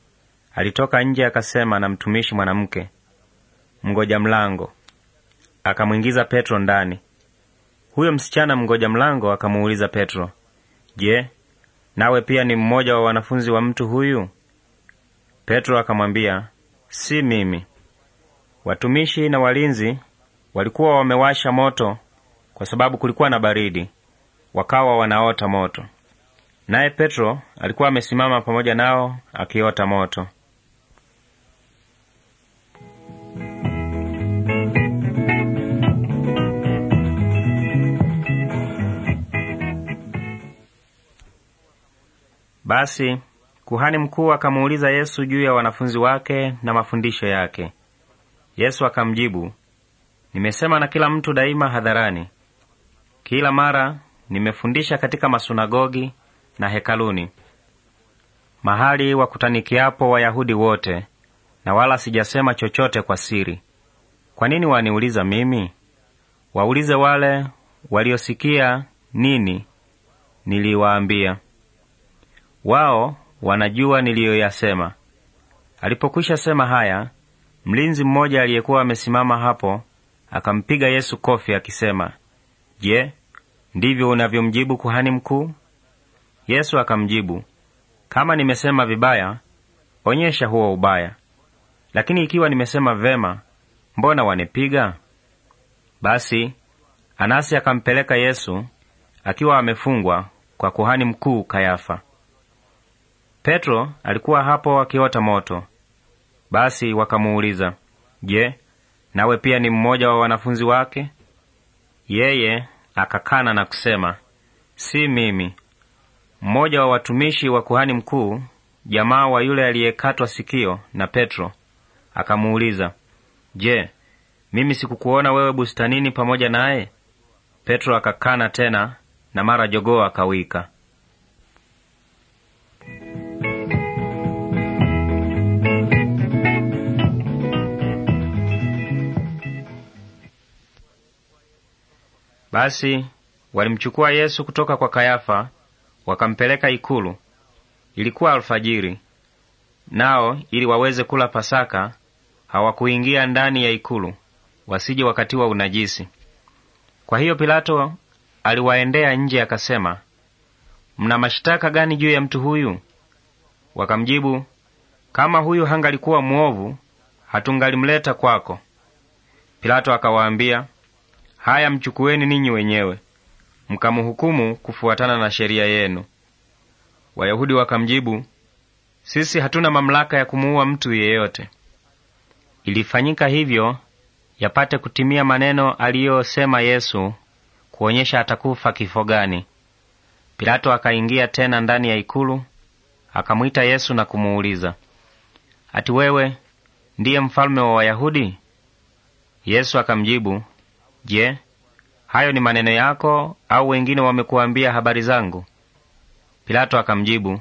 alitoka nje akasema na mtumishi mwanamke mgoja mlango, akamwingiza Petro ndani. Huyo msichana mgoja mlango akamuuliza Petro, je, nawe pia ni mmoja wa wanafunzi wa mtu huyu? Petro akamwambia, si mimi. Watumishi na walinzi walikuwa wamewasha moto kwa sababu kulikuwa na baridi, wakawa wanaota moto. Naye Petro alikuwa amesimama pamoja nao akiota moto. Basi kuhani mkuu akamuuliza Yesu juu ya wanafunzi wake na mafundisho yake. Yesu akamjibu, nimesema na kila mtu daima hadharani, kila mara nimefundisha katika masunagogi na hekaluni, mahali wakutanikiapo Wayahudi wote, na wala sijasema chochote kwa siri. Kwa nini waniuliza mimi? Waulize wale waliosikia nini niliwaambia. Wao wanajua niliyoyasema. Alipokwisha sema haya, mlinzi mmoja aliyekuwa amesimama hapo akampiga Yesu kofi akisema, Je, ndivyo unavyomjibu kuhani mkuu? Yesu akamjibu, kama nimesema vibaya, onyesha huo ubaya, lakini ikiwa nimesema vema, mbona wanipiga? Basi Anasi akampeleka Yesu akiwa amefungwa kwa kuhani mkuu Kayafa. Petro alikuwa hapo akiota moto. Basi wakamuuliza, je, nawe pia ni mmoja wa wanafunzi wake? Yeye akakana na kusema, si mimi. Mmoja wa watumishi wa kuhani mkuu, jamaa wa yule aliyekatwa sikio na Petro, akamuuliza, je, mimi sikukuona wewe bustanini pamoja naye? Petro akakana tena, na mara jogoo akawika. Basi walimchukua Yesu kutoka kwa Kayafa wakampeleka ikulu. Ilikuwa alfajiri, nao ili waweze kula Pasaka hawakuingia ndani ya ikulu, wasije wakatiwa unajisi. Kwa hiyo Pilato aliwaendea nje akasema, mna mashitaka gani juu ya mtu huyu? Wakamjibu, kama huyu hangalikuwa mwovu hatungalimleta kwako. Pilato akawaambia, Haya, mchukueni ninyi wenyewe mkamhukumu kufuatana na sheria yenu. Wayahudi wakamjibu, sisi hatuna mamlaka ya kumuua mtu yeyote. Ilifanyika hivyo yapate kutimia maneno aliyosema Yesu kuonyesha atakufa kifo gani. Pilato akaingia tena ndani ya ikulu, akamwita Yesu na kumuuliza, ati wewe ndiye mfalme wa Wayahudi? Yesu akamjibu, Je, hayo ni maneno yako au wengine wamekuambia habari zangu? Pilato akamjibu,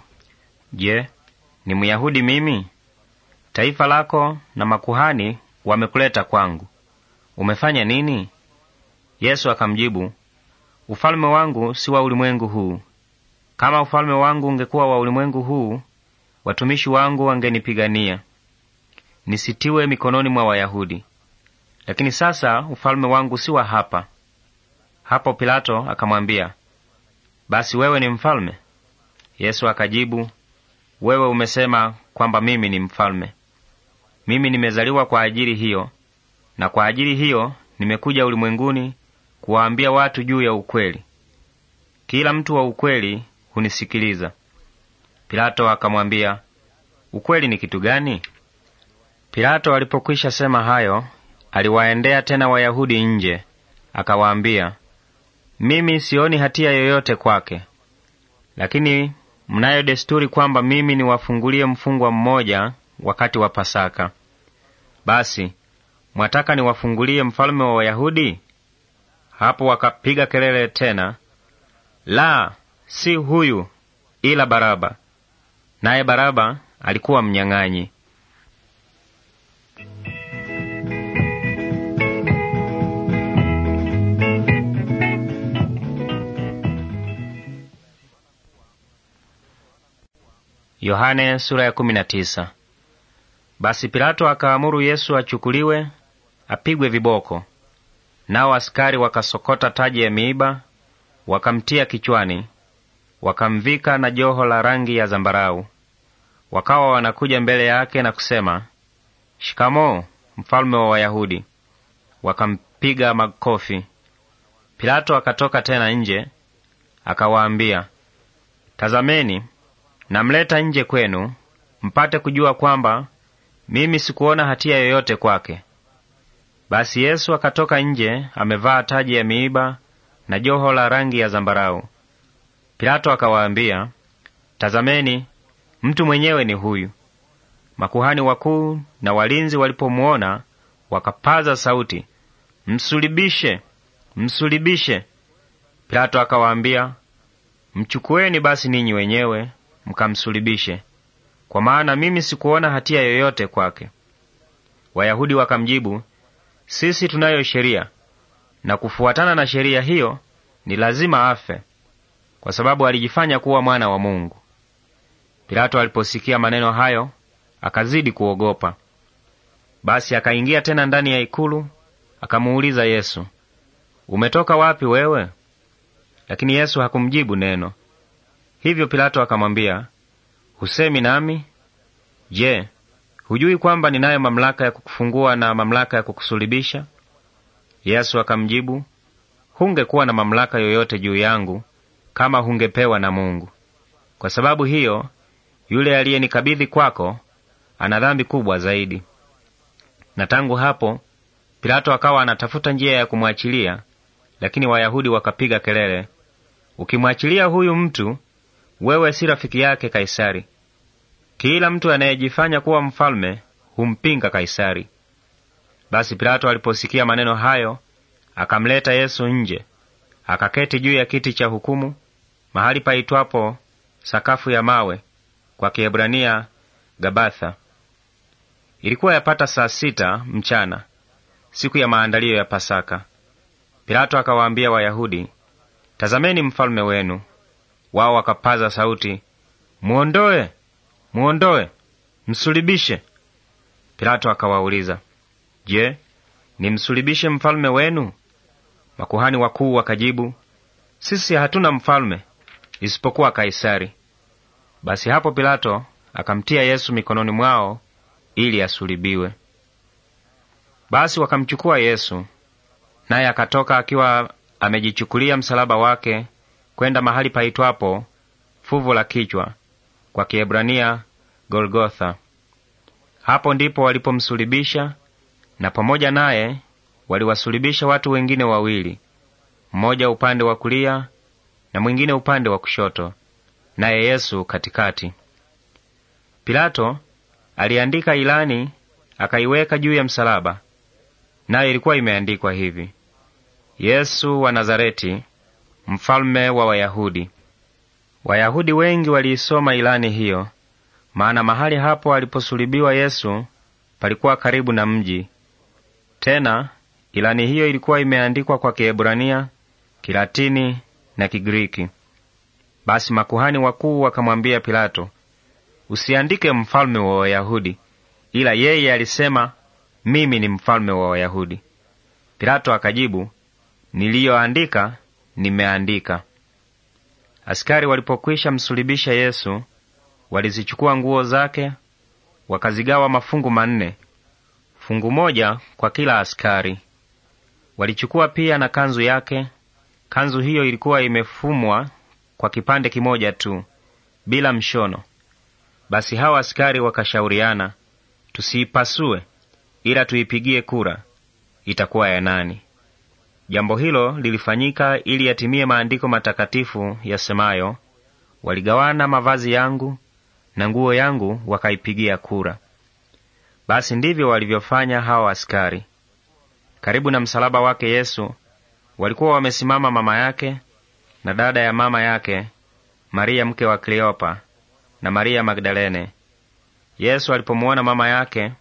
Je, ni Myahudi mimi? Taifa lako na makuhani wamekuleta kwangu. Umefanya nini? Yesu akamjibu, Ufalme wangu si wa ulimwengu huu. Kama ufalme wangu ungekuwa wa ulimwengu huu, watumishi wangu wangenipigania nisitiwe mikononi mwa Wayahudi lakini sasa ufalme wangu si wa hapa. Hapo Pilato akamwambia, basi wewe ni mfalme? Yesu akajibu, wewe umesema kwamba mimi ni mfalme. Mimi nimezaliwa kwa ajili hiyo, na kwa ajili hiyo nimekuja ulimwenguni kuwaambia watu juu ya ukweli. Kila mtu wa ukweli hunisikiliza. Pilato akamwambia, ukweli ni kitu gani? Pilato alipokwisha sema hayo, Aliwaendea tena Wayahudi nje, akawaambia, mimi sioni hatia yoyote kwake, lakini mnayo desturi kwamba mimi niwafungulie mfungwa mmoja wakati wa Pasaka. Basi mwataka niwafungulie mfalme wa Wayahudi? Hapo wakapiga kelele tena, la, si huyu, ila Baraba. Naye Baraba alikuwa mnyang'anyi. Yohane sura ya kumi na tisa. Basi Pilato akaamuru Yesu achukuliwe apigwe viboko. Nao askari wakasokota taji ya miiba wakamtia kichwani, wakamvika na joho la rangi ya zambarau. Wakawa wanakuja mbele yake na kusema, Shikamoo, mfalme wa Wayahudi. Wakampiga makofi. Pilato akatoka tena nje akawaambia, Tazameni, Namleta nje kwenu mpate kujua kwamba mimi sikuona hatia yoyote kwake. Basi Yesu akatoka nje amevaa taji ya miiba na joho la rangi ya zambarau. Pilato akawaambia, tazameni, mtu mwenyewe ni huyu. Makuhani wakuu na walinzi walipomuona wakapaza sauti, msulibishe, msulibishe! Pilato akawaambia, mchukueni basi ninyi wenyewe mkamsulibishe, kwa maana mimi sikuona hatia yoyote kwake. Wayahudi wakamjibu, sisi tunayo sheria, na kufuatana na sheria hiyo ni lazima afe, kwa sababu alijifanya kuwa mwana wa Mungu. Pilato aliposikia maneno hayo akazidi kuogopa. Basi akaingia tena ndani ya ikulu, akamuuliza Yesu, umetoka wapi wewe? Lakini Yesu hakumjibu neno. Hivyo Pilato akamwambia, husemi nami? Je, hujui kwamba ninayo mamlaka ya kukufungua na mamlaka ya kukusulubisha? Yesu akamjibu, hungekuwa na mamlaka yoyote juu yangu kama hungepewa na Mungu. Kwa sababu hiyo, yule aliyenikabidhi kwako ana dhambi kubwa zaidi. Na tangu hapo Pilato akawa anatafuta njia ya kumwachilia, lakini Wayahudi wakapiga kelele, ukimwachilia huyu mtu wewe si rafiki yake Kaisari. Kila mtu anayejifanya kuwa mfalme humpinga Kaisari. Basi Pilato aliposikia maneno hayo, akamleta Yesu nje, akaketi juu ya kiti cha hukumu, mahali paitwapo sakafu ya mawe, kwa Kiebrania Gabatha. Ilikuwa yapata saa sita mchana, siku ya maandalio ya Pasaka. Pilato akawaambia Wayahudi, tazameni mfalme wenu wao wakapaza sauti, muondoe, muondoe, msulibishe. Pilato akawauliza, je, nimsulibishe mfalme wenu? Makuhani wakuu wakajibu, sisi hatuna mfalme isipokuwa Kaisari. Basi hapo Pilato akamtia Yesu mikononi mwao ili asulibiwe. Basi wakamchukua Yesu, naye akatoka akiwa amejichukulia msalaba wake kwenda mahali paitwapo fuvu la kichwa, kwa Kiebrania Golgotha. Hapo ndipo walipomsulubisha, na pamoja naye waliwasulibisha watu wengine wawili, mmoja upande wa kulia na mwingine upande wa kushoto, naye Yesu katikati. Pilato aliandika ilani akaiweka juu ya msalaba, nayo ilikuwa imeandikwa hivi: Yesu wa Nazareti, mfalme wa Wayahudi. Wayahudi wengi waliisoma ilani hiyo, maana mahali hapo aliposulubiwa Yesu palikuwa karibu na mji. Tena ilani hiyo ilikuwa imeandikwa kwa Kiebrania, Kilatini na Kigiriki. Basi makuhani wakuu wakamwambia Pilato, usiandike mfalme wa Wayahudi, ila yeye alisema mimi ni mfalme wa Wayahudi. Pilato akajibu, niliyoandika nimeandika. Askari walipokwisha msulibisha Yesu, walizichukua nguo zake wakazigawa mafungu manne, fungu moja kwa kila askari. Walichukua pia na kanzu yake. Kanzu hiyo ilikuwa imefumwa kwa kipande kimoja tu bila mshono. Basi hawa askari wakashauriana, tusiipasue, ila tuipigie kura, itakuwa ya nani? Jambo hilo lilifanyika ili yatimie maandiko matakatifu yasemayo, waligawana mavazi yangu na nguo yangu wakaipigia kura. Basi ndivyo walivyofanya hao askari. Karibu na msalaba wake Yesu walikuwa wamesimama mama yake na dada ya mama yake, Maria mke wa Kleopa na Maria Magdalene. Yesu alipomuona mama yake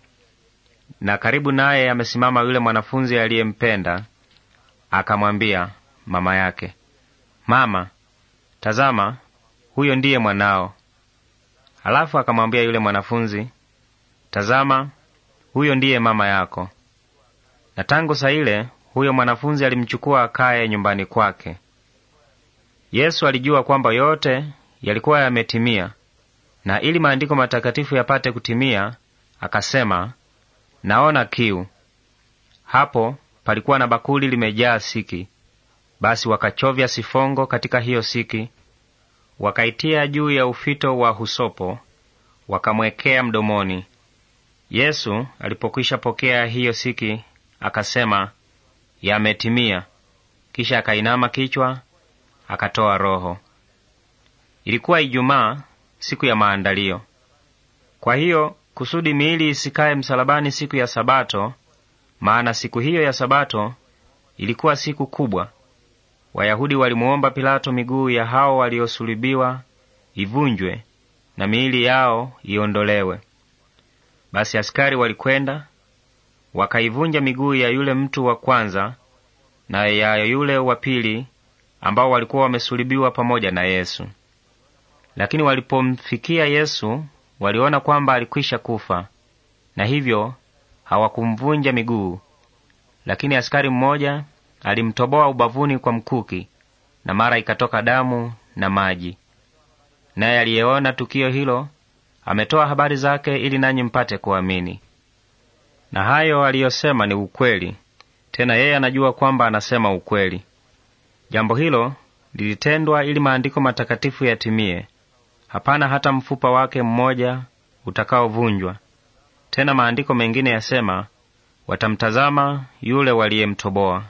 na karibu naye amesimama yule mwanafunzi aliyempenda, akamwambia mama yake, mama, tazama, huyo ndiye mwanao. Alafu akamwambia yule mwanafunzi, tazama, huyo ndiye mama yako. Na tangu saa ile huyo mwanafunzi alimchukua akaye nyumbani kwake. Yesu alijua kwamba yote yalikuwa yametimia, na ili maandiko matakatifu yapate kutimia, akasema, naona kiu. Hapo palikuwa na bakuli limejaa siki. Basi wakachovya sifongo katika hiyo siki, wakaitia juu ya ufito wa husopo, wakamwekea mdomoni. Yesu alipokwisha pokea hiyo siki, akasema, yametimia. Kisha akainama kichwa, akatoa roho. Ilikuwa Ijumaa, siku ya maandalio. Kwa hiyo kusudi miili isikaye msalabani siku ya Sabato, maana siku hiyo ya Sabato ilikuwa siku kubwa. Wayahudi walimwomba Pilato miguu ya hao waliosulubiwa ivunjwe na miili yao iondolewe. Basi askari walikwenda wakaivunja miguu ya yule mtu wa kwanza na ya yule wa pili ambao walikuwa wamesulubiwa pamoja na Yesu. Lakini walipomfikia Yesu, waliona kwamba alikwisha kufa, na hivyo hawakumvunja miguu, lakini askari mmoja alimtoboa ubavuni kwa mkuki, na mara ikatoka damu na maji. Naye aliyeona tukio hilo ametoa habari zake, ili nanyi mpate kuamini. Na hayo aliyosema ni ukweli, tena yeye anajua kwamba anasema ukweli. Jambo hilo lilitendwa ili maandiko matakatifu yatimie, hapana hata mfupa wake mmoja utakaovunjwa. Tena maandiko mengine yasema, watamtazama yule waliyemtoboa.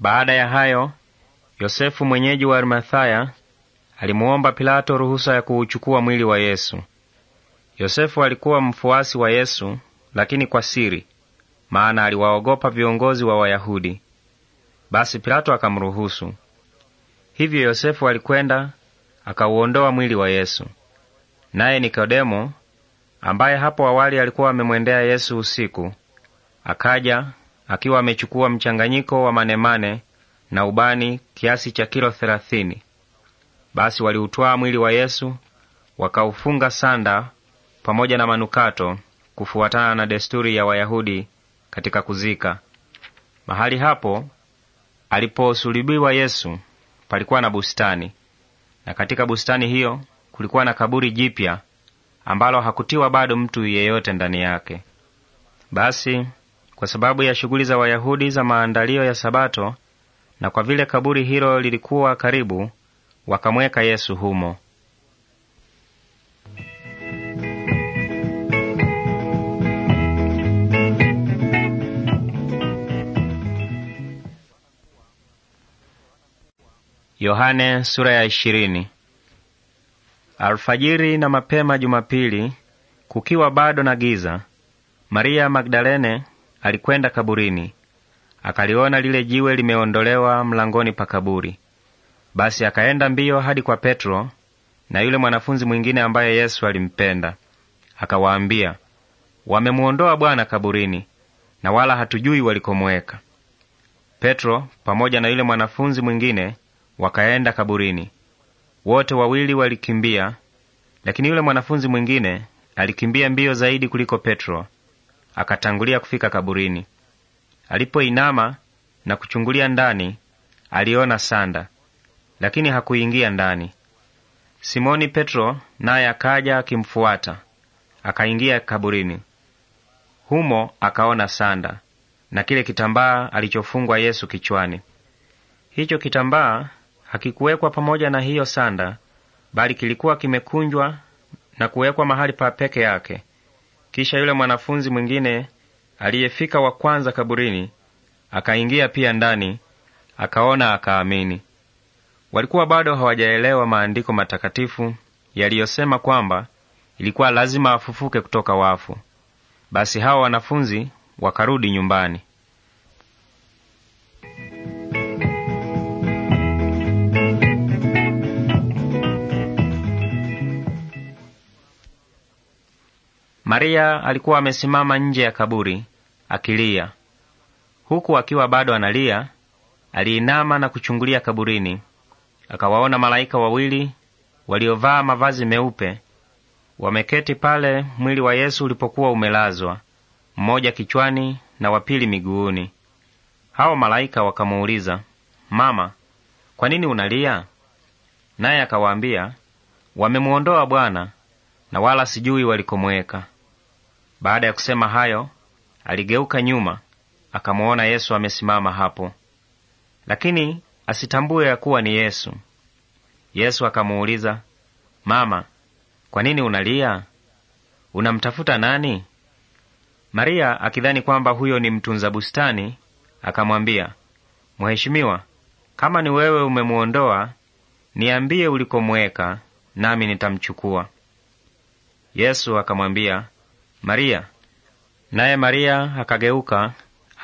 Baada ya hayo, Yosefu mwenyeji wa Arimathaya alimuomba Pilato ruhusa ya kuuchukua mwili wa Yesu. Yosefu alikuwa mfuasi wa Yesu, lakini kwa siri maana aliwaogopa viongozi wa Wayahudi. Basi Pilato akamruhusu. Hivyo Yosefu alikwenda akauondoa mwili wa Yesu. Naye Nikodemo, ambaye hapo awali alikuwa amemwendea Yesu usiku, akaja akiwa amechukua mchanganyiko wa manemane na ubani kiasi cha kilo thelathini. Basi waliutwaa mwili wa Yesu wakaufunga sanda pamoja na manukato, kufuatana na desturi ya Wayahudi katika kuzika. Mahali hapo aliposulubiwa Yesu palikuwa na bustani, na katika bustani hiyo kulikuwa na kaburi jipya ambalo hakutiwa bado mtu yeyote ndani yake. Basi kwa sababu ya shughuli za Wayahudi za maandalio ya Sabato, na kwa vile kaburi hilo lilikuwa karibu, wakamweka Yesu humo. Yohane sura ya ishirini. Alfajiri na mapema Jumapili, kukiwa bado na giza, Maria Magdalene alikwenda kaburini, akaliona lile jiwe limeondolewa mlangoni pa kaburi. Basi akaenda mbio hadi kwa Petro na yule mwanafunzi mwingine ambaye Yesu alimpenda, akawaambia, wamemuondoa Bwana kaburini, na wala hatujui walikomweka. Petro pamoja na yule mwanafunzi mwingine wakaenda kaburini. Wote wawili walikimbia, lakini yule mwanafunzi mwingine alikimbia mbio zaidi kuliko Petro, akatangulia kufika kaburini. Alipoinama na kuchungulia ndani, aliona sanda, lakini hakuingia ndani. Simoni Petro naye akaja akimfuata, akaingia kaburini. Humo akaona sanda na kile kitambaa alichofungwa Yesu kichwani. Hicho kitambaa hakikuwekwa pamoja na hiyo sanda, bali kilikuwa kimekunjwa na kuwekwa mahali pa peke yake. Kisha yule mwanafunzi mwingine aliyefika wa kwanza kaburini akaingia pia ndani, akaona, akaamini. Walikuwa bado hawajaelewa maandiko matakatifu yaliyosema kwamba ilikuwa lazima afufuke kutoka wafu. Basi hawa wanafunzi wakarudi nyumbani. Maria alikuwa amesimama nje ya kaburi akilia. Huku akiwa bado analia, aliinama na kuchungulia kaburini, akawaona malaika wawili waliovaa mavazi meupe wameketi pale mwili wa Yesu ulipokuwa umelazwa, mmoja kichwani na wapili miguuni. Hao malaika wakamuuliza, Mama, kwa nini unalia? Naye akawaambia, wamemuondoa Bwana na wala sijui walikomweka. Baada ya kusema hayo, aligeuka nyuma akamwona Yesu amesimama hapo, lakini asitambue ya kuwa ni Yesu. Yesu akamuuliza, mama, kwa nini unalia? Unamtafuta nani? Maria akidhani kwamba huyo ni mtunza bustani, akamwambia, Mheshimiwa, kama ni wewe umemuondoa, niambie ulikomweka, nami nitamchukua. Yesu akamwambia, Maria. Naye Maria akageuka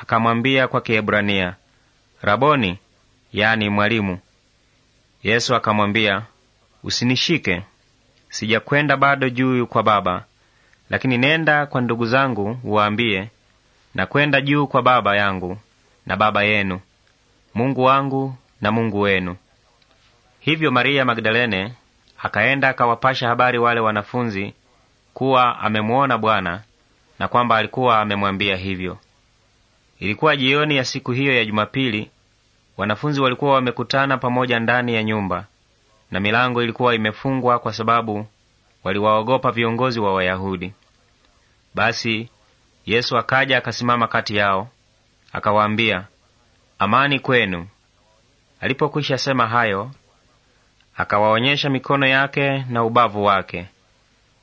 akamwambia kwa Kiebrania, Raboni, yani mwalimu. Yesu akamwambia, usinishike, sijakwenda bado juu kwa Baba, lakini nenda kwa ndugu zangu uwaambie, nakwenda juu kwa Baba yangu na Baba yenu, Mungu wangu na Mungu wenu. Hivyo Maria Magdalene akaenda akawapasha habari wale wanafunzi kuwa amemwona Bwana na kwamba alikuwa amemwambia hivyo. Ilikuwa jioni ya siku hiyo ya Jumapili. Wanafunzi walikuwa wamekutana pamoja ndani ya nyumba, na milango ilikuwa imefungwa kwa sababu waliwaogopa viongozi wa Wayahudi. Basi Yesu akaja akasimama kati yao, akawaambia, amani kwenu. Alipokwisha sema hayo, akawaonyesha mikono yake na ubavu wake.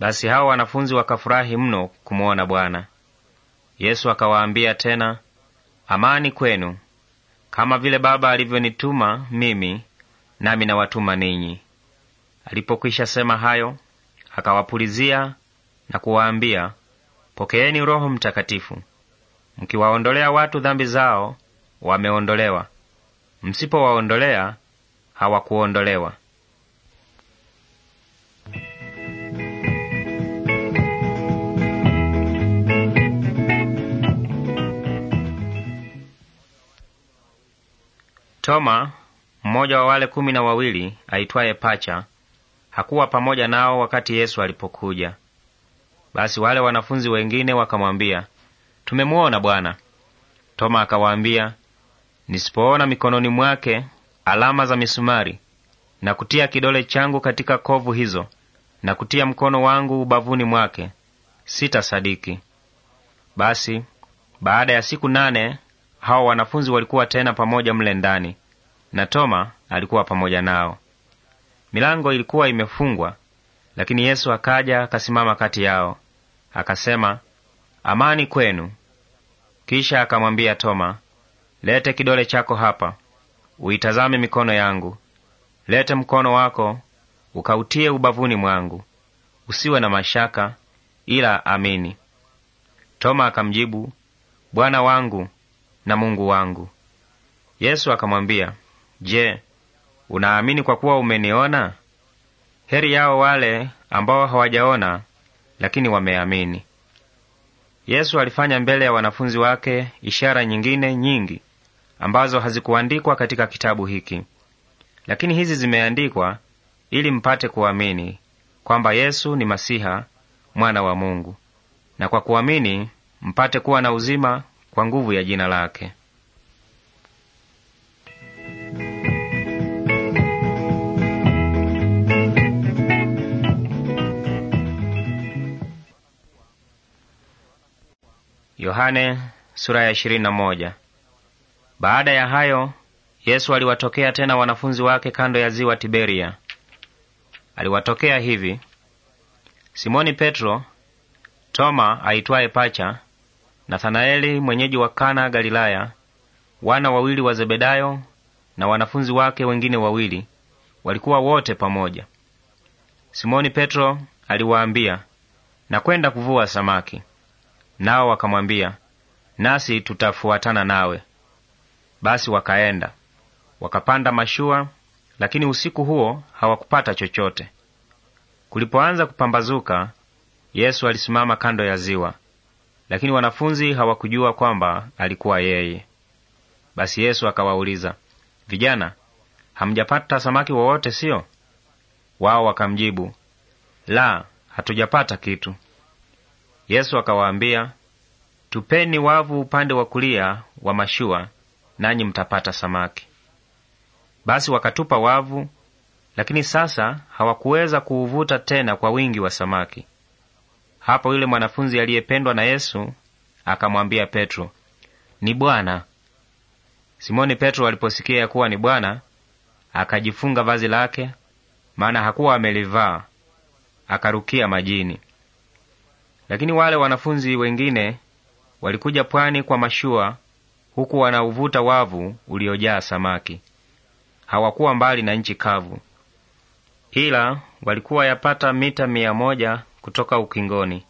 Basi hao wanafunzi wakafurahi mno kumwona Bwana. Yesu akawaambia tena, amani kwenu. Kama vile Baba alivyonituma mimi, nami nawatuma ninyi. Alipokwisha sema hayo, akawapulizia na kuwaambia, pokeeni Roho Mtakatifu. Mkiwaondolea watu dhambi zao, wameondolewa; msipowaondolea, hawakuondolewa. Toma, mmoja wa wale kumi na wawili, aitwaye Pacha, hakuwa pamoja nao wakati Yesu alipokuja. Basi wale wanafunzi wengine wakamwambia, tumemuona Bwana. Toma akawaambia, nisipoona mikononi mwake alama za misumari na kutia kidole changu katika kovu hizo na kutia mkono wangu ubavuni mwake, sitasadiki. Basi baada ya siku nane hao wanafunzi walikuwa tena pamoja mle ndani, na Toma alikuwa pamoja nao. Milango ilikuwa imefungwa, lakini Yesu akaja akasimama kati yao akasema, amani kwenu. Kisha akamwambia Toma, lete kidole chako hapa, uitazame mikono yangu, lete mkono wako ukautie ubavuni mwangu, usiwe na mashaka, ila amini. Toma akamjibu, Bwana wangu na Mungu wangu. Yesu akamwambia Je, unaamini kwa kuwa umeniona? Heri yao wale ambao hawajaona lakini wameamini. Yesu alifanya mbele ya wanafunzi wake ishara nyingine nyingi ambazo hazikuandikwa katika kitabu hiki, lakini hizi zimeandikwa ili mpate kuamini kwamba Yesu ni Masiha, mwana wa Mungu, na kwa kuamini mpate kuwa na uzima kwa nguvu ya jina lake. Yohane, sura ya moja. Baada ya hayo Yesu aliwatokea tena wanafunzi wake kando ya ziwa Tiberia. Aliwatokea hivi: Simoni Petro, Toma aitwaye Pacha, Nathanaeli mwenyeji wa Kana Galilaya, wana wawili wa Zebedayo na wanafunzi wake wengine wawili walikuwa wote pamoja. Simoni Petro aliwaambia, nakwenda kuvua samaki. Nao wakamwambia, nasi tutafuatana nawe. Basi wakaenda wakapanda mashua, lakini usiku huo hawakupata chochote. Kulipoanza kupambazuka, Yesu alisimama kando ya ziwa, lakini wanafunzi hawakujua kwamba alikuwa yeye. Basi Yesu akawauliza, vijana, hamjapata samaki wowote, siyo? Wao wakamjibu, la, hatujapata kitu. Yesu akawaambia, tupeni wavu upande wa kulia wa mashua, nanyi mtapata samaki. Basi wakatupa wavu, lakini sasa hawakuweza kuuvuta tena kwa wingi wa samaki. Hapo yule mwanafunzi aliyependwa na Yesu akamwambia Petro, ni Bwana. Simoni Petro aliposikia ya kuwa ni Bwana, akajifunga vazi lake, maana hakuwa amelivaa, akarukia majini. Lakini wale wanafunzi wengine walikuja pwani kwa mashua, huku wanauvuta wavu uliojaa samaki. Hawakuwa mbali na nchi kavu, ila walikuwa yapata mita mia moja kutoka ukingoni.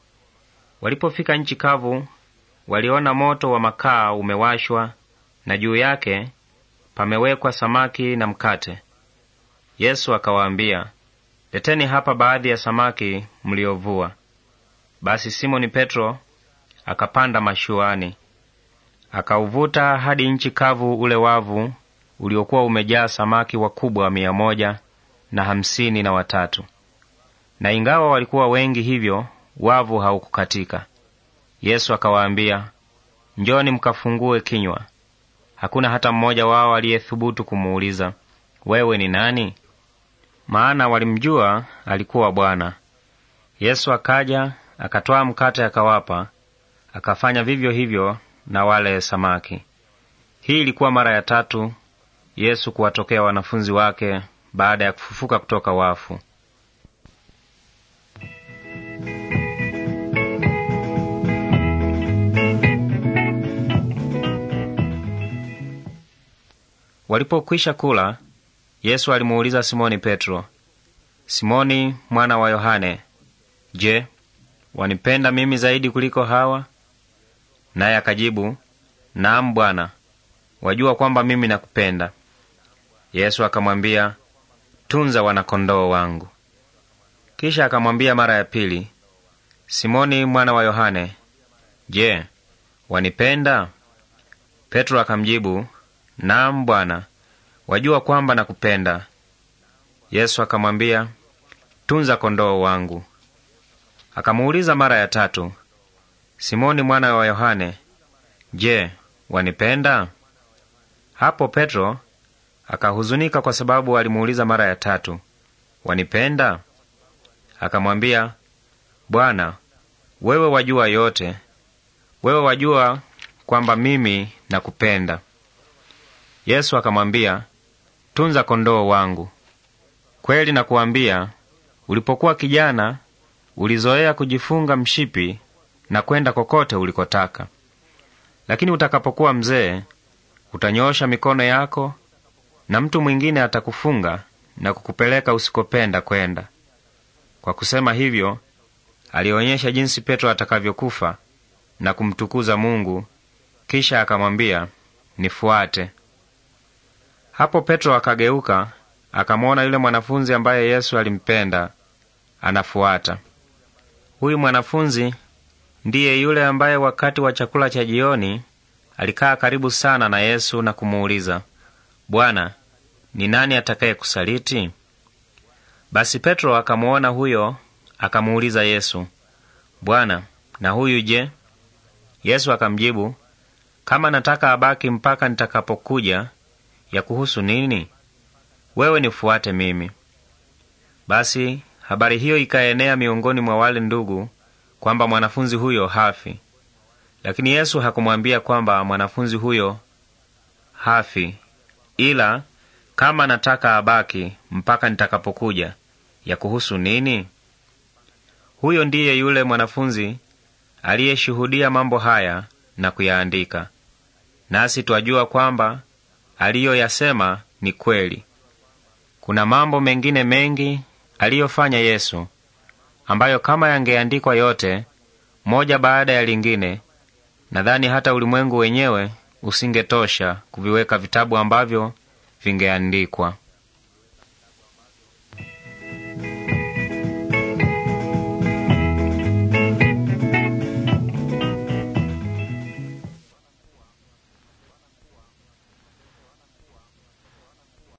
Walipofika nchi kavu, waliona moto wa makaa umewashwa na juu yake pamewekwa samaki na mkate. Yesu akawaambia, leteni hapa baadhi ya samaki mliovua. Basi Simoni Petro akapanda mashuani, akauvuta hadi nchi kavu ule wavu uliokuwa umejaa samaki wakubwa mia moja na hamsini na watatu. Na ingawa walikuwa wengi hivyo, wavu haukukatika. Yesu akawaambia, njoni mkafungue kinywa. Hakuna hata mmoja wao aliyethubutu kumuuliza, wewe ni nani? Maana walimjua alikuwa Bwana. Yesu akaja Akatwaa mkate akawapa, akafanya vivyo hivyo na wale samaki. Hii ilikuwa mara ya tatu Yesu kuwatokea wanafunzi wake baada ya kufufuka kutoka wafu. Walipokwisha kula, Yesu alimuuliza Simoni Petro, Simoni mwana wa Yohane, je, wanipenda mimi zaidi kuliko hawa? Naye akajibu, naam Bwana, wajua kwamba mimi nakupenda. Yesu akamwambia, tunza wanakondoo wangu. Kisha akamwambia mara ya pili, Simoni mwana wa Yohane, je, wanipenda? Petro akamjibu, naam Bwana, wajua kwamba nakupenda. Yesu akamwambia, tunza kondoo wangu. Akamuuliza mara ya tatu, Simoni mwana wa Yohane, je, wanipenda? Hapo Petro akahuzunika kwa sababu alimuuliza mara ya tatu, wanipenda? Akamwambia, Bwana, wewe wajua yote, wewe wajua kwamba mimi nakupenda. Yesu akamwambia, tunza kondoo wangu. Kweli nakuambia, ulipokuwa kijana Ulizoea kujifunga mshipi na kwenda kokote ulikotaka. Lakini utakapokuwa mzee, utanyoosha mikono yako na mtu mwingine atakufunga na kukupeleka usikopenda kwenda. Kwa kusema hivyo, alionyesha jinsi Petro atakavyokufa na kumtukuza Mungu, kisha akamwambia, nifuate. Hapo Petro akageuka akamwona yule mwanafunzi ambaye Yesu alimpenda anafuata. Huyu mwanafunzi ndiye yule ambaye wakati wa chakula cha jioni alikaa karibu sana na Yesu na kumuuliza, Bwana, ni nani atakaye kusaliti? Basi Petro akamuona huyo, akamuuliza Yesu, Bwana, na huyu je? Yesu akamjibu, kama nataka abaki mpaka nitakapokuja, ya kuhusu nini? Wewe nifuate mimi. Basi Habari hiyo ikaenea miongoni mwa wale ndugu kwamba mwanafunzi huyo hafi, lakini Yesu hakumwambia kwamba mwanafunzi huyo hafi, ila kama nataka abaki mpaka nitakapokuja, ya kuhusu nini? Huyo ndiye yule mwanafunzi aliyeshuhudia mambo haya na kuyaandika, nasi twajua kwamba aliyoyasema ni kweli. Kuna mambo mengine mengi aliyofanya Yesu, ambayo kama yangeandikwa yote moja baada ya lingine, nadhani hata ulimwengu wenyewe usingetosha kuviweka vitabu ambavyo vingeandikwa.